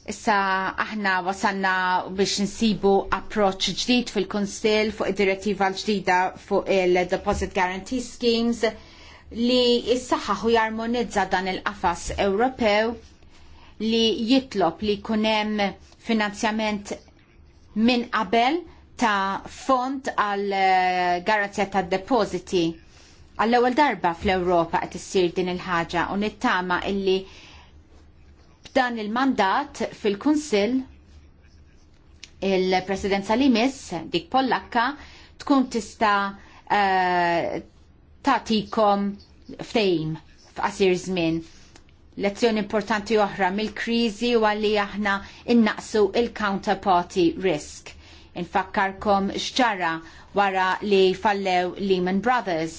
Issa aħna wasanna biex nsibu approċ ġdid fil-Konsil fuq id-direttiva l-ġdida fuq il-Deposit Guarantee Schemes li jissaħħaħ u jarmonizza dan il-qafas Ewropew li jitlob li kunem finanzjament minn qabel ta' fond għal eh, garanzja ta' depositi. Għall-ewwel darba fl-Ewropa qed issir din il-ħaġa u nittama illi Dan il-mandat fil-Kunsill il-presidenza li miss, dik Pollakka, tkun tista uh, tatikom ftejm f'qasir żmien. Lezzjoni importanti oħra mill-kriżi u għalli aħna innaqsu il-counterparty risk. Infakkarkom xċara wara li fallew Lehman Brothers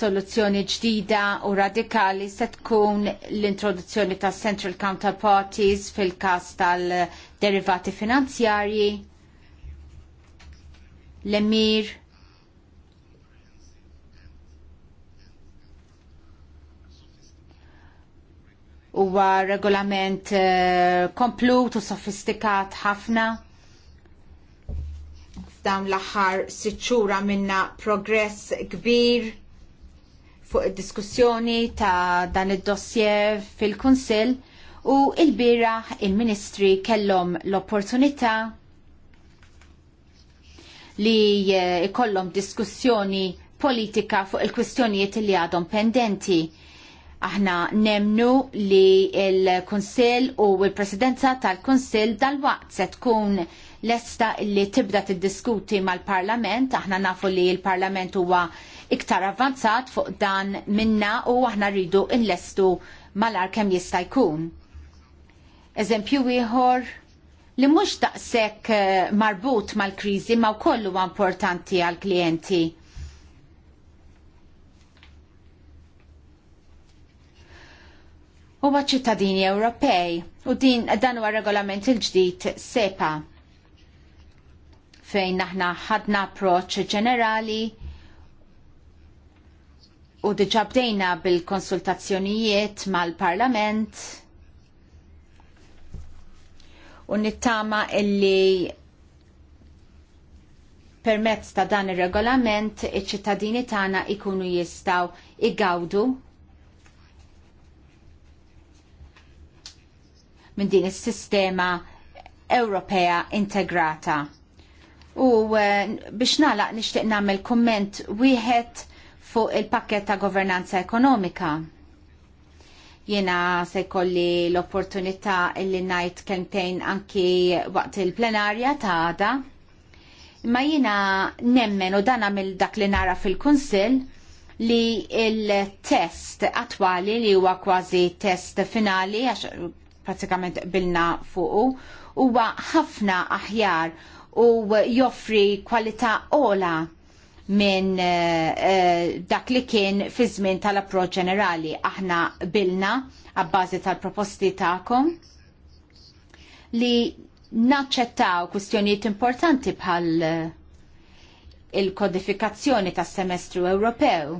soluzzjoni ġdida u radikali se tkun l-introduzzjoni ta' central counterparties fil-kas tal-derivati finanzjarji, l-emir, huwa regolament eh, komplut u sofistikat ħafna f'dawn l-aħħar siċċura minna progress kbir fuq id-diskussjoni ta' dan id-dossier fil-Kunsill u il-bira il-Ministri kellhom l-opportunità li eh, ikollhom diskussjoni politika fuq il-kwistjonijiet li għadhom pendenti aħna nemnu li il-Konsil u il-Presidenza tal kunsill dal-waqt se tkun lesta li tibda tiddiskuti mal-Parlament, aħna nafu li il-Parlament huwa iktar avvanzat fuq dan minna u aħna rridu inlestu malar kem jista' jkun. Eżempju ieħor li mhux daqshekk eh, marbut mal-kriżi ma wkoll huwa importanti għall klijenti. Huwa ċittadini Ewropej u din dan huwa regolament il-ġdid SEPA fejn aħna ħadna approċċ ġenerali u diġa bdejna bil-konsultazzjonijiet mal-parlament u nittama illi permezz ta' dan ir-regolament iċ-ċittadini tagħna ikunu jistgħu igawdu minn din is-sistema Ewropea integrata. U eh, biex nagħlaq nixtieq nagħmel kumment wieħed fuq il-pakket ta' governanza ekonomika. Jena se kolli l-opportunità illi najt kemtejn anki waqt il-plenarja ta' għada. Ma jena nemmen u dana mill dak li nara fil-Kunsil li il-test attwali li huwa kważi test finali għax pratikament bilna fuqu huwa ħafna aħjar u joffri kwalità ola minn uh, dak li kien fi żmien tal-approċ ġenerali. Aħna bilna għabbażi tal-proposti tagħkom li naċċettaw kwistjonijiet importanti bħal eh, il-kodifikazzjoni tas semestru Ewropew.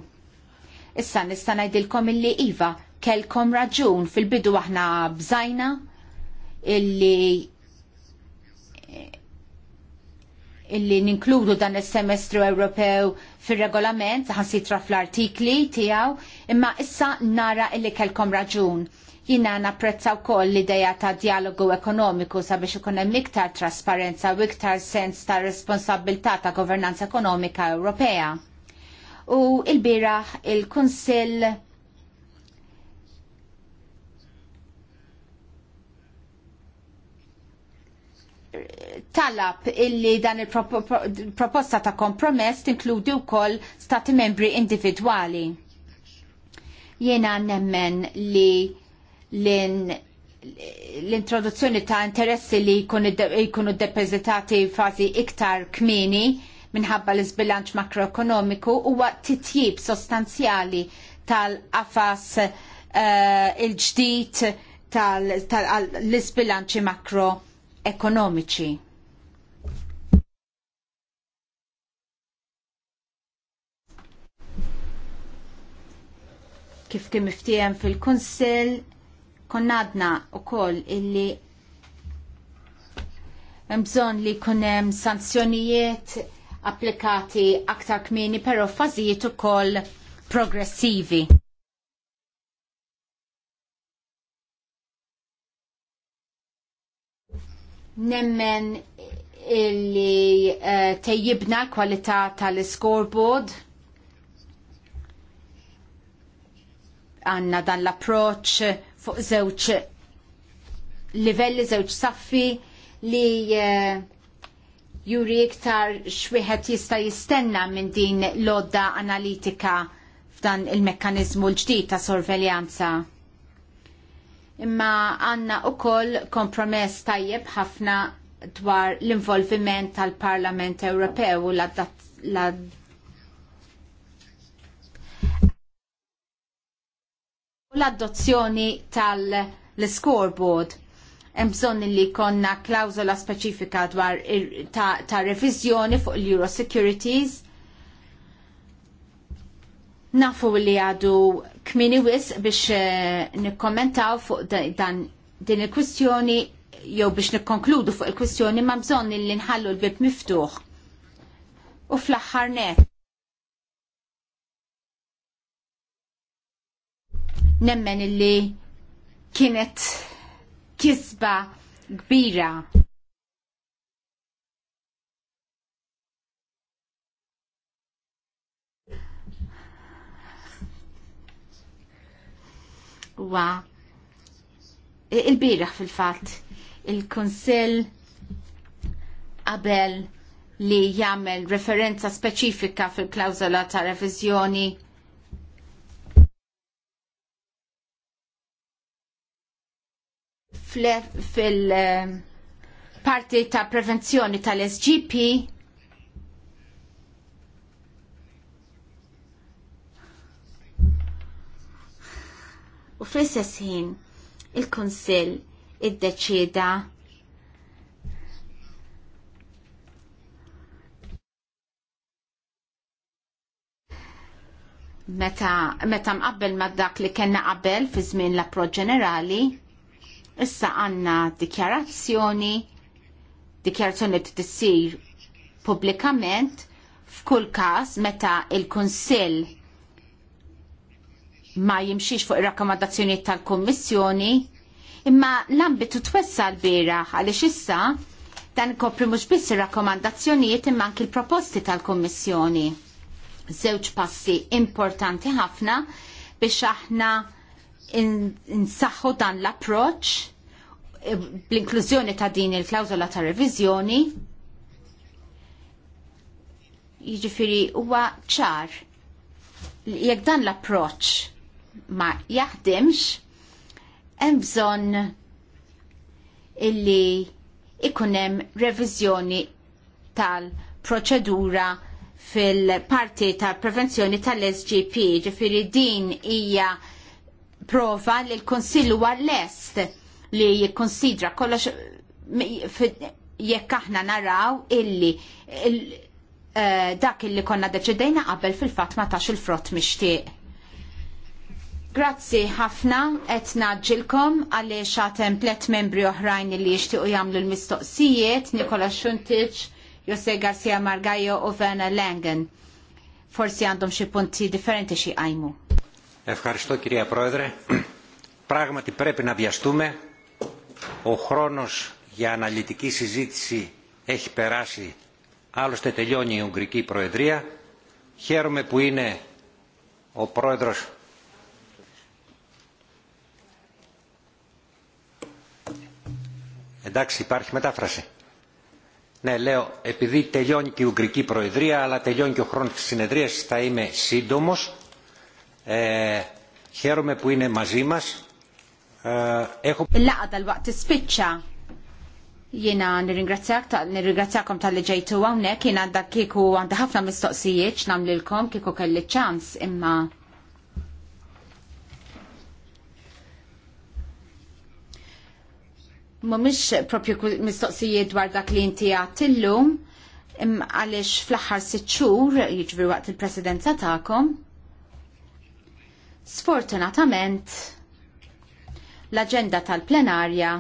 Issa nista' ngħidilkom illi iva kelkom raġun fil-bidu aħna bżajna illi illi ninkludu dan is semestru Ewropew fir-regolament ħansitra fl-artikli tiegħu, imma issa nara illi kelkom raġun. Jina napprezza wkoll l-ideja ta' dialogu ekonomiku sabiex ikun hemm iktar trasparenza u iktar sens ta' responsabilità ta' governanza ekonomika Ewropea. U il-biraħ il-Kunsill talab illi dan il-proposta ta' kompromess tinkludi wkoll stati membri individwali. Jiena nemmen li l-introduzzjoni ta' interessi li jkunu depezitati fazi iktar kmini minħabba l-izbilanċ makroekonomiku huwa titjib sostanzjali tal-qafas uh, il-ġdid tal-izbilanċi makro ekonomiċi. Kif kien miftijem fil-Kunsill, konnadna u koll illi mbżon li kunem sanzjonijiet applikati aktar kmini, pero fazijiet u koll progressivi. Nemmen illi uh, tejjibna kwalità tal-scoreboard. Għanna dan l-approċ fuq żewġ livelli żewġ saffi li uh, juri iktar xwieħed jista jistenna minn din l-odda analitika f'dan il-mekkanizmu l-ġdid ta' sorveljanza imma għanna u koll kompromess tajjeb ħafna dwar l-involviment tal-Parlament Ewropew u l l-adozzjoni tal-scoreboard. Hemm bżonn li konna klawzola speċifika dwar ta', ta revizjoni fuq l-Euro Securities Nafu li għadu kmini wis biex eh, nikkommentaw fuq dan din il-kwistjoni jew biex nikkonkludu fuq il-kwistjoni ma bżonn li nħallu l-bib miftuħ. U fl-aħħar net. Nemmen illi kienet kisba kbira huwa il-biraħ fil-fatt il-Kunsill qabel li jagħmel referenza speċifika fil-klawżola ta' revizjoni. fil-parti eh, ta' prevenzjoni tal-SGP u fl-istess ħin il-Kunsill iddeċieda meta, meta mqabbel ma dak li kena qabel fi żmien l-appro ġenerali, issa għandna dikjarazzjoni, dikjarazzjoni li tissir pubblikament f'kull każ meta il-Kunsill ma jimxiex fuq ir-rakkomandazzjoni tal-Kummissjoni, imma l-ambitu twessa l-biraħ għaliex issa dan kopri mhux biss ir-rakkomandazzjonijiet imma anki l-proposti tal-Kummissjoni. Żewġ passi importanti ħafna biex aħna insaħħu dan l-approċ eh, bl-inklużjoni ta' din il-klawzola ta' reviżjoni. Jiġifieri huwa ċar jekk dan l-approċ ma jaħdimx, hemm bżonn illi ikun hemm reviżjoni tal-proċedura fil-parti tal-prevenzjoni tal-SGP, ġifiri din hija prova li l-Konsillu għall-est li jikkonsidra kollox jekk aħna naraw illi uh, dak illi konna deċidejna qabel fil-fatt ma tax il-frott mixtieq. Grazzi ħafna qed naġġilkom għaliex għatem tliet membri oħrajn li jixtiequ jagħmlu l-mistoqsijiet Nikola Xuntiċ, Jose Garcia Margajo u Vena Langen. Forsi għandhom xi punti differenti xi qajmu. Ευχαριστώ κυρία Πρόεδρε. Πράγματι πρέπει να βιαστούμε. Ο χρόνος για αναλυτική συζήτηση έχει περάσει. Άλλωστε τελειώνει η Ουγγρική Προεδρία. Χαίρομαι που είναι ο πρόεδρος Εντάξει, υπάρχει μετάφραση. Ναι, λέω, επειδή τελειώνει και η Ουγγρική Προεδρία, αλλά τελειώνει και ο χρόνος της συνεδρίας, θα είμαι σύντομος. Ε, χαίρομαι που είναι μαζί μας. Ε, έχω... Λάqa tal-waqt tispiċċa. Jiena nirringrazzjak ta' nirringrazzjakom tal-li ġejtu għawnek, jiena għandha kiku għandha ħafna mistoqsijiet namlilkom kiku kelli ċans imma mhumiex propju mistoqsijiet dwar dak li inti għatillum għaliex fl-aħħar sitt xhur jiġifieri waqt il-presidenza tagħkom. Sfortunatament l-aġenda tal-plenarja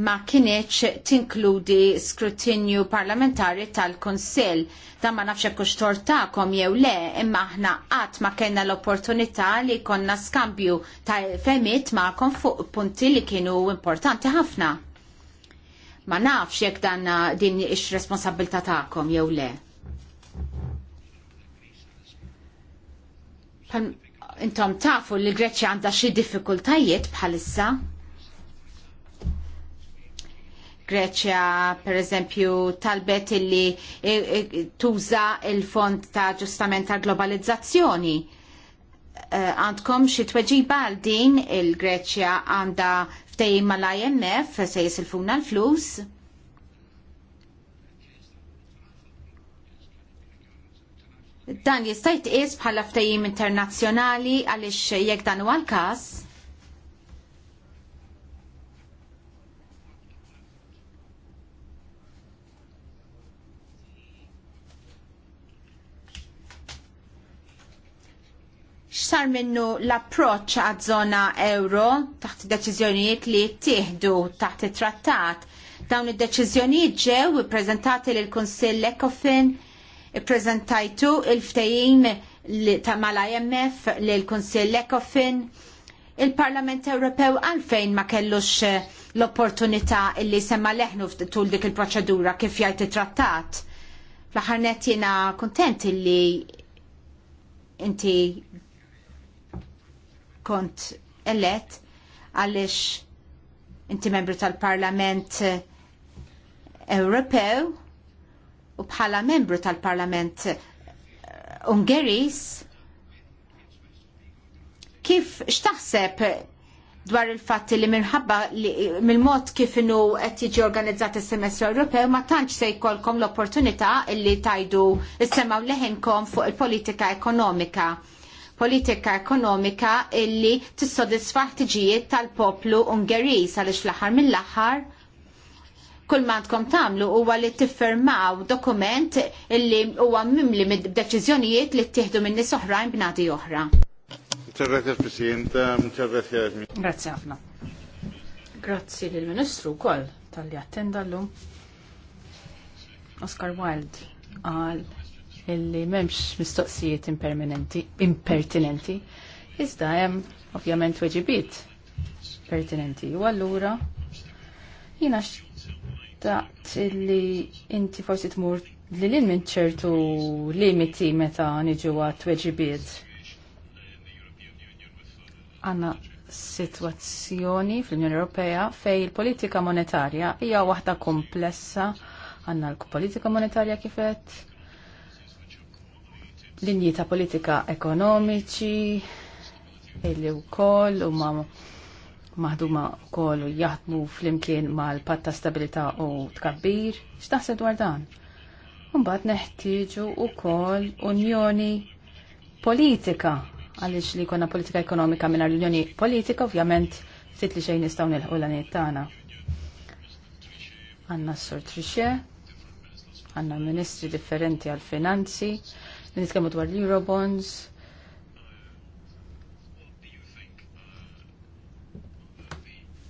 ma kienieċ tinkludi skrutinju parlamentari tal-Konsil. Dan ma nafx hekk xtortakom jew le, imma aħna qatt ma kellna l-opportunità li konna skambju ta' femit ma'kom fuq punti li kienu importanti ħafna. Ma nafx jekk dan din ix responsabilità tagħkom jew le. intom tafu li Greċja għandha xi diffikultajiet bħalissa? Greċja, per eżempju, talbet illi e, e, tuża il-fond ta' ġustament ta' globalizzazzjoni. E, għandkom xi tweġiba għal din il-Greċja għandha ftejim mal-IMF se jisilfuna l-flus? Dan jista' jitqies bħala ftehim internazzjonali għaliex jekk dan huwa l-każ? sar minnu l-approċ għad zona euro taħt deċiżjonijiet li jittieħdu taħt it-trattat. Dawn id-deċiżjonijiet ġew ippreżentati l kunsill Ecofin, ippreżentajtu il-ftehim ta' mal-IMF lil kunsill Ecofin il-Parlament Ewropew għalfejn ma kellux eh, l-opportunità illi semma leħnu tul dik il-proċedura kif jgħid it-trattat. Fl-aħħar nett jiena li illi inti kont elett għaliex inti membru tal-Parlament eh, Ewropew u bħala membru tal-Parlament eh, Ungeris kif xtaħseb dwar il-fatt li minħabba mill-mod kif inu qed jiġi organizzat is-semestru Ewropew ma tantx se jkollkom l-opportunità li tajdu issemgħu leħinkom fuq il-politika ekonomika politika ekonomika illi tissodisfa ħtiġijiet tal-poplu Ungeriż għaliex l-aħħar mill-aħħar kull mandkom tagħmlu huwa li tiffirmaw dokument illi huwa mimli mid-deċiżjonijiet li ttieħdu minn nies oħrajn b'nadi oħra. Grazie Presidenta, Grazie ħafna. Grazzi lill ministru wkoll tal-li attenda llum. Oscar Wilde għal illi memx mistoqsijiet impertinenti, iżda hemm ovvjament weġibiet pertinenti. U allura jina xtaqt illi inti forsi tmur li l minn ċertu limiti meta niġu għat weġibiet. Għanna situazzjoni fl-Unjoni Ewropea fej il-politika monetarja hija waħda komplessa għanna l-politika monetarja kifet, linji ta' politika ekonomiċi illi wkoll huma maħduma wkoll u jaħdmu flimkien mal-patt ta' stabilità u tkabbir. X'taħseb dwar dan? Mbagħad neħtieġu wkoll unjoni politika għaliex li jkollna politika ekonomika minna l-unjoni politika ovvjament ftit li xejn nistgħu nilħu l tagħna. Għanna s-sur għanna ministri differenti għal finanzi, nitkellmu dwar l-Eurobonds.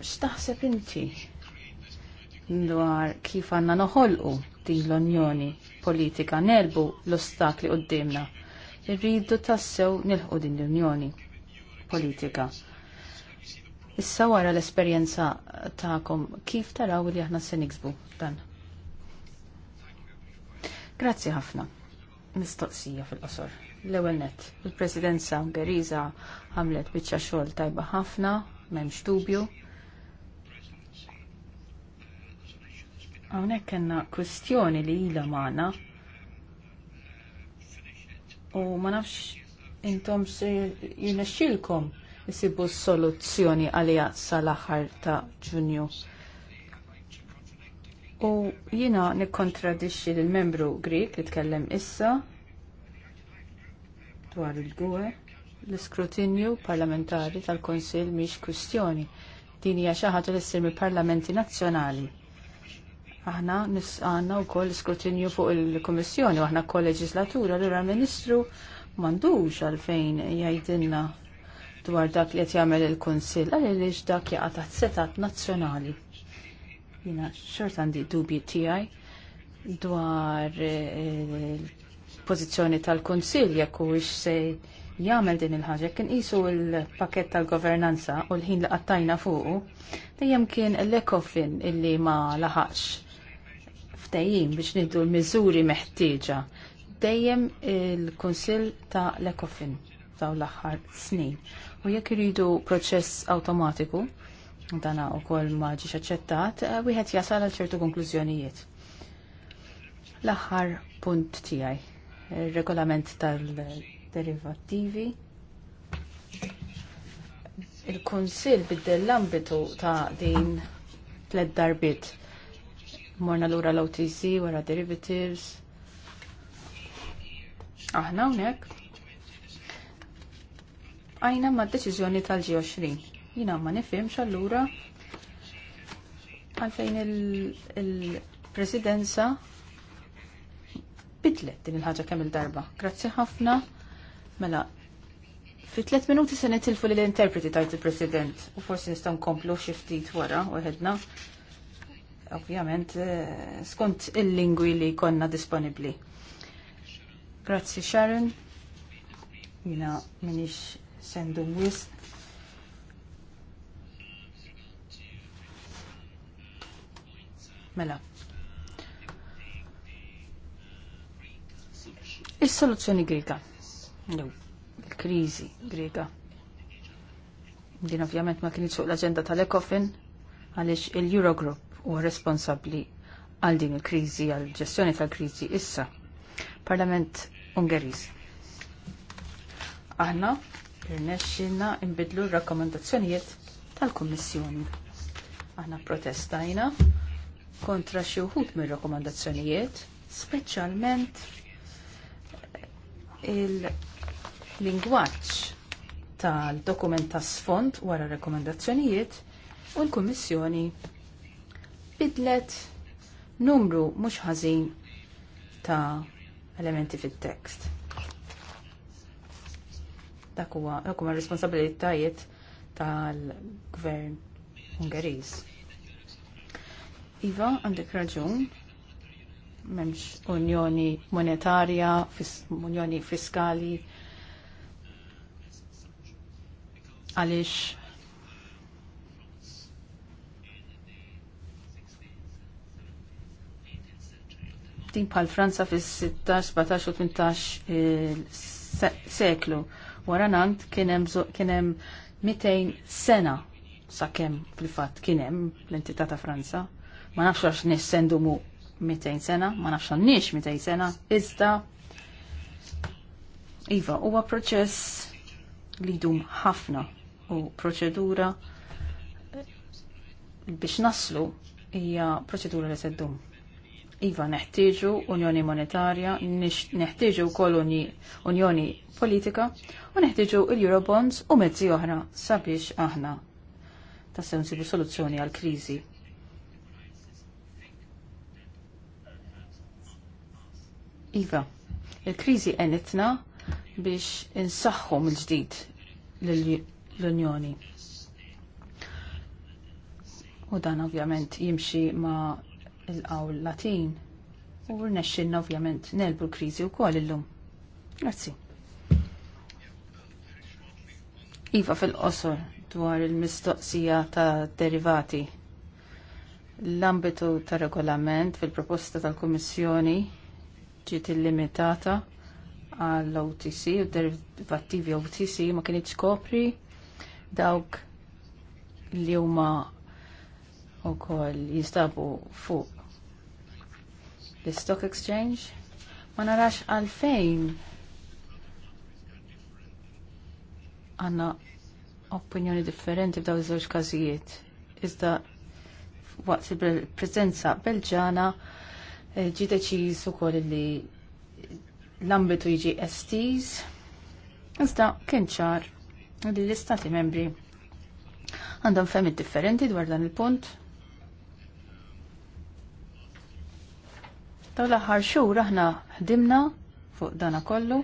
X'taħseb inti dwar kif għandna noħolqu din l-Unjoni politika nerbu l-ostakli qoddimna. Irridu tassew nilħu din l-Unjoni politika. Issa wara l-esperjenza ta'kom, kif taraw li aħna se niksbu dan? Grazzi ħafna mistoqsija fil-qosor. L-ewwel net, il-Presidenza Ungheriża għamlet biċċa xogħol tajba ħafna, m'hemmx dubju. Hawnhekk kellna kwestjoni li ilha magħna u ma nafx intom se jirnexxilkom isibu soluzzjoni għalija sal-aħħar ta' Ġunju U jina nikkontradixxi lill membru Grik li tkellem issa dwar il-gwe l-iskrutinju parlamentari tal-Konsil miex kwistjoni. Din hija xi ħaġa li ssir mill-parlamenti nazzjonali. Aħna nisqanna wkoll l-iskrutinju fuq il-Kummissjoni u aħna kol-leġislatura l ministru m'għandux għalfejn jgħidilna dwar dak li qed jagħmel il-Kunsill għaliex dak jaqa' taħt setat nazzjonali. Jina xort għandi dubji tiegħi dwar eh, il-pożizzjoni tal-Kunsill jekk huwiex se jagħmel din il-ħaġa kien qisu l-pakett tal-governanza u l-ħin li qattajna fuqu, dejjem kien l-ekofin illi ma laħaqx ftehim biex nidu l-miżuri meħtieġa. Dejjem il-Kunsill ta' l-ekofin daw l-aħħar snin. U jekk iridu proċess awtomatiku, dana u kol maġi xaċċettat, eh, wieħed jasal għal ċertu konklużjonijiet. L-aħħar punt tiegħi, regolament tal-derivattivi. Il-Kunsil biddel l-ambitu ta' din tled darbit. Morna lura l-OTC, wara derivatives. Aħna hawnhekk għajna ma' deċiżjoni tal-G20. Jina ma nifimx allura għalfejn il-presidenza bitlet bidlet din il-ħagġa kemm il-darba. Grazzi ħafna. Mela, fi tliet minuti se nitilfu li l-interpreti tajt il-president u forsi nistgħu nkomplu xi ftit wara u ħedna. Ovvjament eh, skont il-lingwi li konna disponibbli. Grazzi Sharon. Jina minix sendu wist Mela. Is-soluzzjoni Griega. Il-kriżi Griega. Din ovvjament ma kienx fuq l-aġenda tal-Ecofin għaliex il-Eurogroup huwa responsabbli għal din il-kriżi, għal ġestjoni tal-kriżi issa. Parlament Ungeriż. Aħna irnexxinna nbidlu r-rakkomandazzjonijiet tal-Kummissjoni. Aħna protestajna kontra xi wħud mir-rakkomandazzjonijiet, speċjalment il-lingwaġġ tal-dokument ta' sfond wara rekomendazzjonijiet u l-Kummissjoni bidlet numru mhux ħażin ta' elementi fit-tekst. Dak huwa r-responsabilitajiet tal-Gvern Ungeriż. Iva, għandek raġun, memx unjoni monetarja, fis unjoni fiskali, għalix din pal Franza fis 16, 17 u eh, seklu. Wara nant kienem 200 sena sa' kem fil-fat kienem l-entità ta' Franza ma nafx għax nissendu mu 200 sena, ma nafx nix 200 sena, iżda Iva, huwa proċess li dum ħafna u proċedura biex naslu hija proċedura li seddum. Iva, neħtieġu unjoni monetarja, neħtieġu wkoll unjoni politika u neħtieġu il-Eurobonds u mezzi oħra sabiex aħna tassew nsibu soluzzjoni għal kriżi Iva, il-krizi għenitna biex insaxħu mill-ġdid l-Unjoni. U dan ovvjament jimxi ma' l qawl latin u rnexxinna ovvjament nelbu l-krizi wkoll illum. Grazzi. Iva fil-qosor dwar il-mistoqsija ta' derivati. L-ambitu ta' regolament fil-proposta tal-Kummissjoni ġiet illimitata għall-OTC u derivativi OTC ma kienx kopri dawk li huma wkoll jinstabu fuq l-Stock Exchange. Ma narax għalfejn għanna opinjoni differenti f'daw iż-żewġ każijiet. Iżda waqt il-preżenza Belġana Eh, ġi deċiż ukoll li l-ambitu jiġi estiż. Iżda kien ċar li l-istati membri għandhom femmit differenti dwar dan il-punt. Taw l-aħħar xhur aħna ħdimna fuq dana kollu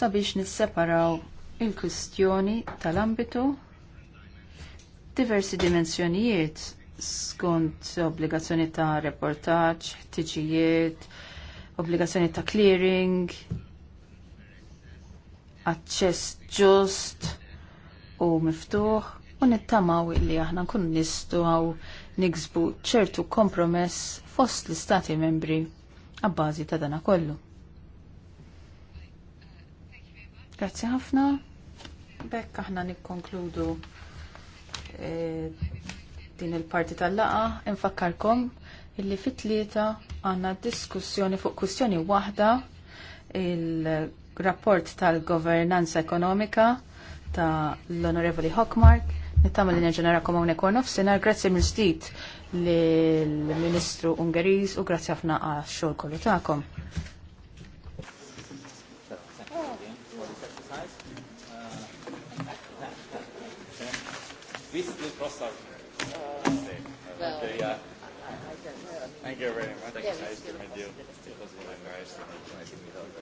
sabiex nisseparaw il-kwistjoni tal-ambitu diversi dimensjonijiet skont obbligazzjoni ta' reportaġġ, tiġijiet, obbligazzjoni ta' clearing, aċċess ġust u miftuħ u nittamaw li aħna nkun nistgħu niksbu ċertu kompromess fost l-istati membri għabbażi ta' dana kollu. Grazzi ħafna. Bekk aħna nikkonkludu eh, din il-parti tal-laqa, infakkarkom illi fit-tlieta għanna diskussjoni fuq kwistjoni waħda il-rapport tal-governanza ekonomika ta' l-Onorevoli Hockmark. Nittama li nġenera komuni kon nofsinar, grazzi mill Stit l-Ministru Ungeriz u grazzi ħafna għax xogħol kollu tagħkom. Visit the prossimo. Okay, yeah. Thank you very much. nice to meet you. It was really nice to meet you.